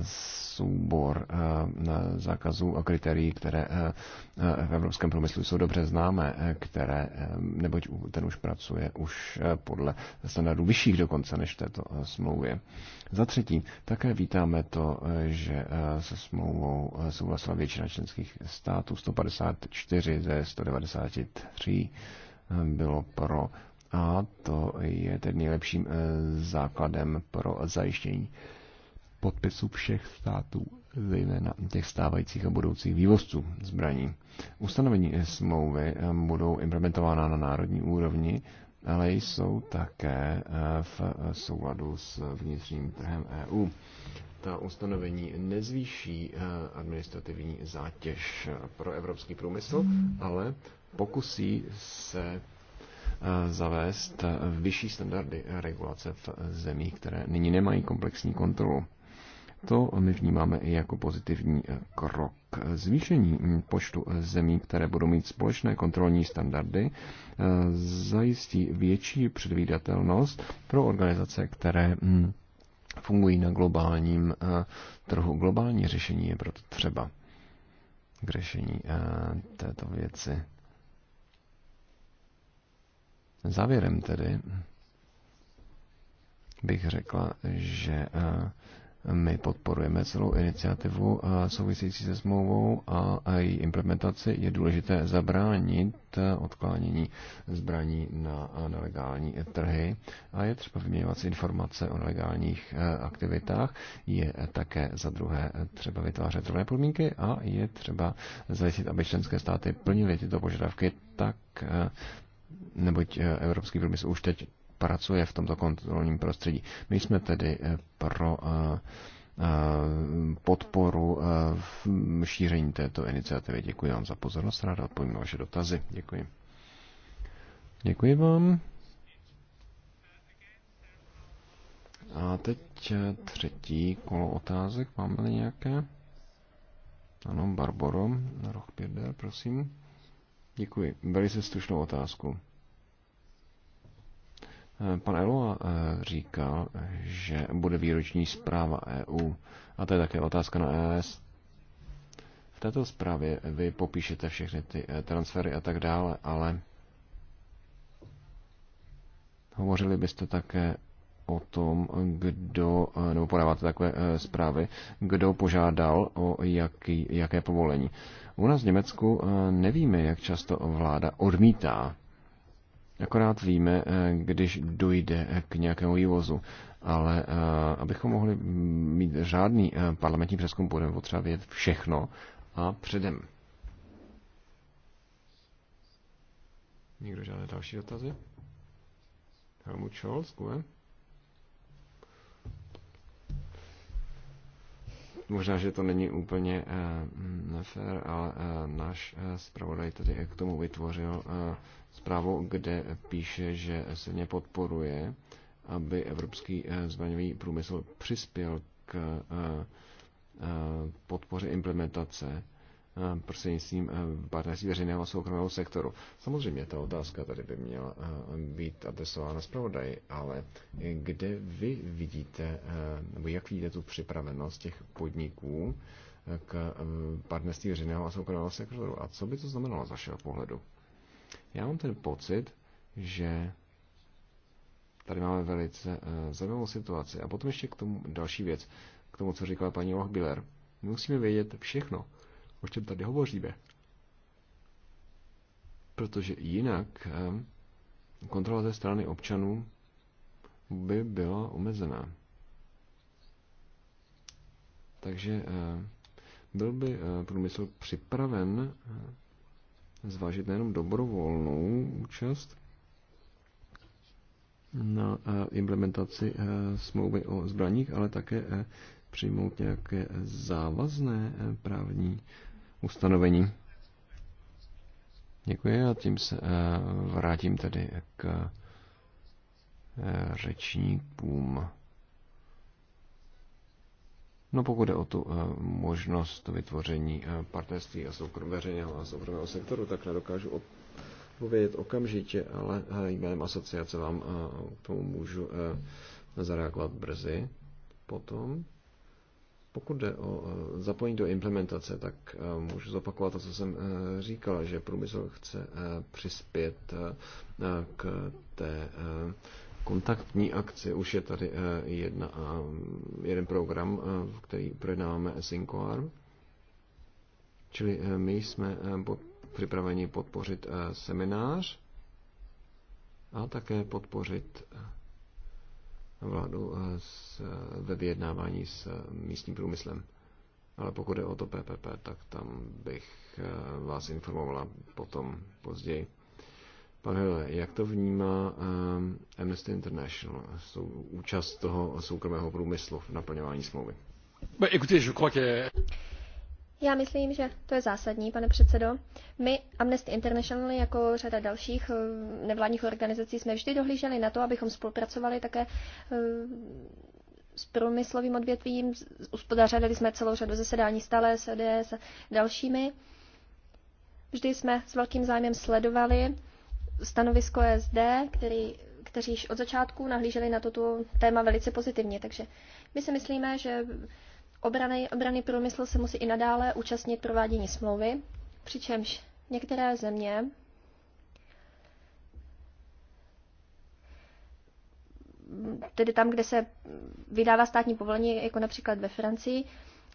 soubor eh, zákazů a kritérií, které eh, eh, v evropském průmyslu jsou dobře známé, které, neboť ten už pracuje už podle standardů vyšších dokonce než této smlouvě. Za třetí, také vítáme to, že se smlouvou souhlasila většina členských států, 154 ze 193 bylo pro a to je tedy nejlepším základem pro zajištění podpisu všech států, zejména těch stávajících a budoucích vývozců zbraní. Ustanovení smlouvy eh, budou implementována na národní úrovni, ale jsou také eh, v souladu s vnitřním trhem EU. Ta ustanovení nezvýší eh, administrativní zátěž pro evropský průmysl, ale pokusí se zavést vyšší standardy regulace v zemích, které nyní nemají komplexní kontrolu. To my vnímáme i jako pozitivní eh, krok. Zvýšení hm, počtu eh, zemí, které budou mít společné kontrolní standardy, eh, zajistí větší předvídatelnost pro organizace, které hm, fungují na globálním trhu. Globální řešení je proto třeba k řešení této věci. Závěrem tedy bych řekla, že my podporujeme celou iniciativu eh, související se smlouvou a její implementaci je důležité zabránit eh, odklánění zbraní na eh, nelegální trhy a je třeba vyměňovat si informace o nelegálních aktivitách. Je také za druhé třeba vytvářet rovné podmínky a je třeba zajistit, aby členské státy plnily tyto požadavky tak neboť evropský průmysl už teď pracuje v tomto kontrolním prostředí. My jsme tedy eh, pro eh, eh, podporu v šíření této iniciativy. Děkuji vám za pozornost, ráda odpovím na vaše dotazy. Děkuji. Děkuji vám. A teď třetí kolo otázek. Máme nějaké? Ano, Barboro, na roh prosím. Děkuji. Velice stručnou otázku. Eh, pan Eloa eh, říkal, že bude výroční zpráva EU a to je také otázka na ES. V této zprávě vy popíšete všechny ty eh, transfery a tak dále, ale hovořili byste také o tom, kdo, nebo podáváte takové zprávy, kdo požádal o jaký, jaké povolení. U nás v Německu nevíme, jak často vláda odmítá Akorát víme, eh, když dojde eh, k nějakému vývozu. Ale eh, abychom mohli mít řádný parlamentní přeskum, budeme potřeba vědět všechno a předem. Nikdo žádné další dotazy? Helmut Scholz, kule. Možná, že to není úplně uh, nefér, ale uh, náš uh, zpravodaj tady k tomu vytvořil uh, zprávu, kde píše, že mě podporuje, aby evropský eh, zbraňový průmysl přispěl k eh, eh, podpoře implementace prostřednictvím partnerství veřejného a soukromého sektoru. Samozřejmě ta otázka tady by měla být adresována zpravodaji, ale kde vy vidíte, nebo jak vidíte tu připravenost těch podniků k partnerství veřejného a soukromého sektoru a co by to znamenalo z vašeho pohledu? Já mám ten pocit, že tady máme velice eh, zajímavou situaci. A potom ještě k tomu další věc, k tomu, co říkala paní Lochbiller. My musíme vědět všechno, o čem tady hovoříme. Protože jinak eh, kontrola ze strany občanů by byla omezená. Takže eh, byl by průmysl připraven zvážit nejenom dobrovolnou účast na eh, implementaci eh, smlouvy o zbraních, ale také eh, přijmout nějaké závazné právní ustanovení. Děkuji a tím se vrátím tedy k řečníkům. No pokud jde o tu eh, možnost vytvoření eh, partnerství a soukromého a soukromého sektoru, tak nedokážu odpovědět okamžitě, ale eh, jménem asociace vám k tomu můžu zareagovat brzy potom. Pokud jde o zapojení do implementace, tak můžu zopakovat to, co jsem říkala, že průmysl chce přispět k té kontaktní akci. Už je tady eh, jedna, jeden program, eh, který projednáváme Sincoarm. Čili eh, my jsme připraveni podpořit seminář a také podpořit vládu s, ve vyjednávání s místním průmyslem. Ale pokud je o to PPP, tak tam bych vás informovala potom později. Pane Hele, jak to vnímá um, Amnesty International, sou, účast toho soukromého průmyslu v naplňování smlouvy? Já myslím, že to je zásadní, pane předsedo. My, Amnesty International, jako řada dalších eh, nevládních organizací, jsme vždy dohlíželi na to, abychom spolupracovali také eh, s průmyslovým odvětvím. Uspodařili jsme celou řadu zasedání stále s ODS a dalšími. Vždy jsme s velkým zájmem sledovali stanovisko SD, který, kteří již od začátku nahlíželi na toto téma velice pozitivně. Takže my si myslíme, že obrany, obrany průmysl se musí i nadále účastnit provádění smlouvy, přičemž některé země tedy tam, kde se vydává státní povolení, jako například ve Francii,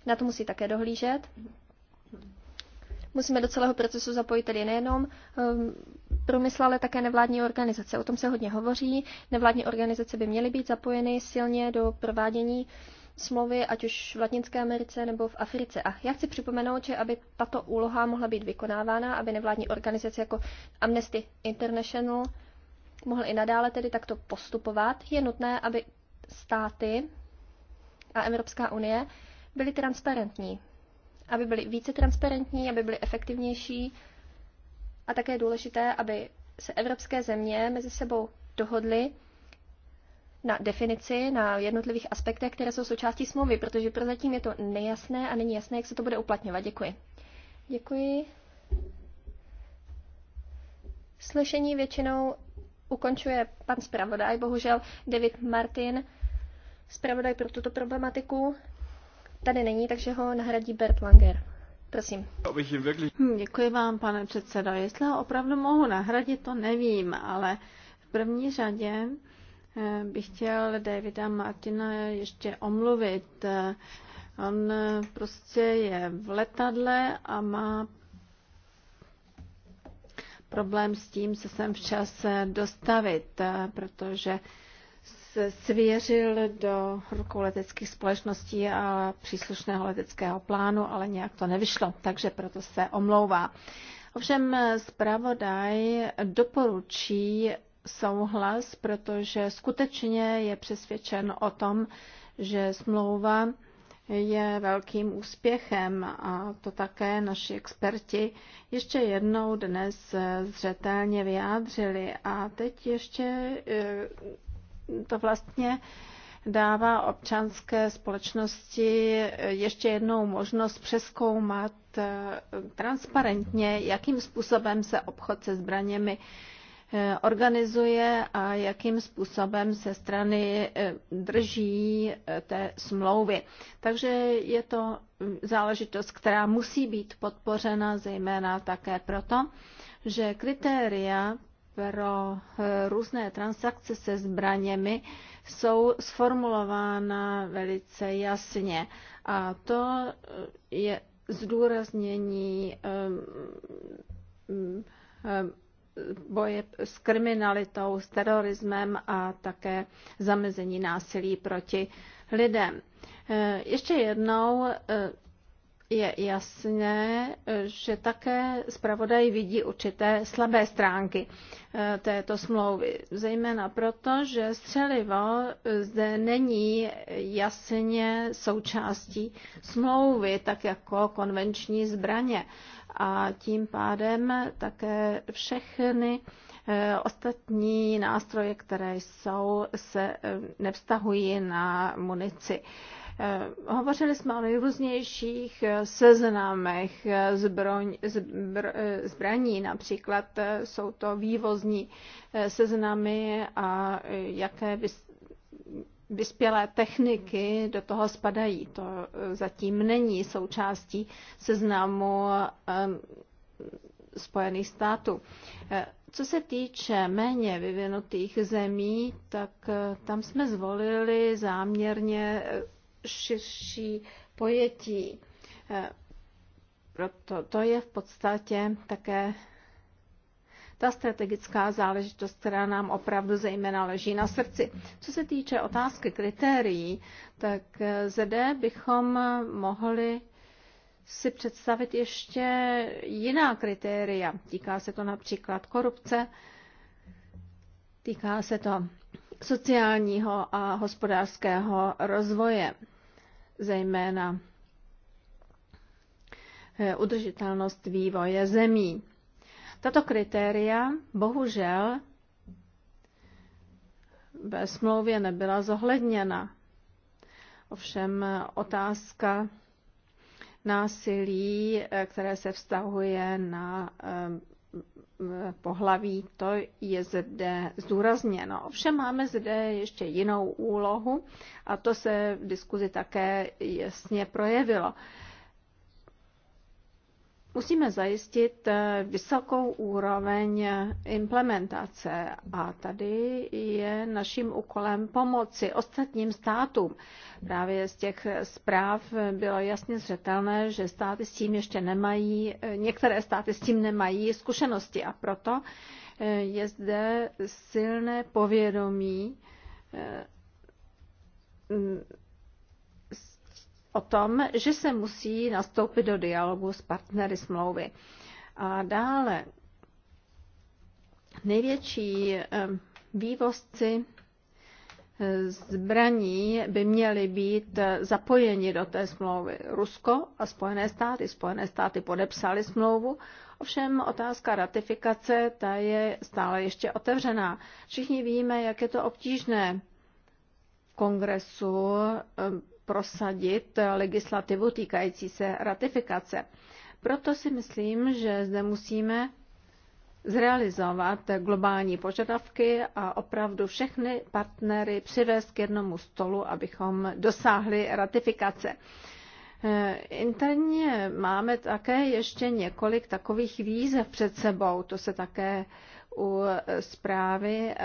na to musí také dohlížet. Musíme do celého procesu zapojit tedy nejenom ehm, průmysl, ale také nevládní organizace. O tom se hodně hovoří. Nevládní organizace by měly být zapojeny silně do provádění smlouvy, ať už v Latinské Americe nebo v Africe. A já chci připomenout, že aby tato úloha mohla být vykonávána, aby nevládní organizace jako Amnesty International mohly i nadále tedy takto postupovat, je nutné, aby státy a Evropská unie byly transparentní aby byly více transparentní, aby byly efektivnější a také důležité, aby se evropské země mezi sebou dohodly na definici, na jednotlivých aspektech, které jsou součástí smlouvy, protože prozatím je to nejasné a není jasné, jak se to bude uplatňovat. Děkuji. Děkuji. Slyšení většinou ukončuje pan zpravodaj, bohužel David Martin, zpravodaj pro tuto problematiku, tady není, takže ho nahradí Bert Langer. Prosím. Hm, děkuji vám, pane předsedo. Jestli ho opravdu mohu nahradit, to nevím, ale v první řadě eh, bych chtěl Davida Martina ještě omluvit. Eh, on eh, prostě je v letadle a má problém s tím se sem včas dostavit, protože svěřil do rukou leteckých společností a příslušného leteckého plánu, ale nějak to nevyšlo, takže proto se omlouvá. Ovšem zpravodaj doporučí souhlas, protože skutečně je přesvědčen o tom, že smlouva je velkým úspěchem a to také naši experti ještě jednou dnes zřetelně vyjádřili. A teď ještě eh, to vlastně dává občanské společnosti ještě jednou možnost přeskoumat eh, transparentně, jakým způsobem se obchod se zbraněmi eh, organizuje a jakým způsobem se strany eh, drží té smlouvy. Takže je to mm, záležitost, která musí být podpořena zejména také proto, že kritéria pro eh, různé transakce se zbraněmi jsou sformulována velice jasně. A to eh, je zdůraznění eh, mm, boje s kriminalitou, s terorismem a také zamezení násilí proti lidem. Ještě jednou je jasné, že také zpravodaj vidí určité slabé stránky eh, této smlouvy. Zejména proto, že střelivo zde není jasně součástí smlouvy, tak jako konvenční zbraně. A tím pádem také všechny eh, ostatní nástroje, které jsou, se eh, nevztahují na munici. Eh, hovořili jsme o nejrůznějších eh, seznamech eh, zbroň, zbr, zbraní, například jsou to vývozní seznamy a jaké vyspělé techniky do toho spadají. To zatím není součástí seznamu Spojených států. Co se týče méně vyvinutých zemí, tak tam jsme zvolili záměrně širší pojetí. Eh, proto to je v podstatě také ta strategická záležitost, která nám opravdu zejména leží na srdci. Co se týče otázky kritérií, tak eh, zde bychom mohli si představit ještě jiná kritéria. Týká se to například korupce, týká se to sociálního a hospodářského rozvoje, zejména eh, udržitelnost vývoje zemí. Tato kritéria bohužel ve smlouvě nebyla zohledněna. Ovšem eh, otázka násilí, eh, které se vztahuje na pohlaví, to je zde zdůrazněno. Ovšem máme zde ještě jinou úlohu a to se v diskuzi také jasně projevilo. Musíme zajistit eh, vysokou úroveň eh, implementace a tady je naším úkolem pomoci ostatním státům. Právě z těch zpráv bylo jasně zřetelné, že státy s tím ještě nemají, eh, některé státy s tím nemají zkušenosti a proto je zde silné povědomí o tom, že se musí nastoupit do dialogu s partnery smlouvy. A dále největší eh, vývozci eh, zbraní by měly být eh, zapojeni do té smlouvy. Rusko a Spojené státy. Spojené státy podepsaly smlouvu, ovšem otázka ratifikace ta je stále ještě otevřená. Všichni víme, jak je to obtížné v kongresu prosadit legislativu týkající se ratifikace. Proto si myslím, že zde musíme zrealizovat globální požadavky a opravdu všechny partnery přivést k jednomu stolu, abychom dosáhli ratifikace. Interně máme také ještě několik takových výzev před sebou. To se také u zprávy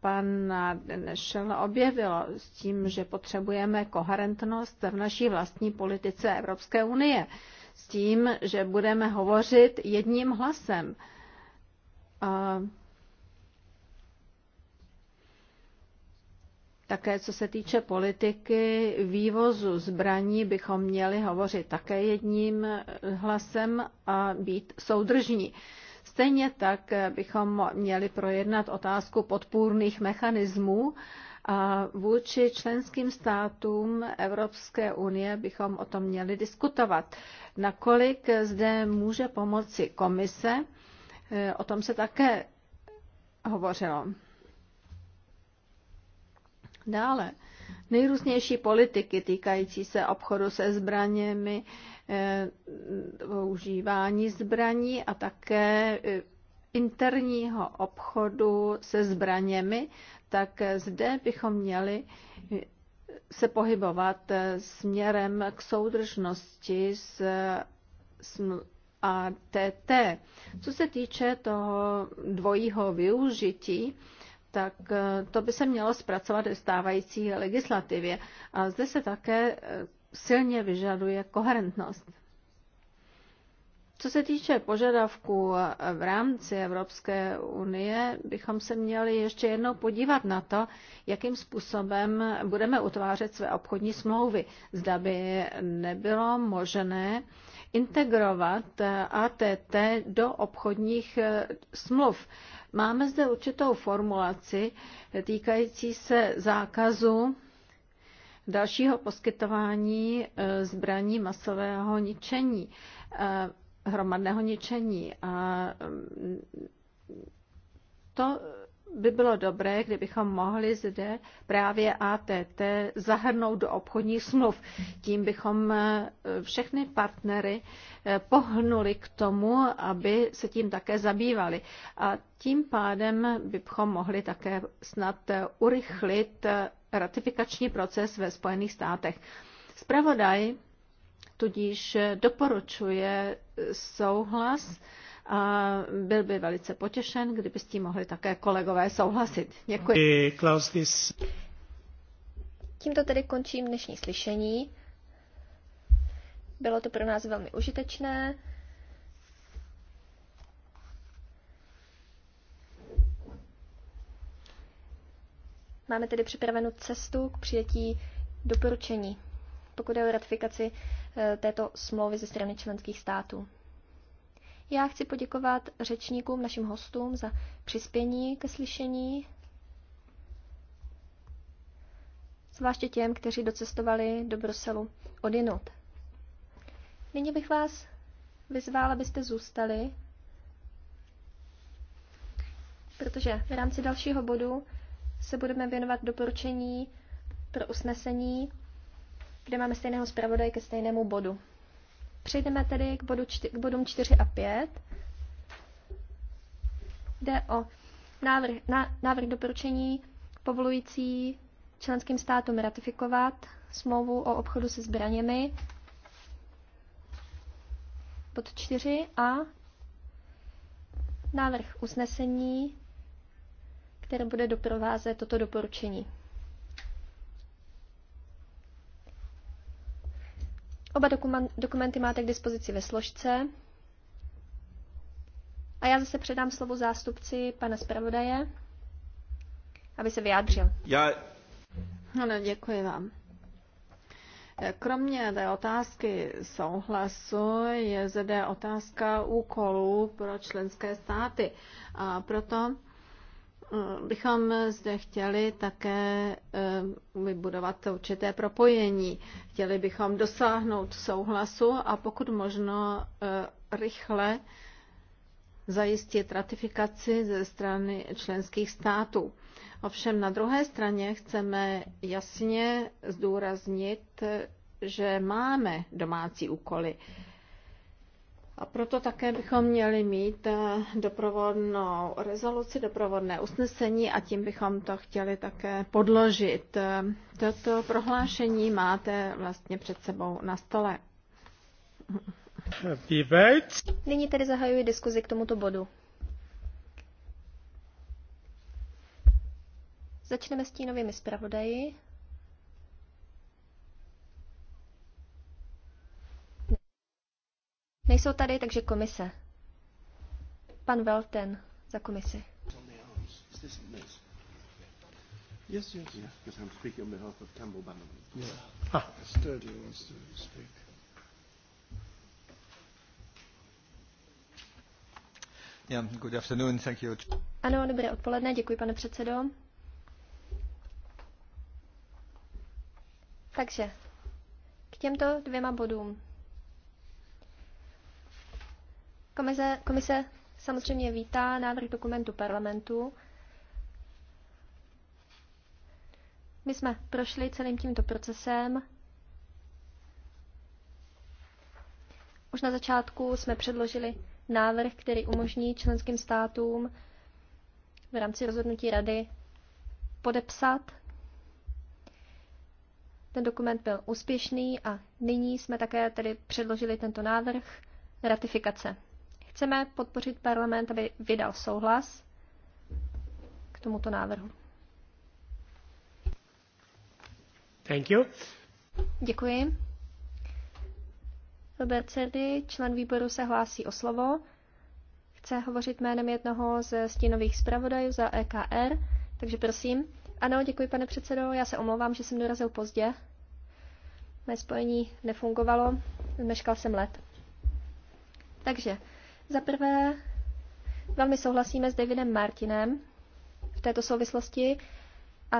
pana Schell objevilo s tím, že potřebujeme koherentnost v naší vlastní politice Evropské unie. S tím, že budeme hovořit jedním hlasem. A také co se týče politiky vývozu zbraní, bychom měli hovořit také jedním hlasem a být soudržní. Stejně tak bychom měli projednat otázku podpůrných mechanismů a vůči členským státům Evropské unie bychom o tom měli diskutovat. Nakolik zde může pomoci komise, o tom se také hovořilo. Dále, nejrůznější politiky týkající se obchodu se zbraněmi, Eh, používání zbraní a také eh, interního obchodu se zbraněmi, tak zde bychom měli eh, se pohybovat směrem k soudržnosti s, s ATT. Co se týče toho dvojího využití, tak to by se mělo zpracovat ve stávající legislativě. A zde se také silně vyžaduje koherentnost. Co se týče požadavků v rámci Evropské unie, bychom se měli ještě jednou podívat na to, jakým způsobem budeme utvářet své obchodní smlouvy. Zda by nebylo možné integrovat ATT do obchodních smluv. Máme zde určitou formulaci týkající se zákazu dalšího poskytování eh, zbraní masového ničení, eh, hromadného ničení. A mm, to by bylo dobré, kdybychom mohli zde právě ATT zahrnout do obchodních smluv. Tím bychom eh, všechny partnery pohnuli k tomu, aby se tím také zabývali. A tím pádem bychom mohli také snad urychlit ratifikační proces ve Spojených státech. Spravodaj tudíž doporučuje souhlas a byl by velice potěšen, kdyby s tím mohli také kolegové souhlasit. Děkuji. Tímto tedy končím dnešní slyšení. Bylo to pro nás velmi užitečné. Máme tedy připravenou cestu k přijetí doporučení, pokud je o ratifikaci eh, této smlouvy ze strany členských států. Já chci poděkovat řečníkům, našim hostům za přispění ke slyšení, zvláště těm, kteří docestovali do Bruselu odinut. Nyní bych vás vyzvala, abyste zůstali, protože v rámci dalšího bodu se budeme věnovat doporučení pro usnesení, kde máme stejného zpravodaje ke stejnému bodu. Přejdeme tedy k, bodu čty, k bodům 4 a 5. Jde o návrh, na, návrh doporučení povolující členským státům ratifikovat smlouvu o obchodu se zbraněmi bod 4 a návrh usnesení které bude doprovázet toto doporučení. Oba dokumenty máte k dispozici ve složce. A já zase předám slovo zástupci pana zpravodaje, aby se vyjádřil. Já... Ano, děkuji vám. Kromě té otázky souhlasu je zde otázka úkolů pro členské státy. A proto Eh, bychom zde chtěli také eh, vybudovat určité propojení. Chtěli bychom dosáhnout souhlasu a pokud možno eh, rychle zajistit ratifikaci ze strany členských států. Ovšem na druhé straně chceme jasně zdůraznit, že máme domácí úkoly. A proto také bychom měli mít eh, doprovodnou rezoluci, doprovodné usnesení a tím bychom to chtěli také podložit. Toto prohlášení máte vlastně před sebou na stole. Nyní tedy zahajuji diskuzi k tomuto bodu. Začneme s tím novými zpravodaji. Nejsou tady, takže komise. Pan Velten za komisi. Yes, yes, because I'm speaking on behalf of Campbell Bannerman. Yeah. Ah. Sturdy wants to speak. Yeah, good afternoon, thank you. Ano, dobré odpoledne, děkuji pane předsedo. Takže, k těmto dvěma bodům. Komise, komise samozřejmě vítá návrh dokumentu parlamentu. My jsme prošli celým tímto procesem. Už na začátku jsme předložili návrh, který umožní členským státům v rámci rozhodnutí rady podepsat. Ten dokument byl úspěšný a nyní jsme také tedy předložili tento návrh ratifikace. Chceme podpořit parlament, aby vydal souhlas k tomuto návrhu. Thank you. Děkuji. Robert Cerdy, člen výboru, se hlásí o slovo. Chce hovořit jménem jednoho ze stínových zpravodajů za EKR, takže prosím. Ano, děkuji, pane předsedo. Já se omlouvám, že jsem dorazil pozdě. Mé spojení nefungovalo, meškal jsem let. Takže za prvé, velmi souhlasíme s Davidem Martinem v této souvislosti a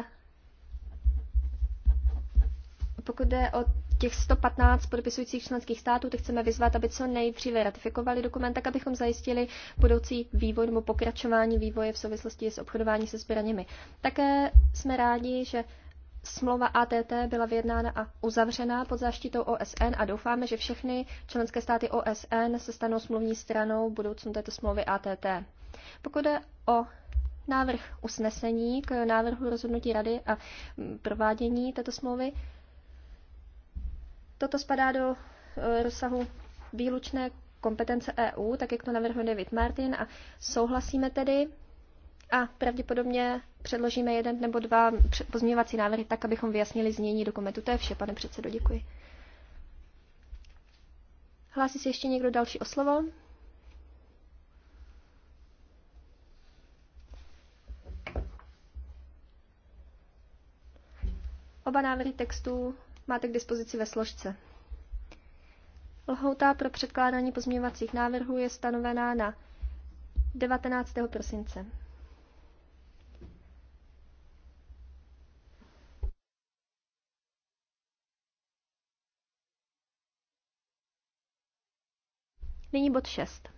pokud jde o těch 115 podpisujících členských států, ty chceme vyzvat, aby co nejdříve ratifikovali dokument, tak abychom zajistili budoucí vývoj nebo pokračování vývoje v souvislosti s obchodováním se zbraněmi. Také jsme rádi, že Smlouva ATT byla vyjednána a uzavřena pod záštitou OSN a doufáme, že všechny členské státy OSN se stanou smluvní stranou budoucnu této smlouvy ATT. Pokud je o návrh usnesení k návrhu rozhodnutí Rady a mm, provádění této smlouvy, toto spadá do e, rozsahu výlučné kompetence EU, tak jak to navrhuje David Martin a souhlasíme tedy a pravděpodobně předložíme jeden nebo dva pozměňovací návrhy tak, abychom vyjasnili znění dokumentu. To je vše, pane předsedo, děkuji. Hlásí se ještě někdo další o slovo? Oba návrhy textů máte k dispozici ve složce. Lhouta pro předkládání pozměňovacích návrhů je stanovená na 19. prosince. Nyní bod 6.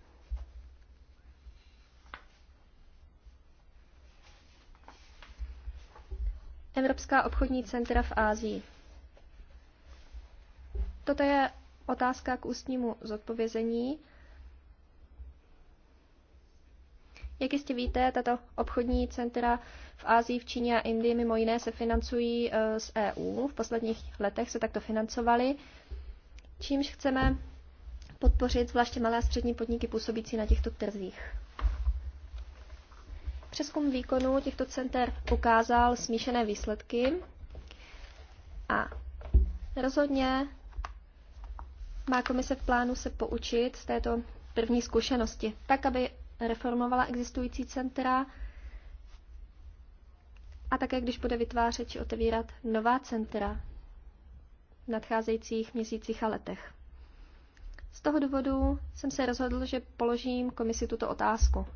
Evropská obchodní centra v Ázii. Toto je otázka k ústnímu zodpovězení. Jak jistě víte, tato obchodní centra v Ázii, v Číně a Indii mimo jiné se financují eh, z EU. V posledních letech se takto financovaly, čímž chceme podpořit zvláště malé a střední podniky působící na těchto trzích. Přeskum výkonu těchto center ukázal smíšené výsledky a rozhodně má komise v plánu se poučit z této první zkušenosti, tak, aby reformovala existující centra a také, když bude vytvářet či otevírat nová centra v nadcházejících měsících a letech. Z toho důvodu jsem se rozhodl, že položím komisi tuto otázku.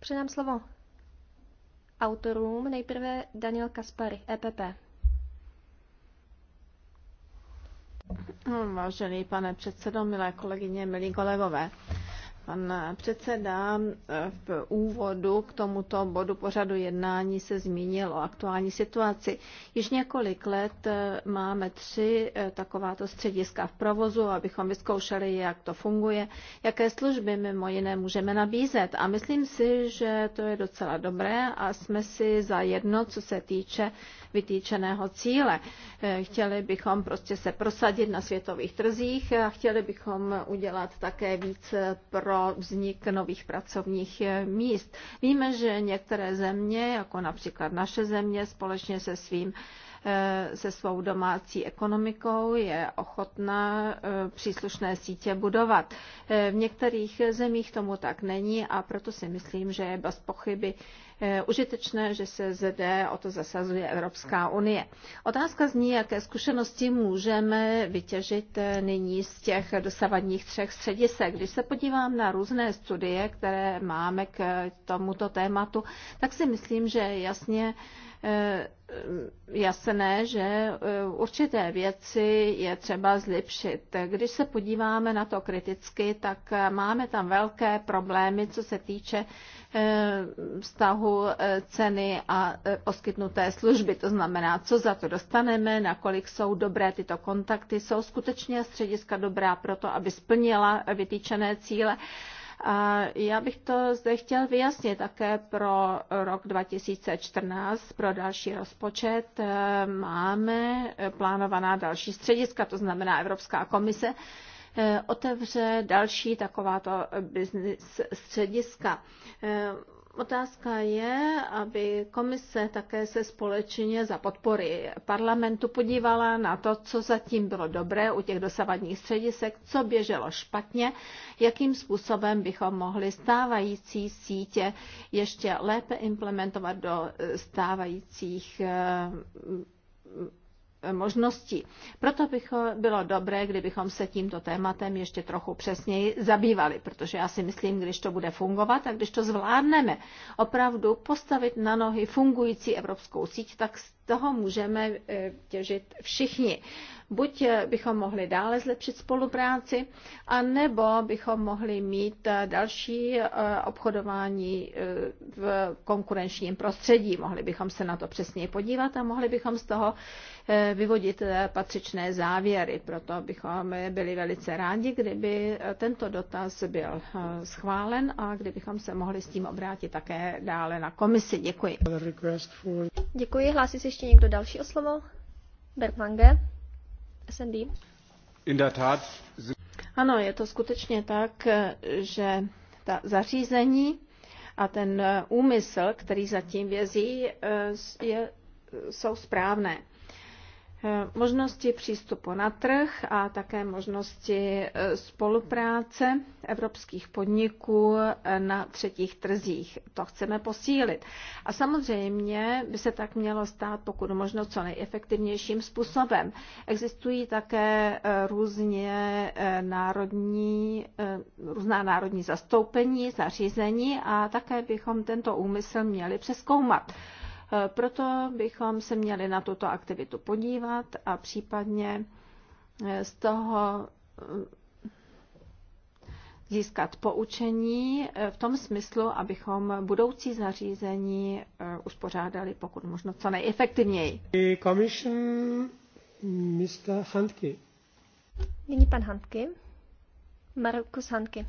Předám slovo autorům, nejprve Daniel Kaspary, EPP. Vážený pane předsedo, milé kolegyně, milí kolegové, Pan předseda eh, v úvodu k tomuto bodu pořadu jednání se zmínil o aktuální situaci. Již několik let eh, máme tři eh, takováto střediska v provozu, abychom vyzkoušeli, jak to funguje, jaké služby mimo jiné můžeme nabízet. A myslím si, že to je docela dobré a jsme si za jedno, co se týče vytýčeného cíle. Eh, chtěli bychom prostě se prosadit na světových trzích a chtěli bychom udělat také víc eh, pro vznik nových pracovních eh, míst. Víme, že některé země, jako například naše země, společně se svým se svou domácí ekonomikou je ochotná příslušné sítě budovat. V některých zemích tomu tak není a proto si myslím, že je bez pochyby Eh, užitečné, že se zde o to zasazuje Evropská unie. Otázka zní, jaké zkušenosti můžeme vytěžit eh, nyní z těch dosavadních třech středisek. Když se podívám na různé studie, které máme k eh, tomuto tématu, tak si myslím, že jasně Eh, jasné, že eh, určité věci je třeba zlepšit. Když se podíváme na to kriticky, tak eh, máme tam velké problémy, co se týče vztahu ceny a poskytnuté služby. To znamená, co za to dostaneme, nakolik jsou dobré tyto kontakty, jsou skutečně střediska dobrá pro to, aby splnila vytýčené cíle a já bych to zde chtěl vyjasnit také pro rok 2014, pro další rozpočet. E, máme plánovaná další střediska, to znamená Evropská komise e, otevře další takováto business střediska. E, Otázka je, aby komise také se společně za podpory parlamentu podívala na to, co zatím bylo dobré u těch dosavadních středisek, co běželo špatně, jakým způsobem bychom mohli stávající sítě ještě lépe implementovat do stávajících eh, možností. Proto bych bylo dobré, kdybychom se tímto tématem ještě trochu přesněji zabývali, protože já si myslím, když to bude fungovat a když to zvládneme opravdu postavit na nohy fungující evropskou síť, tak toho můžeme eh, těžit všichni. Buď eh, bychom mohli dále zlepšit spolupráci, anebo bychom mohli mít eh, další obchodování v konkurenčním prostředí. Mohli bychom se na to přesně podívat a mohli bychom z toho vyvodit patřičné závěry. Proto bychom byli velice rádi, kdyby tento dotaz byl schválen a kdybychom se mohli s tím obrátit také dále na komisi. Děkuji. Děkuji. Hlásí se ještě někdo další o slovo? Bertlange, SND. In der Tat. Ano, je to skutečně tak, že ta zařízení a ten eh, úmysl, který zatím vězí, eh, je, jsou správné. Eh, možnosti přístupu na trh a také možnosti eh, spolupráce evropských podniků eh, na třetích trzích. To chceme posílit. A samozřejmě by se tak mělo stát pokud možno co nejefektivnějším způsobem. Existují také různě národní, různá národní zastoupení, zařízení a také bychom tento úmysl měli přeskoumat. Eh, proto bychom se měli na tuto aktivitu podívat a případně eh, z toho eh, získat poučení v tom smyslu, abychom budoucí zařízení uspořádali pokud možno co nejefektivněji. Commission, Mr. Handke. Nyní pan Handke. Markus Handke.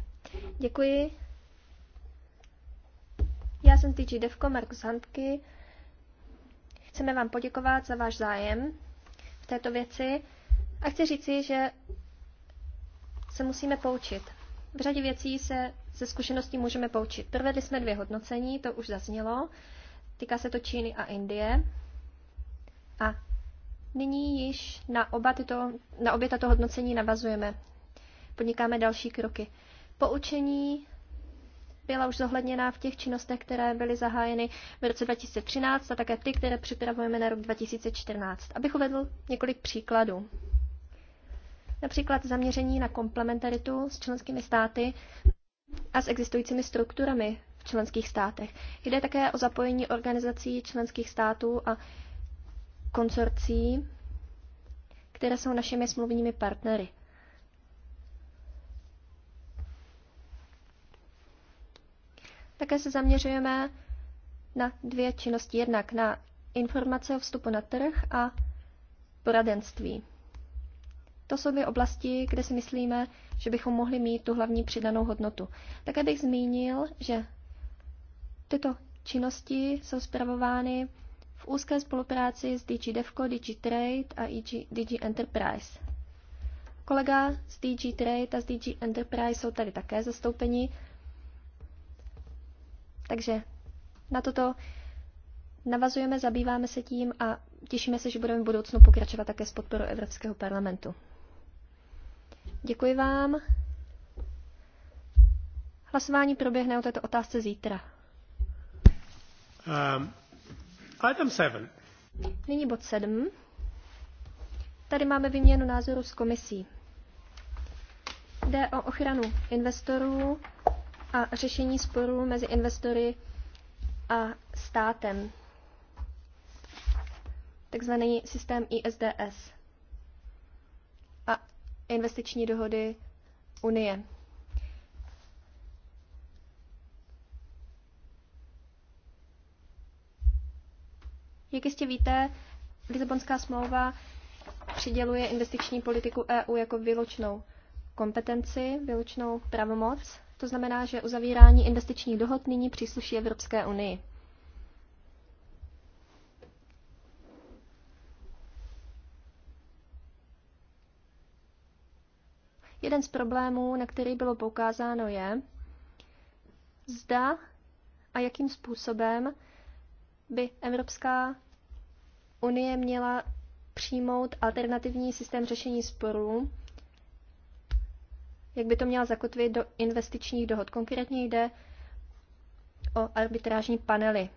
Děkuji. Já jsem TG Devko, Markus Handke. Chceme vám poděkovat za váš zájem v této věci a chci říci, že se musíme poučit. V řadě věcí se ze zkušeností můžeme poučit. Provedli jsme dvě hodnocení, to už zaznělo. Týká se to Číny a Indie. A nyní již na, oba tyto, na obě tato hodnocení navazujeme. Podnikáme další kroky. Poučení byla už zohledněna v těch činnostech, které byly zahájeny v roce 2013 a také ty, které připravujeme na rok 2014. Abych uvedl několik příkladů. Například zaměření na komplementaritu s členskými státy a s existujícími strukturami v členských státech. Jde také o zapojení organizací členských států a konsorcí, které jsou našimi smluvními partnery. Také se zaměřujeme na dvě činnosti. Jednak na informace o vstupu na trh a poradenství. To jsou dvě oblasti, kde si myslíme, že bychom mohli mít tu hlavní přidanou hodnotu. Také bych zmínil, že tyto činnosti jsou zpravovány v úzké spolupráci s DG DevCo, DG Trade a DG e Enterprise. Kolega z DG Trade a z DG Enterprise jsou tady také zastoupeni takže na toto navazujeme, zabýváme se tím a těšíme se, že budeme v budoucnu pokračovat také s podporou Evropského parlamentu. Děkuji vám. Hlasování proběhne o této otázce zítra. Um, item seven. Nyní bod 7. Tady máme vyměnu názoru s komisí. Jde o ochranu investorů a řešení sporů mezi investory a státem, takzvaný systém ISDS a investiční dohody Unie. Jak jistě víte, Lisabonská smlouva přiděluje investiční politiku EU jako výlučnou kompetenci, výlučnou pravomoc to znamená, že uzavírání investičních dohod nyní přísluší Evropské unii. Jeden z problémů, na který bylo poukázáno, je, zda a jakým způsobem by Evropská unie měla přijmout alternativní systém řešení sporů, jak by to měla zakotvit do investičních dohod. Konkrétně jde o arbitrážní panely.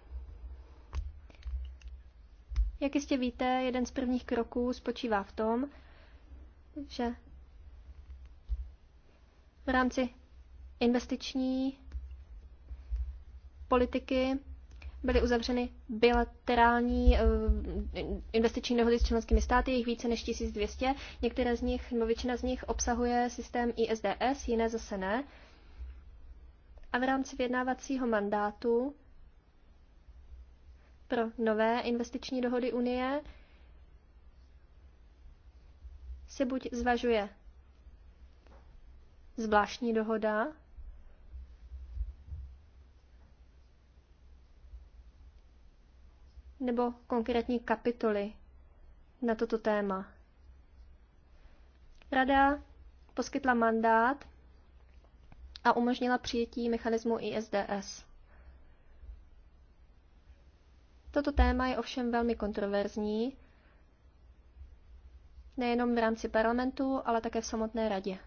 Jak jistě víte, jeden z prvních kroků spočívá v tom, že v rámci investiční politiky byly uzavřeny bilaterální eh, investiční dohody s členskými státy, jich více než 1200. Některé z nich, nebo většina z nich obsahuje systém ISDS, jiné zase ne. A v rámci vyjednávacího mandátu pro nové investiční dohody Unie se buď zvažuje zvláštní dohoda nebo konkrétní kapitoly na toto téma. Rada poskytla mandát a umožnila přijetí mechanismu ISDS. Toto téma je ovšem velmi kontroverzní, nejenom v rámci parlamentu, ale také v samotné radě.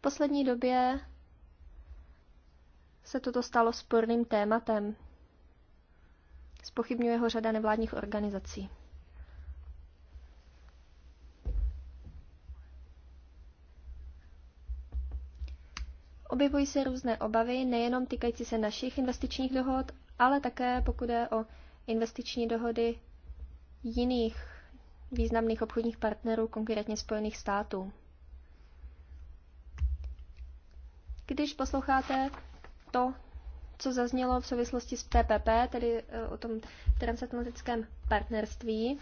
poslední době se toto stalo sporným tématem. Spochybňuje ho řada nevládních organizací. Objevují se různé obavy, nejenom týkající se našich investičních dohod, ale také pokud je o investiční dohody jiných významných obchodních partnerů, konkrétně Spojených států. Když posloucháte to, co zaznělo v souvislosti s TPP, tedy e, o tom transatlantickém partnerství,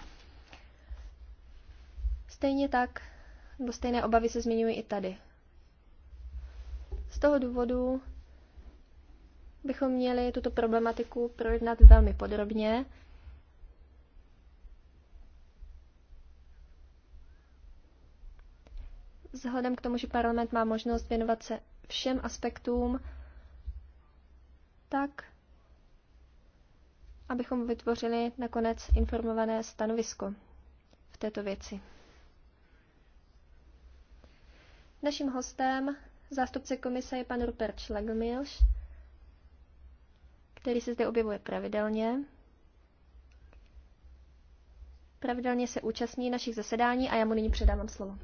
stejně tak, nebo stejné obavy se zmiňují i tady. Z toho důvodu bychom měli tuto problematiku projednat velmi podrobně. Vzhledem k tomu, že parlament má možnost věnovat se všem aspektům tak, abychom vytvořili nakonec informované stanovisko v této věci. Naším hostem zástupce komise je pan Rupert Schlagelmilch, který se zde objevuje pravidelně. Pravidelně se účastní našich zasedání a já mu nyní předávám slovo.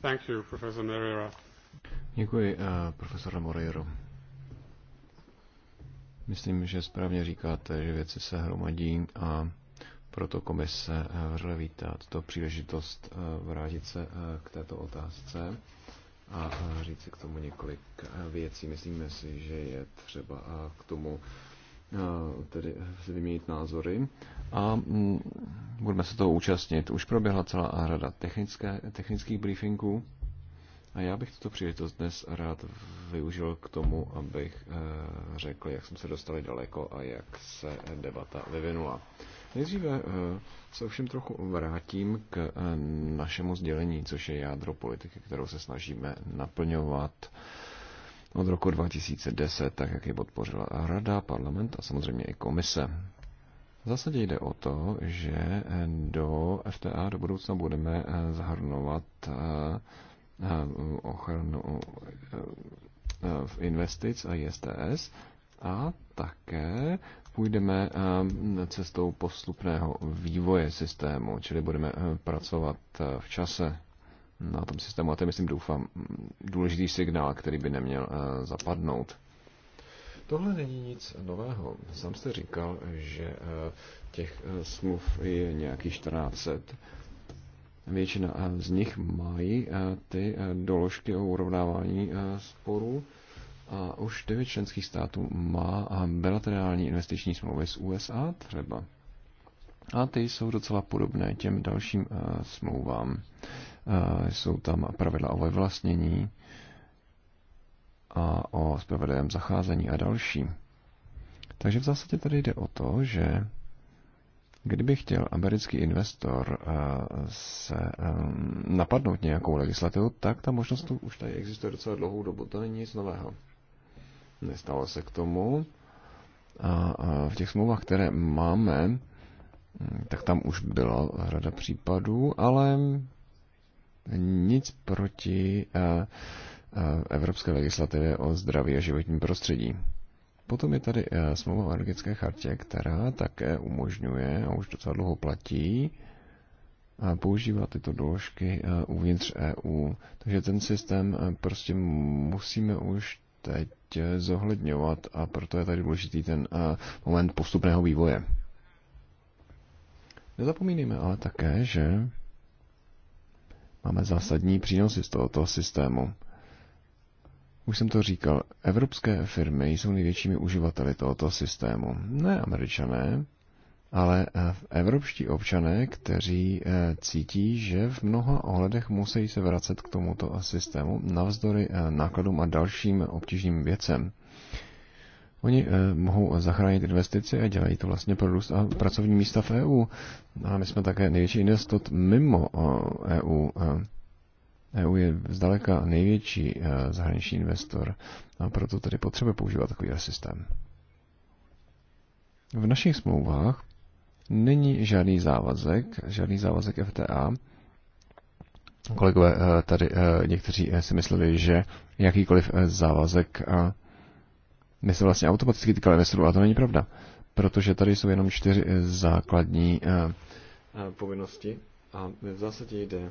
Thank you, Professor Děkuji, eh, profesore Moreiro. Myslím, že správně říkáte, že věci se hromadí a proto komise eh, vřele vítá tuto příležitost eh, vrátit se k této otázce a říct si k tomu několik věcí. Myslíme si, že je třeba k tomu tedy si vyměnit názory a mm, budeme se toho účastnit. Už proběhla celá řada technické, technických briefingů a já bych tuto příležitost dnes rád využil k tomu, abych eh, řekl, jak jsme se dostali daleko a jak se debata vyvinula. Nejdříve eh, se ovšem trochu vrátím k eh, našemu sdělení, což je jádro politiky, kterou se snažíme naplňovat od roku 2010, tak jak ji podpořila Rada, parlament a samozřejmě i komise. V zásadě jde o to, že do FTA do budoucna budeme zahrnovat ochranu v investic a ISTS a také půjdeme cestou postupného vývoje systému, čili budeme pracovat v čase na tom systému. A to je, myslím, doufám, důležitý signál, který by neměl zapadnout. Tohle není nic nového. Sám jste říkal, že těch smluv je nějakých 1400 Většina eh, z nich mají eh, ty eh, doložky o urovnávání sporů a už devět členských států má bilaterální investiční smlouvy s USA třeba. A ty jsou docela podobné těm dalším smlouvám. Jsou tam pravidla o vyvlastnění a o spravedlivém zacházení a další. Takže v zásadě tady jde o to, že Kdyby chtěl americký investor eh, se eh, napadnout nějakou legislativu, tak ta možnost tu už tady existuje docela dlouhou dobu. To není nic nového. Nestalo se k tomu. A v těch smlouvách, které máme, hm, tak tam už byla řada případů, ale nic proti eh, evropské legislativě o zdraví a životním prostředí. Potom je tady eh, smlouva o energetické chartě, která také umožňuje, a už docela dlouho platí, a eh, používá tyto doložky eh, uvnitř EU. Takže ten systém prostě musíme už teď zohledňovat a proto je tady důležitý ten moment postupného vývoje. Nezapomínejme ale také, že máme zásadní přínosy z tohoto systému. Už jsem to říkal, evropské firmy jsou největšími uživateli tohoto systému. Ne američané, ale eh, evropští občané, kteří eh, cítí, že v mnoha ohledech musí se vracet k tomuto systému navzdory eh, nákladům a dalším obtížným věcem. Oni mohou zachránit investici a dělají to vlastně pro růst a pracovní místa v EU. A my jsme také největší investot mimo EU. E EU je zdaleka největší e, zahraniční investor a proto tedy potřebuje používat takový systém. V našich smlouvách není žádný závazek, žádný závazek FTA. Kolegové e, tady e, někteří si mysleli, že jakýkoliv závazek by se vlastně automaticky týkal investorů, a to není pravda, protože tady jsou jenom čtyři základní povinnosti a v zásadě jde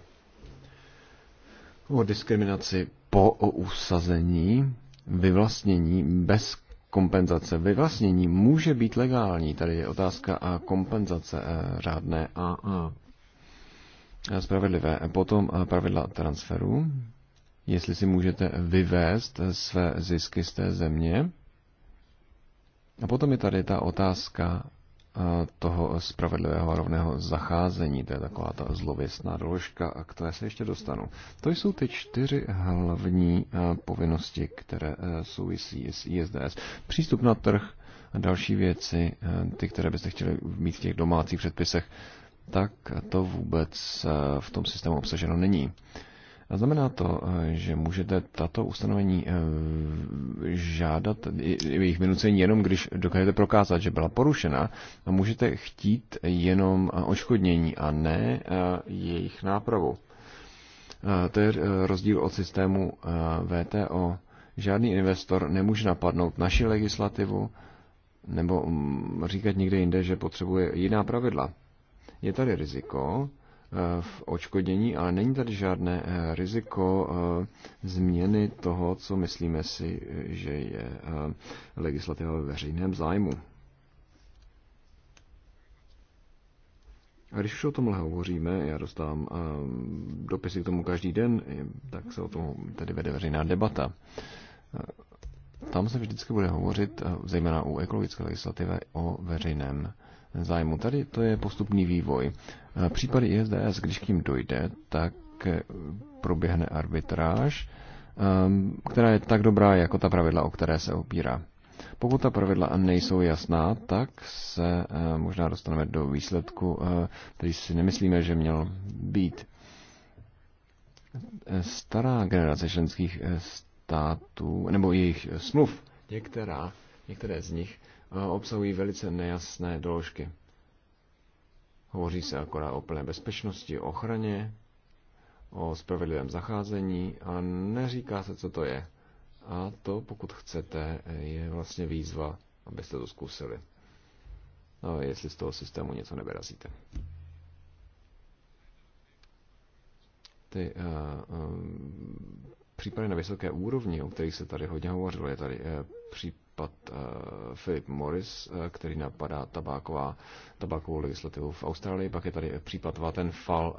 o diskriminaci po usazení, vyvlastnění bez kompenzace. Vyvlastnění může být legální, tady je otázka a kompenzace eh, řádné a, a spravedlivé. Potom eh, pravidla transferu, jestli si můžete vyvést eh, své zisky z té země. A potom je tady ta otázka toho spravedlivého a rovného zacházení. To je taková ta zlověstná doložka, a k té se ještě dostanu. To jsou ty čtyři hlavní povinnosti, které e, souvisí s ISDS. Přístup na trh a další věci, e, ty, které byste chtěli mít v těch domácích předpisech, tak to vůbec e, v tom systému obsaženo není znamená to, eh, že můžete tato ustanovení eh, žádat jejich vynucení jenom, když dokážete prokázat, že byla porušena a můžete chtít jenom eh, očkodnění a ne jejich nápravu. To je rozdíl od systému VTO. Žádný investor nemůže napadnout naši legislativu nebo mm, říkat někde jinde, že potřebuje jiná pravidla. Je tady riziko, Eh, v očkodění, ale není tady žádné eh, riziko eh, změny toho, co myslíme si, že je legislativa ve veřejném zájmu. A když už o tomhle hovoříme, já dostávám dopisy k tomu každý den, tak se o tom tedy vede veřejná debata. Tam se vždycky bude hovořit, zejména u ekologické legislativy, o veřejném zájmu. Tady to je postupný vývoj. Případy ISDS, když k ním dojde, tak eh, proběhne arbitráž, ehm, která je tak dobrá jako ta pravidla, o které se opírá. Pokud ta pravidla nejsou jasná, tak se eh, možná dostaneme do výsledku, eh, který si nemyslíme, že měl být. Stará generace členských států, nebo jejich smluv, některá, některé z nich Eh, obsahují velice nejasné doložky. Hovoří se akorát o plné bezpečnosti, o ochraně, o spravedlivém zacházení a neříká se, co to je. A to, pokud chcete, je vlastně výzva, abyste to zkusili. No, jestli z toho systému něco nevyrazíte. Ty uh, um, případy na vysoké úrovni, o kterých se tady hodně hovořilo, je tady uh, případ případ eh, Philip Morris, eh, který napadá tabáková, tabákovou legislativu v Austrálii, pak je tady případ Vattenfall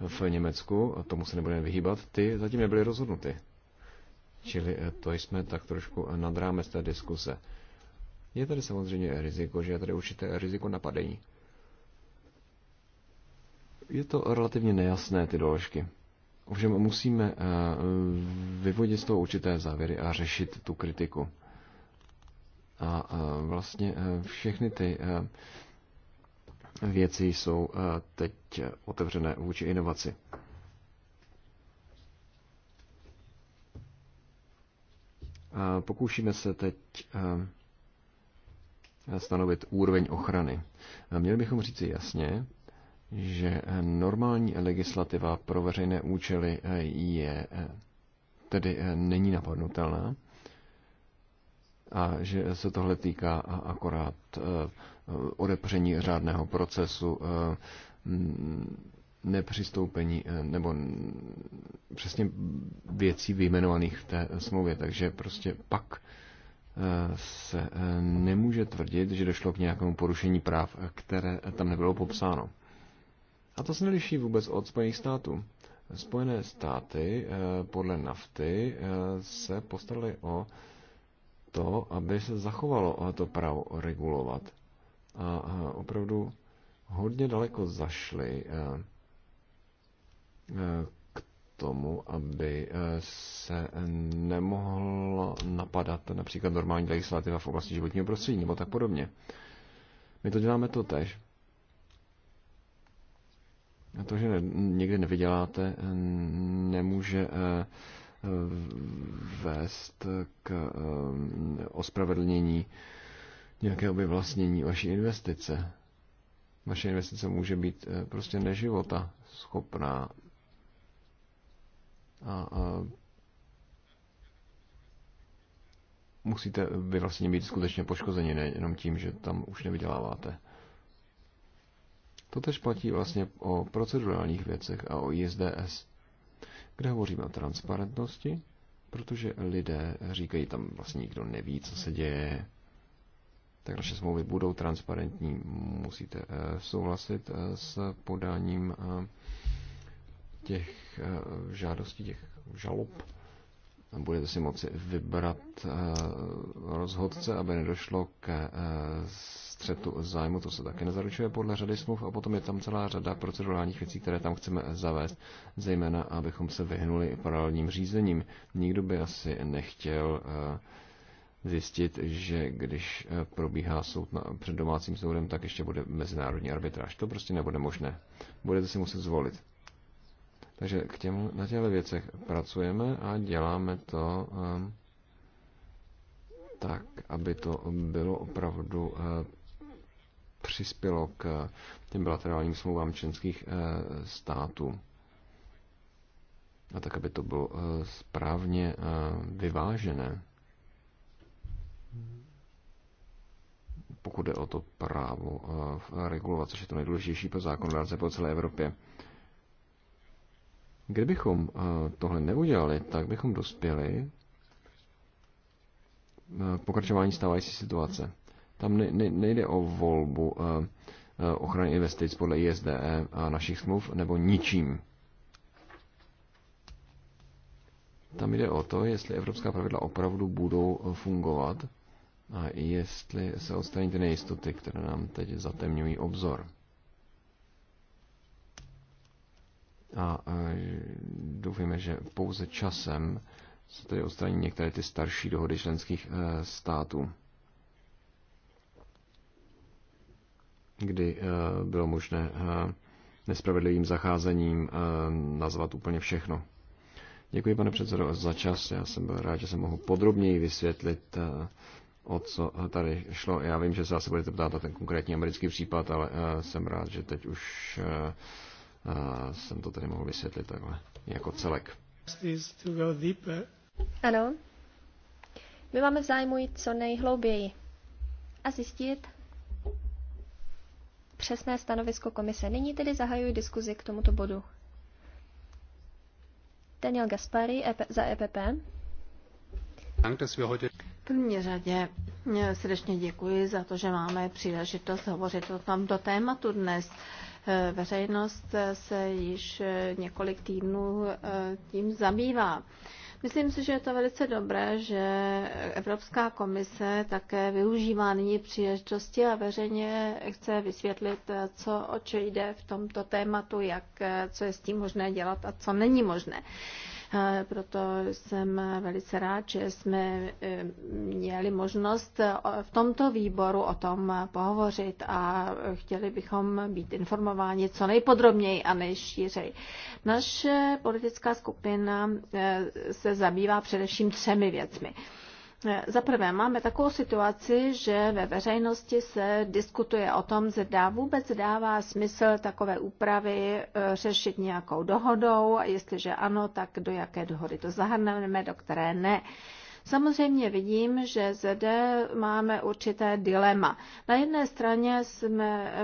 eh, v Německu, tomu se nebudeme vyhýbat, ty zatím nebyly rozhodnuty. Čili to jsme tak trošku nad rámec té diskuse. Je tady samozřejmě riziko, že je tady určité riziko napadení. Je to relativně nejasné, ty doložky. Ovšem musíme vyvodit z toho určité závěry a řešit tu kritiku. A vlastně e, všechny ty e, věci jsou e, teď otevřené vůči inovaci. Pokoušíme se teď stanovit úroveň ochrany. Měli bychom říci jasně, že normální legislativa pro veřejné účely je tedy není napadnutelná a že se tohle týká akorát eh, odepření řádného procesu eh, nepřistoupení eh, nebo přesně věcí vyjmenovaných v té smlouvě. Takže prostě pak se nemůže tvrdit, že došlo k nějakému porušení práv, které tam nebylo popsáno. A to se neliší vůbec od Spojených států. Spojené státy podle nafty se postaraly o to, aby se zachovalo to právo regulovat. A opravdu hodně daleko zašli e, e, k tomu, aby e, se nemohla napadat například normální legislativa v oblasti životního prostředí nebo tak podobně. My to děláme to tež. A to, že někdy někde nevyděláte, nemůže vést k eh, ospravedlnění nějakého vyvlastnění vaší investice. Vaše investice může být eh, prostě neživota schopná a, a musíte vy vlastně být skutečně poškozeni, nejenom tím, že tam už nevyděláváte. To tež platí vlastně o procedurálních věcech a o ISDS kde hovoříme o transparentnosti, protože lidé říkají, tam vlastně nikdo neví, co se děje, tak naše smlouvy budou transparentní, musíte eh, souhlasit eh, s podáním eh, těch žádostí, těch žalob. Budete si moci vybrat rozhodce, aby nedošlo k střetu zájmu, to se také nezaručuje podle řady smluv a potom je tam celá řada procedurálních věcí, které tam chceme zavést, zejména abychom se vyhnuli paralelním řízením. Nikdo by asi nechtěl eh, zjistit, že když eh, probíhá soud na, před domácím soudem, tak ještě bude mezinárodní arbitráž. To prostě nebude možné. Budete si muset zvolit. Takže k těm, na těchto věcech pracujeme a děláme to eh, tak, aby to bylo opravdu přispělo k těm bilaterálním smlouvám členských eh, států. A tak, aby to bylo eh, správně eh, vyvážené. pokud jde o to právo regulovat, což je to nejdůležitější pro zákonodárce po celé Evropě. Kdybychom tohle neudělali, tak bychom dospěli k pokračování stávající situace. Tam nejde o volbu eh, eh, ochrany investic podle ISDE a našich smluv nebo ničím. Tam jde o to, jestli evropská pravidla opravdu budou eh, fungovat a jestli se odstraní ty nejistoty, které nám teď zatemňují obzor. A doufejme, že pouze časem se tedy odstraní některé ty starší dohody členských států. kdy eh, bylo možné eh, nespravedlivým zacházením eh, nazvat úplně všechno. Děkuji, pane předsedo, za čas. Já jsem byl rád, že jsem mohl podrobněji vysvětlit, o co tady šlo. Já vím, že se asi budete ptát na ten konkrétní americký případ, ale jsem rád, že teď už jsem to tady mohl vysvětlit takhle, jako celek. Ano. My máme v zájmu jít co nejhlouběji a zjistit, přesné stanovisko komise. Nyní tedy zahajuji diskuzi k tomuto bodu. Daniel Gaspari EP, za EPP. V první řadě eh, srdečně děkuji za to, že máme příležitost hovořit o tomto tématu dnes. Eh, veřejnost se již eh, několik týdnů tím zabývá. Myslím si, že je to velice dobré, že Evropská komise také využívá nyní příležitosti a veřejně chce vysvětlit, co čem jde v tomto tématu, jak, co je s tím možné dělat a co není možné. Proto jsem velice rád, že jsme e, měli možnost e, v tomto výboru o tom pohovořit a chtěli bychom být informováni co nejpodrobněji a nejšířej. Naše politická skupina e, se zabývá především třemi věcmi. Za prvé, máme takovou situaci, že ve veřejnosti se diskutuje o tom, zda vůbec dává smysl takové úpravy e, řešit nějakou dohodou a jestliže ano, tak do jaké dohody to zahrneme, do které ne. Samozřejmě vidím, že zde máme určité dilema. Na jedné straně jsme,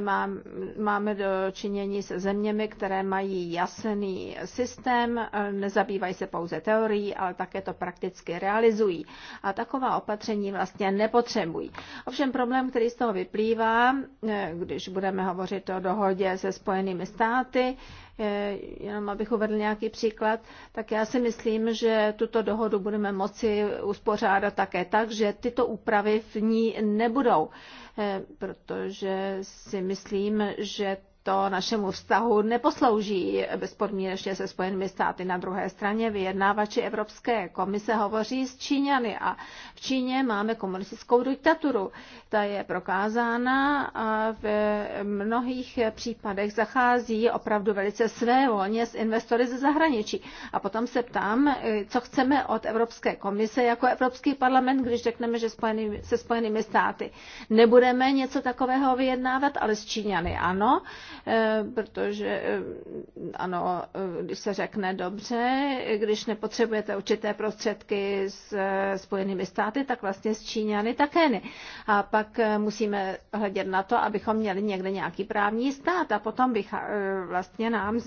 máme do činění se zeměmi, které mají jasný systém, nezabývají se pouze teorií, ale také to prakticky realizují. A taková opatření vlastně nepotřebují. Ovšem problém, který z toho vyplývá, eh, když budeme hovořit o dohodě se Spojenými státy, Eh, jenom abych uvedl nějaký příklad, tak já si myslím, že tuto dohodu budeme moci uspořádat také tak, že tyto úpravy v ní nebudou, eh, protože si myslím, že to našemu vztahu neposlouží bezpodmínečně se Spojenými státy. Na druhé straně vyjednávači Evropské komise hovoří s Číňany a v Číně máme komunistickou diktaturu. Ta je prokázána a v mnohých případech zachází opravdu velice své volně s investory ze zahraničí. A potom se ptám, co chceme od Evropské komise jako Evropský parlament, když řekneme, že spojený, se Spojenými státy nebudeme něco takového vyjednávat, ale s Číňany ano. Eh, protože eh, ano, eh, když se řekne dobře, když nepotřebujete určité prostředky s Spojenými státy, tak vlastně s Číňany také ne. A pak musíme hledět na to, abychom měli někde nějaký právní stát a potom bych vlastně nám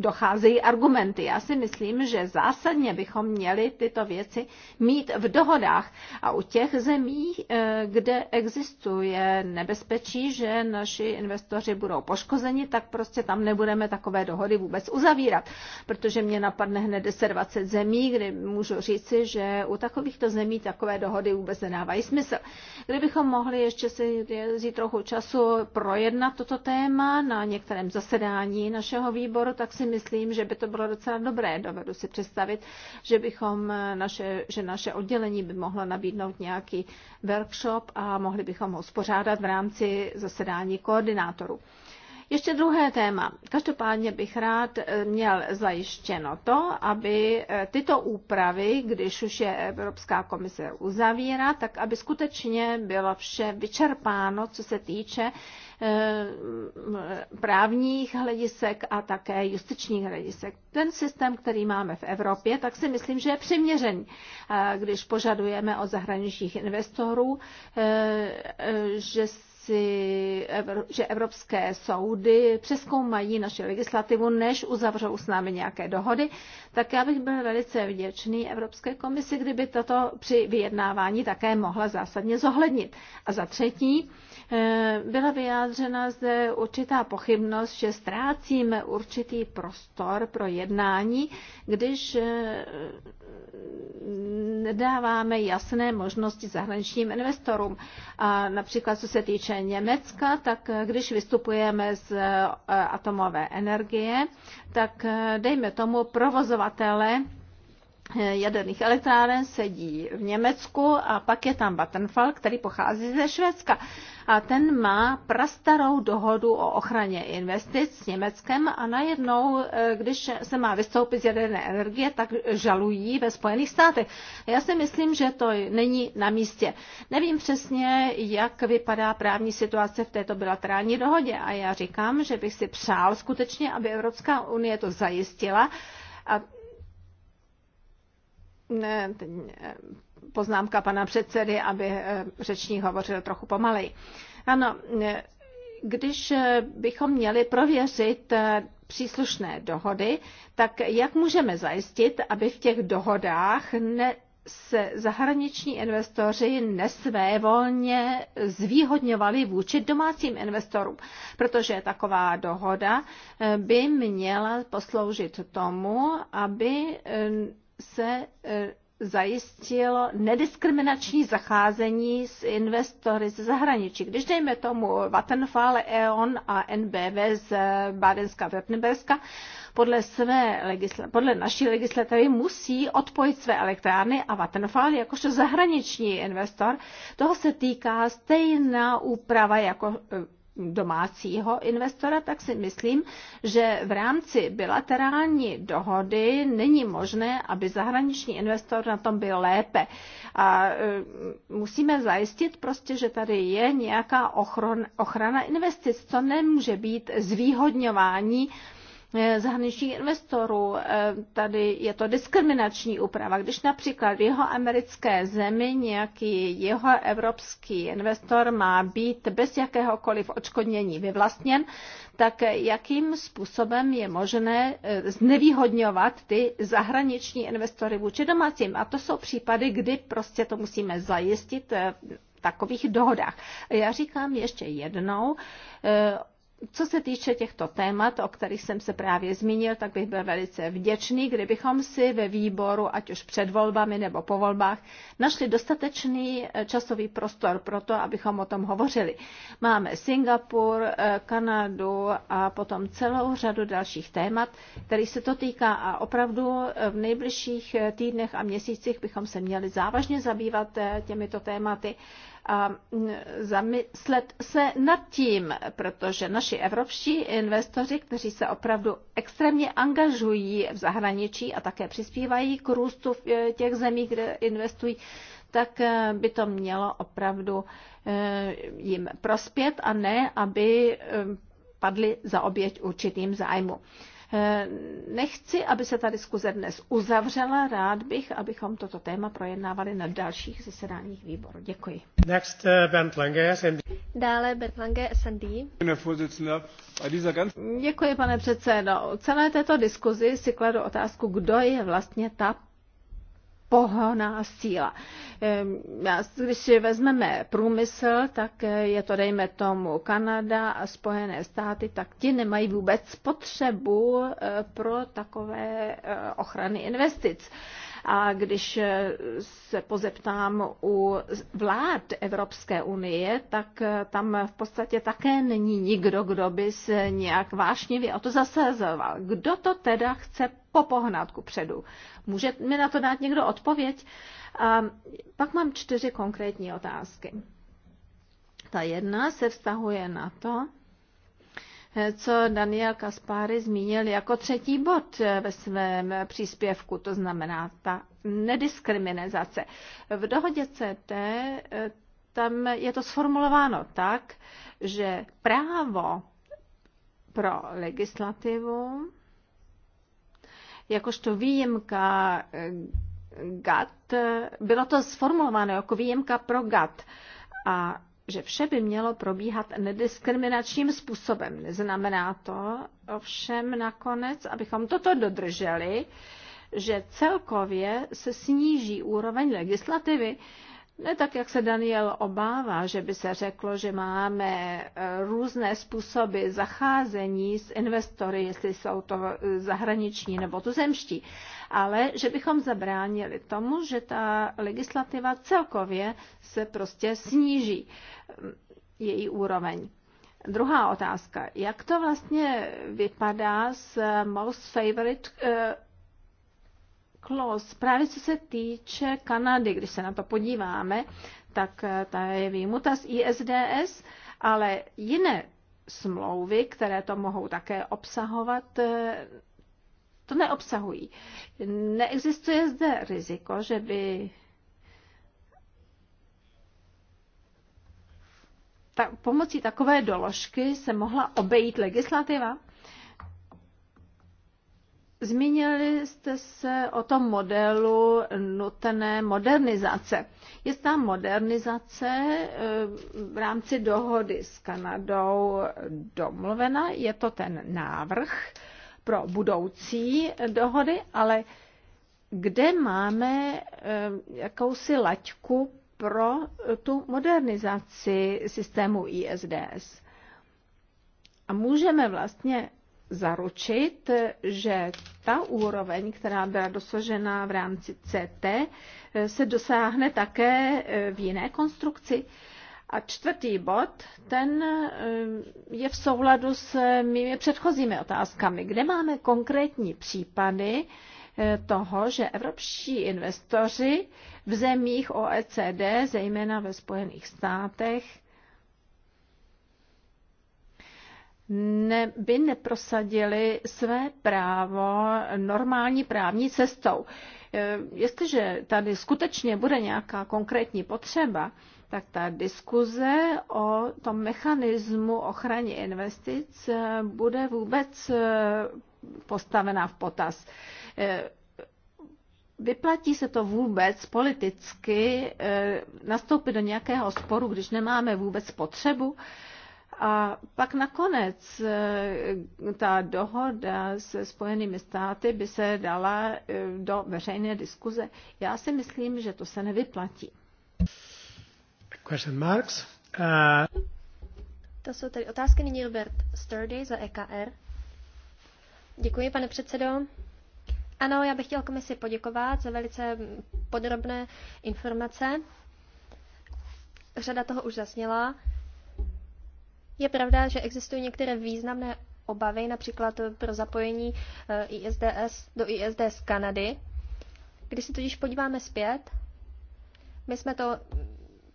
docházejí argumenty. Já si myslím, že zásadně bychom měli tyto věci mít v dohodách a u těch zemí, eh, kde existuje nebezpečí, že naši investoři budou poškozeni, tak prostě tam nebudeme takové dohody vůbec uzavírat, protože mě napadne hned 10-20 zemí, kdy můžu říci, že u takovýchto zemí takové dohody vůbec nedávají smysl. Kdybychom mohli ještě si vzít trochu času projednat toto téma na některém zasedání našeho výboru, tak si myslím, že by to bylo docela dobré. Dovedu si představit, že, bychom eh, naše, že naše oddělení by mohlo nabídnout nějaký workshop a mohli bychom ho spořádat v rámci zasedání koordinátorů. Ještě druhé téma. Každopádně bych rád eh, měl zajištěno to, aby eh, tyto úpravy, když už je Evropská komise uzavírá, tak aby skutečně bylo vše vyčerpáno, co se týče Eh, právních hledisek a také justičních hledisek. Ten systém, který máme v Evropě, tak si myslím, že je přiměřený, když požadujeme od zahraničních investorů, eh, eh, že že evropské soudy přeskoumají naši legislativu, než uzavřou s námi nějaké dohody, tak já bych byl velice vděčný Evropské komisi, kdyby toto při vyjednávání také mohla zásadně zohlednit. A za třetí, Eh, byla vyjádřena zde určitá pochybnost, že ztrácíme určitý prostor pro jednání, když eh, nedáváme jasné možnosti zahraničním investorům. A například co se týče Německa, tak eh, když vystupujeme z atomové energie, tak dejme tomu provozovatele Eh, jaderných elektráren sedí v Německu a pak je tam Vattenfall, který pochází ze Švédska. A ten má prastarou dohodu o ochraně investic s Německem a najednou, eh, když se má vystoupit z jaderné energie, tak žalují ve Spojených státech. Já si myslím, že to není na místě. Nevím přesně, jak vypadá právní situace v této bilaterální dohodě a já říkám, že bych si přál skutečně, aby Evropská unie to zajistila, a poznámka pana předsedy, aby eh, řečník hovořil trochu pomaleji. Ano, eh, když eh, bychom měli prověřit příslušné dohody, tak jak můžeme zajistit, aby v těch dohodách ne, se zahraniční investoři nesvévolně zvýhodňovali vůči domácím investorům, protože taková dohoda by měla posloužit tomu, aby se e, zajistilo nediskriminační zacházení s investory ze zahraničí. Když dejme tomu Vattenfall, E.ON a NBV z Bádenska a Württemberska, podle, své legisla- podle naší legislativy musí odpojit své elektrárny a Vattenfall jakožto zahraniční investor, toho se týká stejná úprava jako e, domácího investora, tak si myslím, že v rámci bilaterální dohody není možné, aby zahraniční investor na tom byl lépe. A e, musíme zajistit prostě, že tady je nějaká ochrana investic. co nemůže být zvýhodňování Eh, zahraničních investorů. Eh, tady je to diskriminační úprava. Když například v jeho americké zemi nějaký jeho evropský investor má být bez jakéhokoliv očkodnění vyvlastněn, tak jakým způsobem je možné eh, znevýhodňovat ty zahraniční investory vůči domácím. A to jsou případy, kdy prostě to musíme zajistit v takových dohodách. Já říkám ještě jednou, co se týče těchto témat, o kterých jsem se právě zmínil, tak bych byl velice vděčný, kdybychom si ve výboru, ať už před volbami nebo po volbách, našli dostatečný eh, časový prostor pro to, abychom o tom hovořili. Máme Singapur, eh, Kanadu a potom celou řadu dalších témat, který se to týká a opravdu eh, v nejbližších týdnech a měsících bychom se měli závažně zabývat těmito tématy a zamyslet se nad tím, protože naši evropští investoři, kteří se opravdu extrémně angažují v zahraničí a také přispívají k růstu v e, těch zemí, kde investují, tak e, by to mělo opravdu e, jim prospět a ne, aby padli za oběť určitým zájmu. Eh, nechci, aby se ta diskuze dnes uzavřela. Rád bych, abychom toto téma projednávali na dalších zasedáních výboru. Děkuji. Next, uh, Bernd Lange, SND. Dále Bernd Lange, SND. Děkuji, pane předsedo. Celé této diskuzi si kladu otázku, kdo je vlastně ta pohoná síla. Když si vezmeme průmysl, tak eh, je to dejme tomu Kanada a Spojené státy, tak ti nemají vůbec potřebu eh, pro takové eh, ochrany investic. A když eh, se pozeptám u vlád Evropské unie, tak eh, tam v podstatě také není nikdo, kdo by se nějak vášnivě o to zasazoval. Kdo to teda chce popohnat ku předu? Může mi na to dát někdo odpověď? A pak mám čtyři konkrétní otázky. Ta jedna se vztahuje na to, co Daniel Kaspáry zmínil jako třetí bod eh, ve svém eh, příspěvku, to znamená ta nediskriminace. V dohodě CT eh, tam je to sformulováno tak, že právo pro legislativu, jakožto výjimka GATT, bylo to sformulováno jako výjimka pro GATT. A že vše by mělo probíhat nediskriminačním způsobem. Neznamená to ovšem nakonec, abychom toto dodrželi, že celkově se sníží úroveň legislativy, ne tak, jak se Daniel obává, že by se řeklo, že máme eh, různé způsoby zacházení s investory, jestli jsou to eh, zahraniční nebo tuzemští, ale že bychom zabránili tomu, že ta legislativa celkově se prostě sníží její úroveň. Druhá otázka. Jak to vlastně vypadá s most favorite eh, clause? Právě co se týče Kanady, když se na to podíváme, tak eh, ta je výjimuta z ISDS, ale jiné smlouvy, které to mohou také obsahovat, eh, to neobsahují. Neexistuje zde riziko, že by ta, pomocí takové doložky se mohla obejít legislativa? Zmínili jste se o tom modelu nutné modernizace. Je tam modernizace eh, v rámci dohody s Kanadou domluvena, je to ten návrh pro budoucí dohody, ale kde máme eh, jakousi laťku pro tu modernizaci systému ISDS. A můžeme vlastně zaručit, že ta úroveň, která byla dosažena v rámci CT, se dosáhne také v jiné konstrukci. A čtvrtý bod, ten eh, je v souladu s mými předchozími otázkami, kde máme konkrétní případy, Eh, toho, že evropští investoři v zemích OECD, zejména ve Spojených státech, ne, by neprosadili své právo normální právní cestou. Eh, jestliže tady skutečně bude nějaká konkrétní potřeba, tak ta diskuze o tom mechanismu ochraně investic eh, bude vůbec postavená v potaz. Eh, vyplatí se to vůbec politicky eh, nastoupit do nějakého sporu, když nemáme vůbec potřebu? A pak nakonec eh, ta dohoda se Spojenými státy by se dala do veřejné diskuze. Já si myslím, že to se nevyplatí. Question marks. Uh... To jsou tedy otázky nyní Robert Sturdy za EKR. Děkuji, pane předsedo. Ano, já bych chtěl komisi poděkovat za velice podrobné informace. Řada toho už zasněla. Je pravda, že existují některé významné obavy, například pro zapojení eh, ISDS do ISD z Kanady. Když se totiž podíváme zpět, my jsme to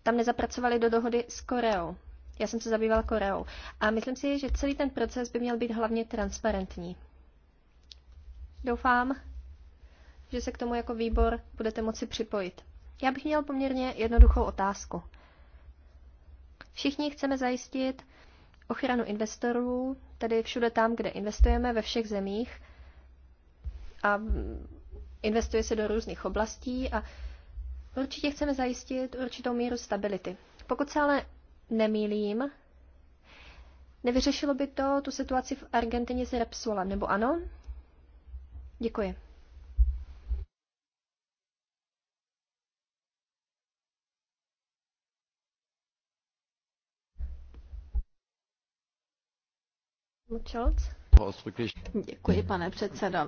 tam nezapracovali do dohody s Koreou. Já jsem se zabýval Koreou. A myslím si, že celý ten proces by měl být hlavně transparentní. Doufám, že se k tomu jako výbor budete moci připojit. Já bych měl poměrně jednoduchou otázku. Všichni chceme zajistit ochranu investorů, tedy všude tam, kde investujeme, ve všech zemích a investuje se do různých oblastí a určitě chceme zajistit určitou míru stability. Pokud se ale nemýlím, nevyřešilo by to tu situaci v Argentině s Repsolem, nebo ano? Děkuji. Děkuji, pane předsedo.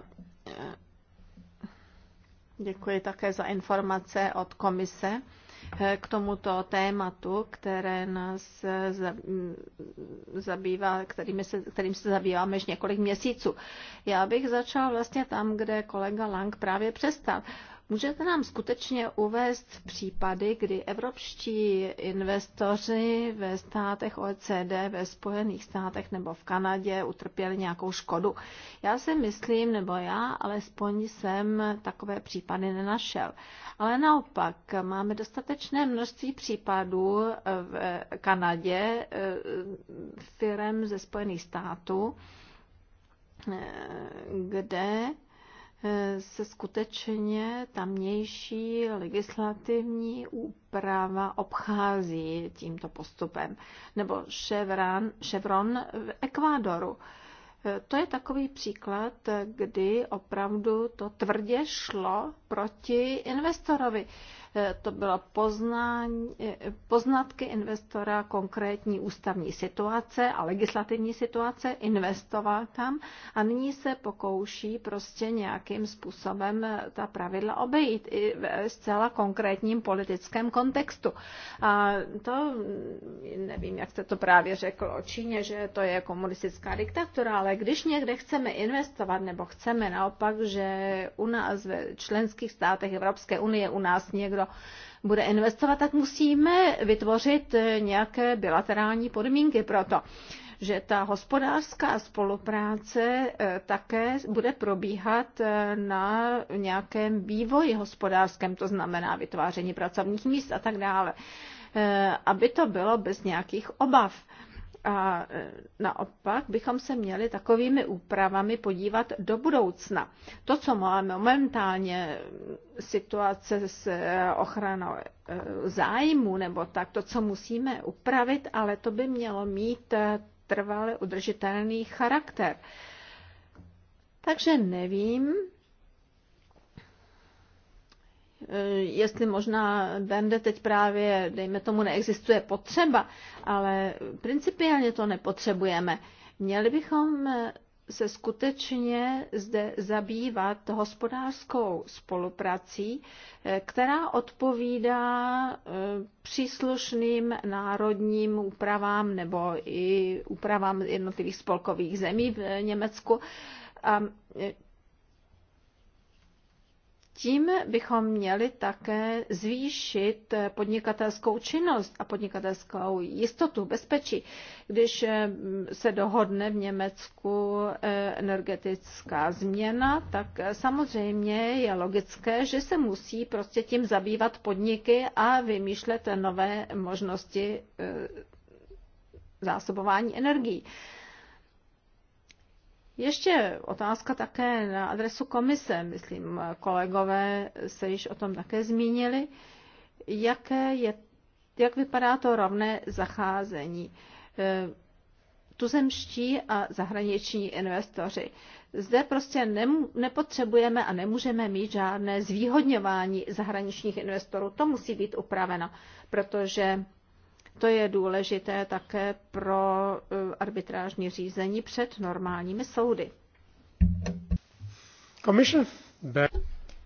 Děkuji také za informace od komise k tomuto tématu, které nás zabývá, kterým se, kterým se zabýváme již několik měsíců. Já bych začal vlastně tam, kde kolega Lang právě přestal. Můžete nám skutečně uvést případy, kdy evropští investoři ve státech OECD, ve Spojených státech nebo v Kanadě utrpěli nějakou škodu? Já si myslím, nebo já alespoň jsem takové případy nenašel. Ale naopak, máme dostatečné množství případů v Kanadě eh, firem ze Spojených států, eh, kde se skutečně tamnější legislativní úprava obchází tímto postupem. Nebo Chevron, Chevron v Ekvádoru. E, to je takový příklad, kdy opravdu to tvrdě šlo proti investorovi. Eh, to bylo poznání, eh, poznatky investora, konkrétní ústavní situace a legislativní situace, investoval tam a nyní se pokouší prostě nějakým způsobem eh, ta pravidla obejít i ve zcela konkrétním politickém kontextu. A to, mm, nevím, jak jste to právě řekl o Číně, že to je komunistická diktatura, ale když někde chceme investovat nebo chceme naopak, že u nás ve členských státech Evropské unie u nás někdo kdo bude investovat, tak musíme vytvořit nějaké bilaterální podmínky pro to že ta hospodářská spolupráce eh, také bude probíhat eh, na nějakém vývoji hospodářském, to znamená vytváření pracovních míst a tak dále, eh, aby to bylo bez nějakých obav. A e, naopak bychom se měli takovými úpravami podívat do budoucna. To, co máme momentálně situace s e, ochranou e, zájmu nebo tak, to, co musíme upravit, ale to by mělo mít trvalý udržitelný charakter. Takže nevím, Eh, jestli možná Bende teď právě, dejme tomu, neexistuje potřeba, ale principiálně to nepotřebujeme. Měli bychom eh, se skutečně zde zabývat hospodářskou spoluprací, eh, která odpovídá příslušným národním úpravám nebo i úpravám jednotlivých spolkových zemí v Německu. A tím bychom měli také zvýšit podnikatelskou činnost a podnikatelskou jistotu, bezpečí. Když eh, se dohodne v Německu eh, energetická změna, tak eh, samozřejmě je logické, že se musí prostě tím zabývat podniky a vymýšlet nové možnosti zásobování energií. Ještě otázka také na adresu komise. Myslím, kolegové se již o tom také zmínili. Jaké je, jak vypadá to rovné zacházení? E, tuzemští a zahraniční investoři. Zde prostě nem, nepotřebujeme a nemůžeme mít žádné zvýhodňování zahraničních investorů. To musí být upraveno, protože to je důležité také pro eh, arbitrážní řízení před normálními soudy. Komise,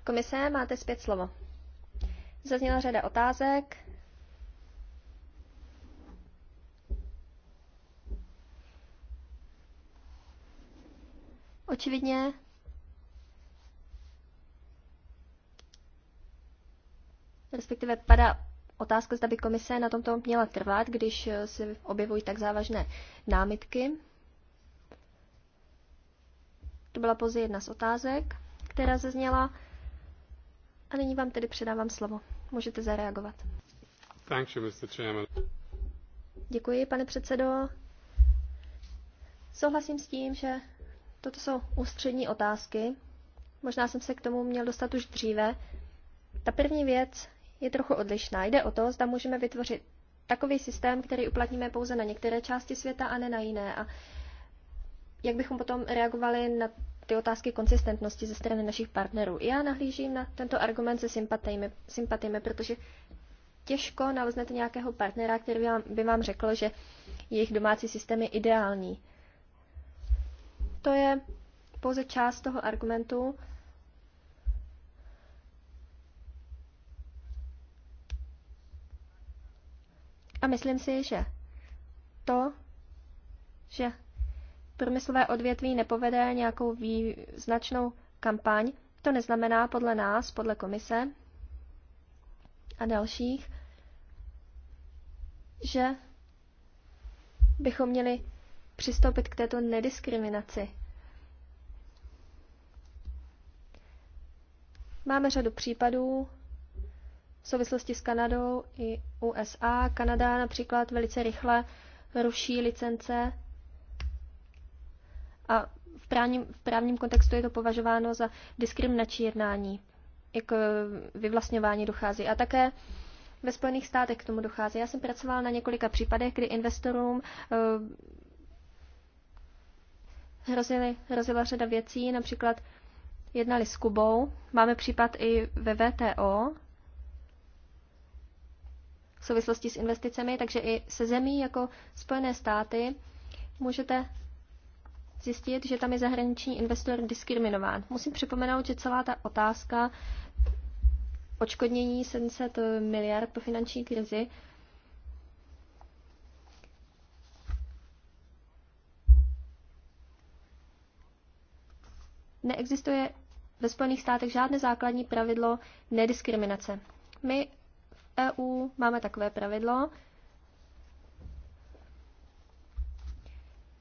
Komise máte zpět slovo. Zazněla řada otázek. Očividně respektive padá otázka, zda by komise na tomto měla trvat, když se objevují tak závažné námitky. To byla pouze jedna z otázek, která zazněla. A nyní vám tedy předávám slovo. Můžete zareagovat. Děkuji, pane předsedo. Souhlasím s tím, že toto jsou ústřední otázky. Možná jsem se k tomu měl dostat už dříve. Ta první věc je trochu odlišná. Jde o to, zda můžeme vytvořit takový systém, který uplatníme pouze na některé části světa a ne na jiné. A jak bychom potom reagovali na ty otázky konsistentnosti ze strany našich partnerů. Já nahlížím na tento argument se sympatiemi, sympatiemi protože těžko naleznete nějakého partnera, který by vám řekl, že jejich domácí systém je ideální. To je pouze část toho argumentu, A myslím si, že to, že průmyslové odvětví nepovede nějakou značnou kampaň, to neznamená podle nás, podle komise a dalších, že bychom měli přistoupit k této nediskriminaci. Máme řadu případů, v souvislosti s Kanadou i USA. Kanada například velice rychle ruší licence a v právním, v právním kontextu je to považováno za diskriminační jednání. jak vyvlastňování dochází. A také ve Spojených státech k tomu dochází. Já jsem pracovala na několika případech, kdy investorům uh, hrozily, hrozila řada věcí, například jednali s Kubou. Máme případ i ve VTO, v souvislosti s investicemi, takže i se zemí jako Spojené státy můžete zjistit, že tam je zahraniční investor diskriminován. Musím připomenout, že celá ta otázka očkodnění 700 miliard po finanční krizi neexistuje ve Spojených státech žádné základní pravidlo nediskriminace. My EU máme takové pravidlo,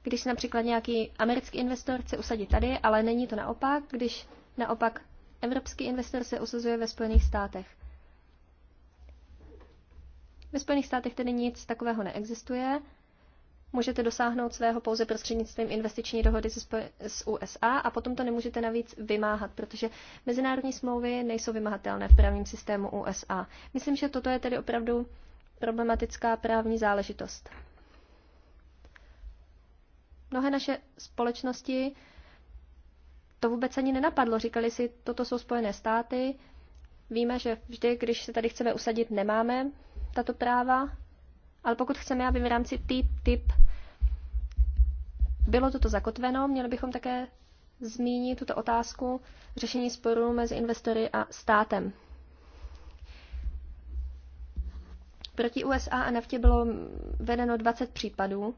když například nějaký americký investor chce usadit tady, ale není to naopak, když naopak evropský investor se usazuje ve Spojených státech. Ve Spojených státech tedy nic takového neexistuje můžete dosáhnout svého pouze prostřednictvím investiční dohody s USA a potom to nemůžete navíc vymáhat, protože mezinárodní smlouvy nejsou vymahatelné v právním systému USA. Myslím, že toto je tedy opravdu problematická právní záležitost. Mnohé naše společnosti to vůbec ani nenapadlo. Říkali si, toto jsou Spojené státy, víme, že vždy, když se tady chceme usadit, nemáme tato práva, ale pokud chceme, aby v rámci typ bylo toto zakotveno, měli bychom také zmínit tuto otázku řešení sporů mezi investory a státem. Proti USA a naftě bylo vedeno 20 případů.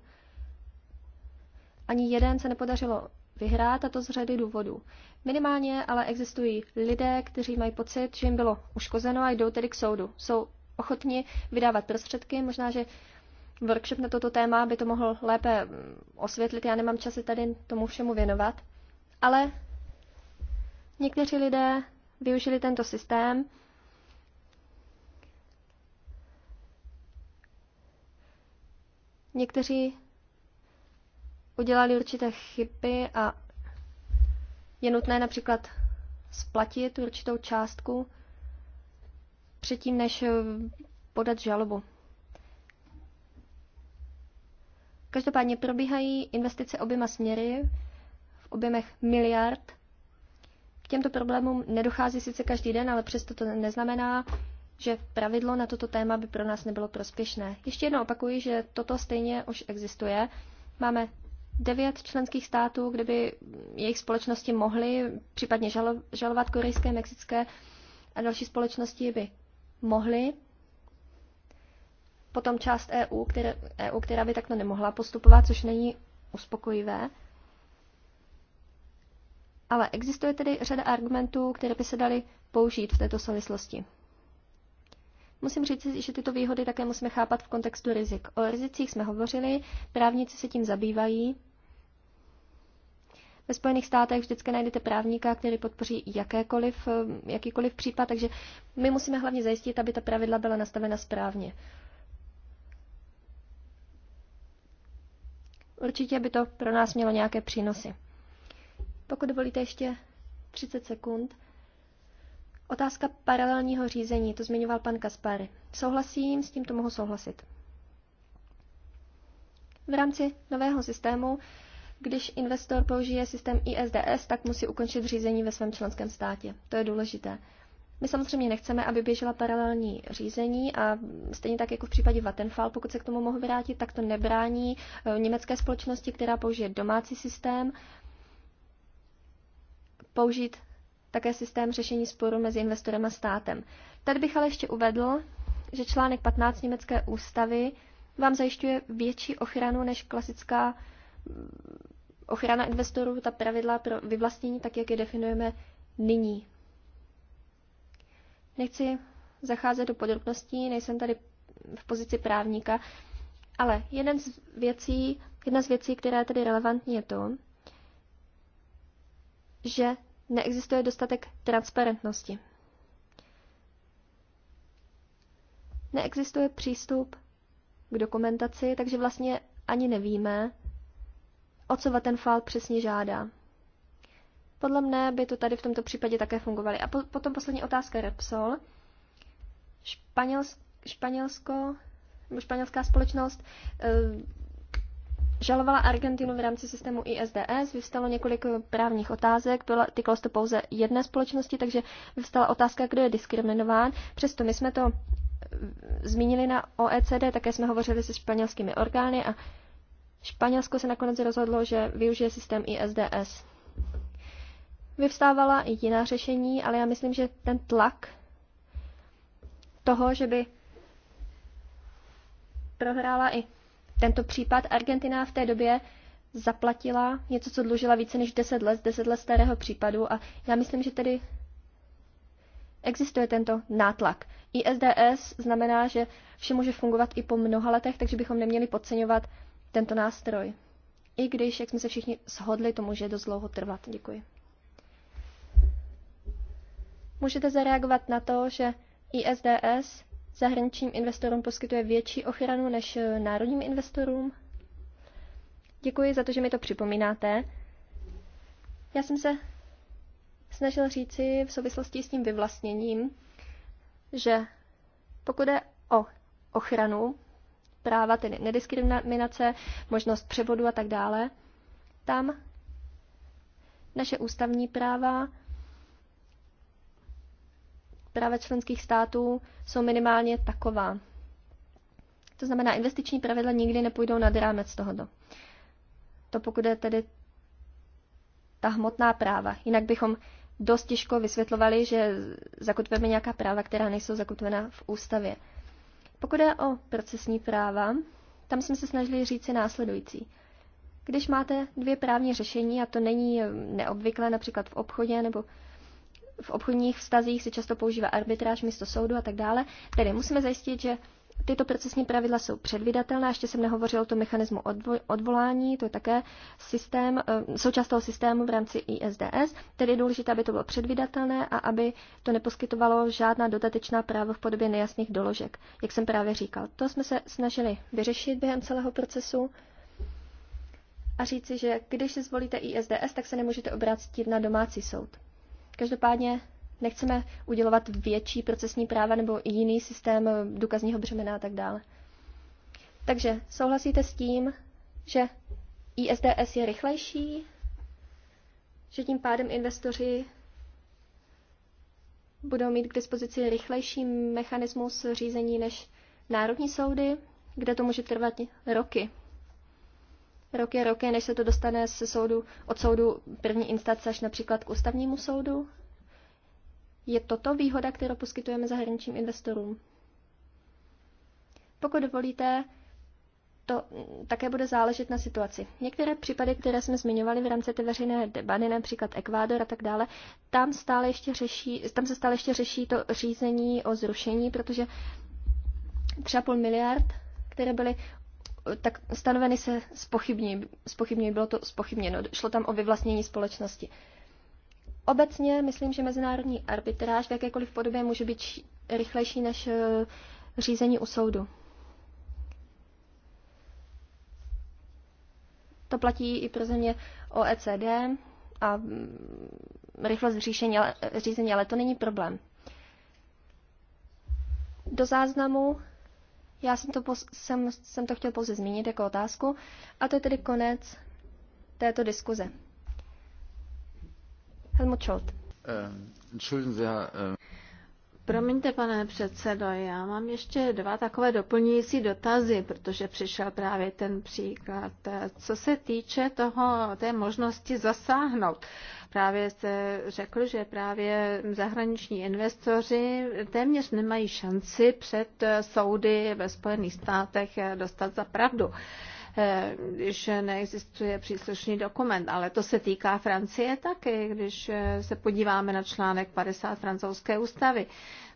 Ani jeden se nepodařilo vyhrát, a to z řady důvodů. Minimálně ale existují lidé, kteří mají pocit, že jim bylo uškozeno a jdou tedy k soudu. Jsou ochotni vydávat prostředky. Možná, že workshop na toto téma by to mohl lépe mm, osvětlit. Já nemám časy tady tomu všemu věnovat. Ale někteří lidé využili tento systém. Někteří udělali určité chyby a je nutné například splatit určitou částku předtím, než eh, podat žalobu. Každopádně probíhají investice oběma směry v objemech miliard. K těmto problémům nedochází sice každý den, ale přesto to neznamená, že pravidlo na toto téma by pro nás nebylo prospěšné. Ještě jednou opakuji, že toto stejně už existuje. Máme devět členských států, kde by jejich společnosti mohly případně žalovat korejské, mexické a další společnosti by mohli potom část EU, které, EU, která by takto nemohla postupovat, což není uspokojivé. Ale existuje tedy řada argumentů, které by se daly použít v této souvislosti. Musím říct, že tyto výhody také musíme chápat v kontextu rizik. O rizicích jsme hovořili, právníci se tím zabývají, ve Spojených státech vždycky najdete právníka, který podpoří jakékoliv, eh, jakýkoliv případ, takže my musíme hlavně zajistit, aby ta pravidla byla nastavena správně. Určitě by to pro nás mělo nějaké přínosy. Pokud dovolíte ještě 30 sekund. Otázka paralelního řízení, to zmiňoval pan Kaspary. Souhlasím, s tím to mohu souhlasit. V rámci nového systému když investor použije systém ISDS, tak musí ukončit řízení ve svém členském státě. To je důležité. My samozřejmě nechceme, aby běžela paralelní řízení a stejně tak jako v případě Vattenfall, pokud se k tomu mohu vrátit, tak to nebrání eh, německé společnosti, která použije domácí systém, použít také systém řešení sporu mezi investorem a státem. Tady bych ale ještě uvedl, že článek 15 německé ústavy vám zajišťuje větší ochranu než klasická ochrana investorů, ta pravidla pro vyvlastnění, tak jak je definujeme nyní. Nechci zacházet do podrobností, nejsem tady v pozici právníka, ale jeden z věcí, jedna z věcí, která je tady relevantní, je to, že neexistuje dostatek transparentnosti. Neexistuje přístup k dokumentaci, takže vlastně ani nevíme, o co Vattenfall přesně žádá. Podle mne by to tady v tomto případě také fungovaly. A po, potom poslední otázka Repsol. Španělsk, Španělsko, nebo španělská společnost e, žalovala Argentinu v rámci systému ISDS, vyvstalo několik právních otázek, bylo, týkalo se to pouze jedné společnosti, takže vyvstala otázka, kdo je diskriminován. Přesto my jsme to eh, zmínili na OECD, také jsme hovořili se španělskými orgány a Španělsko se nakonec rozhodlo, že využije systém ISDS. Vyvstávala i jiná řešení, ale já myslím, že ten tlak toho, že by prohrála i tento případ, Argentina v té době zaplatila něco, co dlužila více než 10 let, 10 let starého případu a já myslím, že tedy existuje tento nátlak. ISDS znamená, že vše může fungovat i po mnoha letech, takže bychom neměli podceňovat tento nástroj. I když, jak jsme se všichni shodli, to může dost dlouho trvat. Děkuji. Můžete zareagovat na to, že ISDS zahraničním investorům poskytuje větší ochranu než eh, národním investorům? Děkuji za to, že mi to připomínáte. Já jsem se snažil říci v souvislosti s tím vyvlastněním, že pokud je o ochranu práva, ty nediskriminace, možnost převodu a tak dále. Tam naše ústavní práva, práva členských států jsou minimálně taková. To znamená, investiční pravidla nikdy nepůjdou nad rámec tohoto. To pokud je tedy ta hmotná práva. Jinak bychom dost těžko vysvětlovali, že zakotveme nějaká práva, která nejsou zakotvena v ústavě. Pokud je o procesní práva, tam jsme se snažili říci následující. Když máte dvě právní řešení, a to není neobvyklé například v obchodě nebo v obchodních vztazích se často používá arbitráž místo soudu a tak dále, tedy musíme zajistit, že Tyto procesní pravidla jsou předvydatelná, ještě jsem nehovořil o tom mechanismu odvolání, to je také systém, eh, součást toho systému v rámci ISDS, tedy je důležité, aby to bylo předvydatelné a aby to neposkytovalo žádná dodatečná práva v podobě nejasných doložek, jak jsem právě říkal. To jsme se snažili vyřešit během celého procesu a říci, že když se zvolíte ISDS, tak se nemůžete obrátit na domácí soud. Každopádně nechceme udělovat větší procesní práva nebo jiný systém důkazního břemena a tak dále. Takže souhlasíte s tím, že ISDS je rychlejší, že tím pádem investoři budou mít k dispozici rychlejší mechanismus řízení než národní soudy, kde to může trvat roky. Roky a roky, než se to dostane z soudu, od soudu první instance až například k ústavnímu soudu je toto výhoda, kterou poskytujeme zahraničním investorům? Pokud dovolíte, to také bude záležet na situaci. Některé případy, které jsme zmiňovali v rámci té veřejné debaty, například Ekvádor a tak dále, tam, stále ještě řeší, tam se stále ještě řeší to řízení o zrušení, protože třeba půl miliard, které byly tak stanoveny se spochybně, spochybní bylo to spochybněno. Šlo tam o vyvlastnění společnosti. Obecně myslím, že mezinárodní arbitráž v jakékoliv podobě může být rychlejší než eh, řízení u soudu. To platí i pro země OECD a mm, rychlost řízení, eh, řízení, ale to není problém. Do záznamu já jsem to, pos, jsem, jsem to chtěl pouze zmínit jako otázku a to je tedy konec této diskuze. Helmut Scholz. Promiňte, pane předsedo, já mám ještě dva takové doplňující dotazy, protože přišel právě ten příklad. Co se týče toho, té možnosti zasáhnout, právě se řekl, že právě zahraniční investoři téměř nemají šanci před soudy ve Spojených státech dostat za pravdu. Eh, že neexistuje příslušný dokument. Ale to se týká Francie taky, když eh, se podíváme na článek 50 francouzské ústavy.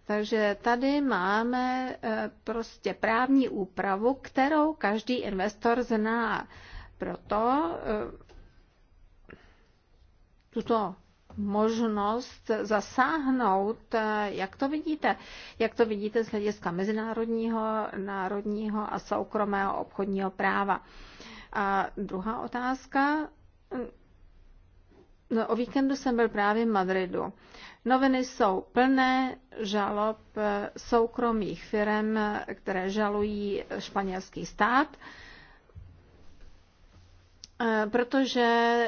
Takže tady máme eh, prostě právní úpravu, kterou každý investor zná. Proto tuto možnost zasáhnout. Eh, jak to vidíte? Jak to vidíte z hlediska mezinárodního, národního a soukromého obchodního práva? A druhá otázka. No, o víkendu jsem byl právě v Madridu. Noviny jsou plné žalob eh, soukromých firm, eh, které žalují španělský stát. Uh, Eh, protože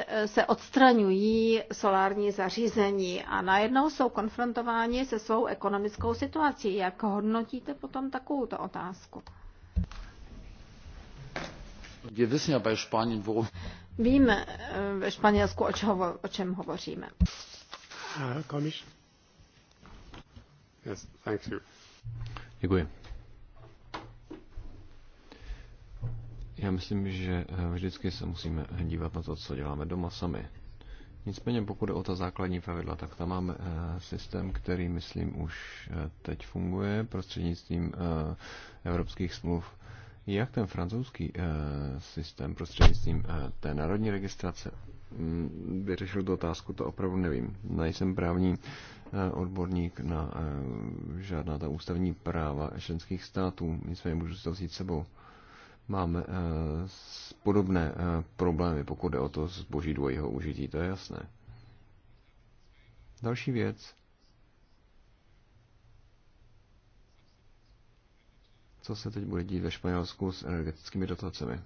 eh, se odstraňují solární zařízení a najednou jsou konfrontováni se svou ekonomickou situací. Jak hodnotíte potom takovouto otázku? Víme eh, ve Španělsku, o, čeho, o čem hovoříme. Komiš? Yes, thank you. Děkuji. Já myslím, že eh, vždycky se musíme dívat na to, co děláme doma sami. Nicméně pokud je o ta základní pravidla, tak tam máme eh, systém, který, myslím, už eh, teď funguje prostřednictvím evropských smluv. Jak ten francouzský systém prostřednictvím té národní registrace mm, vyřešil tu otázku, to opravdu nevím. Nejsem právní odborník na žádná ta ústavní práva členských států, nicméně můžu si to vzít sebou máme eh, podobné eh, problémy, pokud jde o to zboží dvojího užití, to je jasné. Další věc. Co se teď bude dít ve Španělsku s energetickými dotacemi?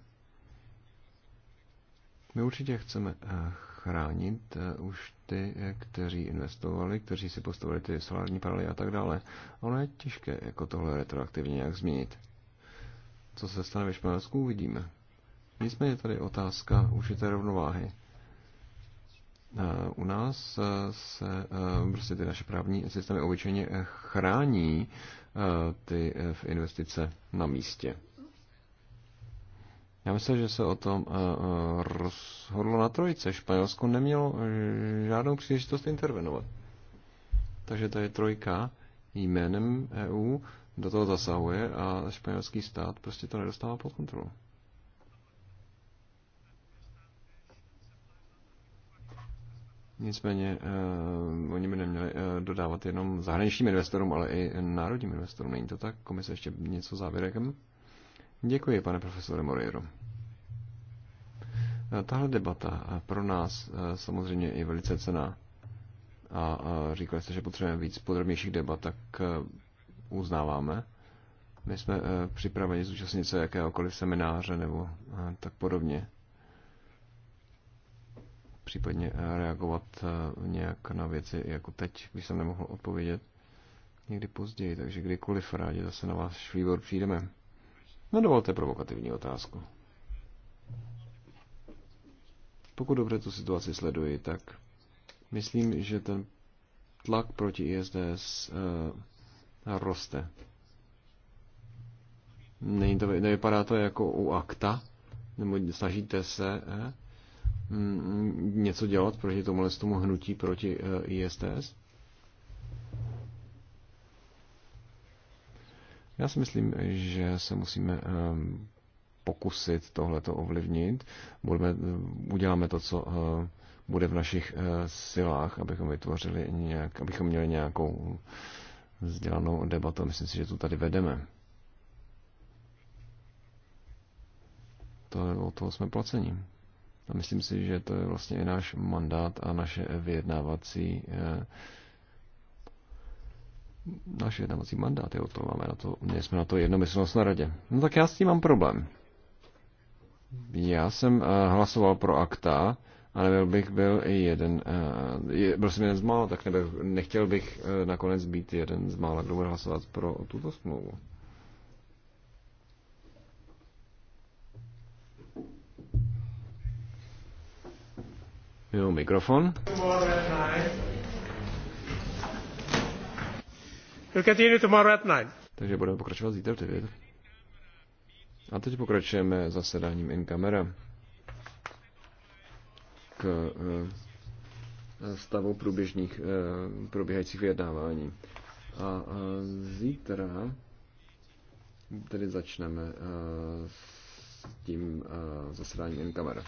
My určitě chceme eh, chránit už ty, kteří investovali, kteří si postavili ty solární panely a tak dále. Ono je těžké jako tohle retroaktivně nějak změnit co se stane ve Španělsku, uvidíme. Nicméně je tady otázka určité rovnováhy. Eh, u nás eh, se eh, prostě ty naše právní systémy obyčejně chrání ty investice na místě. Já myslím, že se o tom rozhodlo na trojce. Španělsko nemělo žádnou příležitost intervenovat. Takže to je trojka jménem EU do toho zasahuje a španělský stát prostě to nedostává pod kontrolu. Nicméně eh, oni by neměli eh, dodávat jenom zahraničním investorům, ale i národním investorům. Není to tak? Komise ještě něco závěrekem? Děkuji, pane profesore Moriero. Eh, tahle debata eh, pro nás eh, samozřejmě je velice cená. A, a říkali jste, že potřebujeme víc podrobnějších debat, tak uznáváme. My jsme eh, připraveni zúčastnit se jakéhokoliv semináře nebo eh, tak podobně. Případně eh, reagovat nějak na věci, jako teď, když jsem nemohl odpovědět. Někdy později, takže kdykoliv rádi zase na váš výbor přijdeme. No dovolte provokativní otázku. Pokud dobře tu situaci sleduji, tak myslím, že ten tlak proti ISDS uh, roste. Není to, nevypadá to jako u akta, nebo snažíte se eh, mm, něco dělat proti tomu tomu hnutí proti eh, ISTS? Já si myslím, že se musíme eh, pokusit tohleto ovlivnit. Budeme, uděláme to, co eh, bude v našich eh, silách, abychom vytvořili nějak, abychom měli nějakou eh, vzdělanou debatu. Myslím si, že tu tady vedeme. To je, o toho jsme placení. A myslím si, že to je vlastně i náš mandát a naše vyjednávací eh, náš vyjednávací mandát, o to máme na to, my jsme na to jednomyslnost na radě. No tak já s tím mám problém. Já jsem eh, hlasoval pro akta, ale byl bych byl i jeden, eh, byl jsem jeden z mála, tak nebyl, nechtěl bych eh, nakonec být jeden z mála, kdo bude hlasovat pro tuto smlouvu. Jo, mikrofon. Takže budeme pokračovat zítra v 9. A teď pokračujeme zasedáním in camera. Eh, stavu průběžných, eh, probíhajících vyjednávání. A eh, zítra tedy začneme s tím zasedáním in kamera.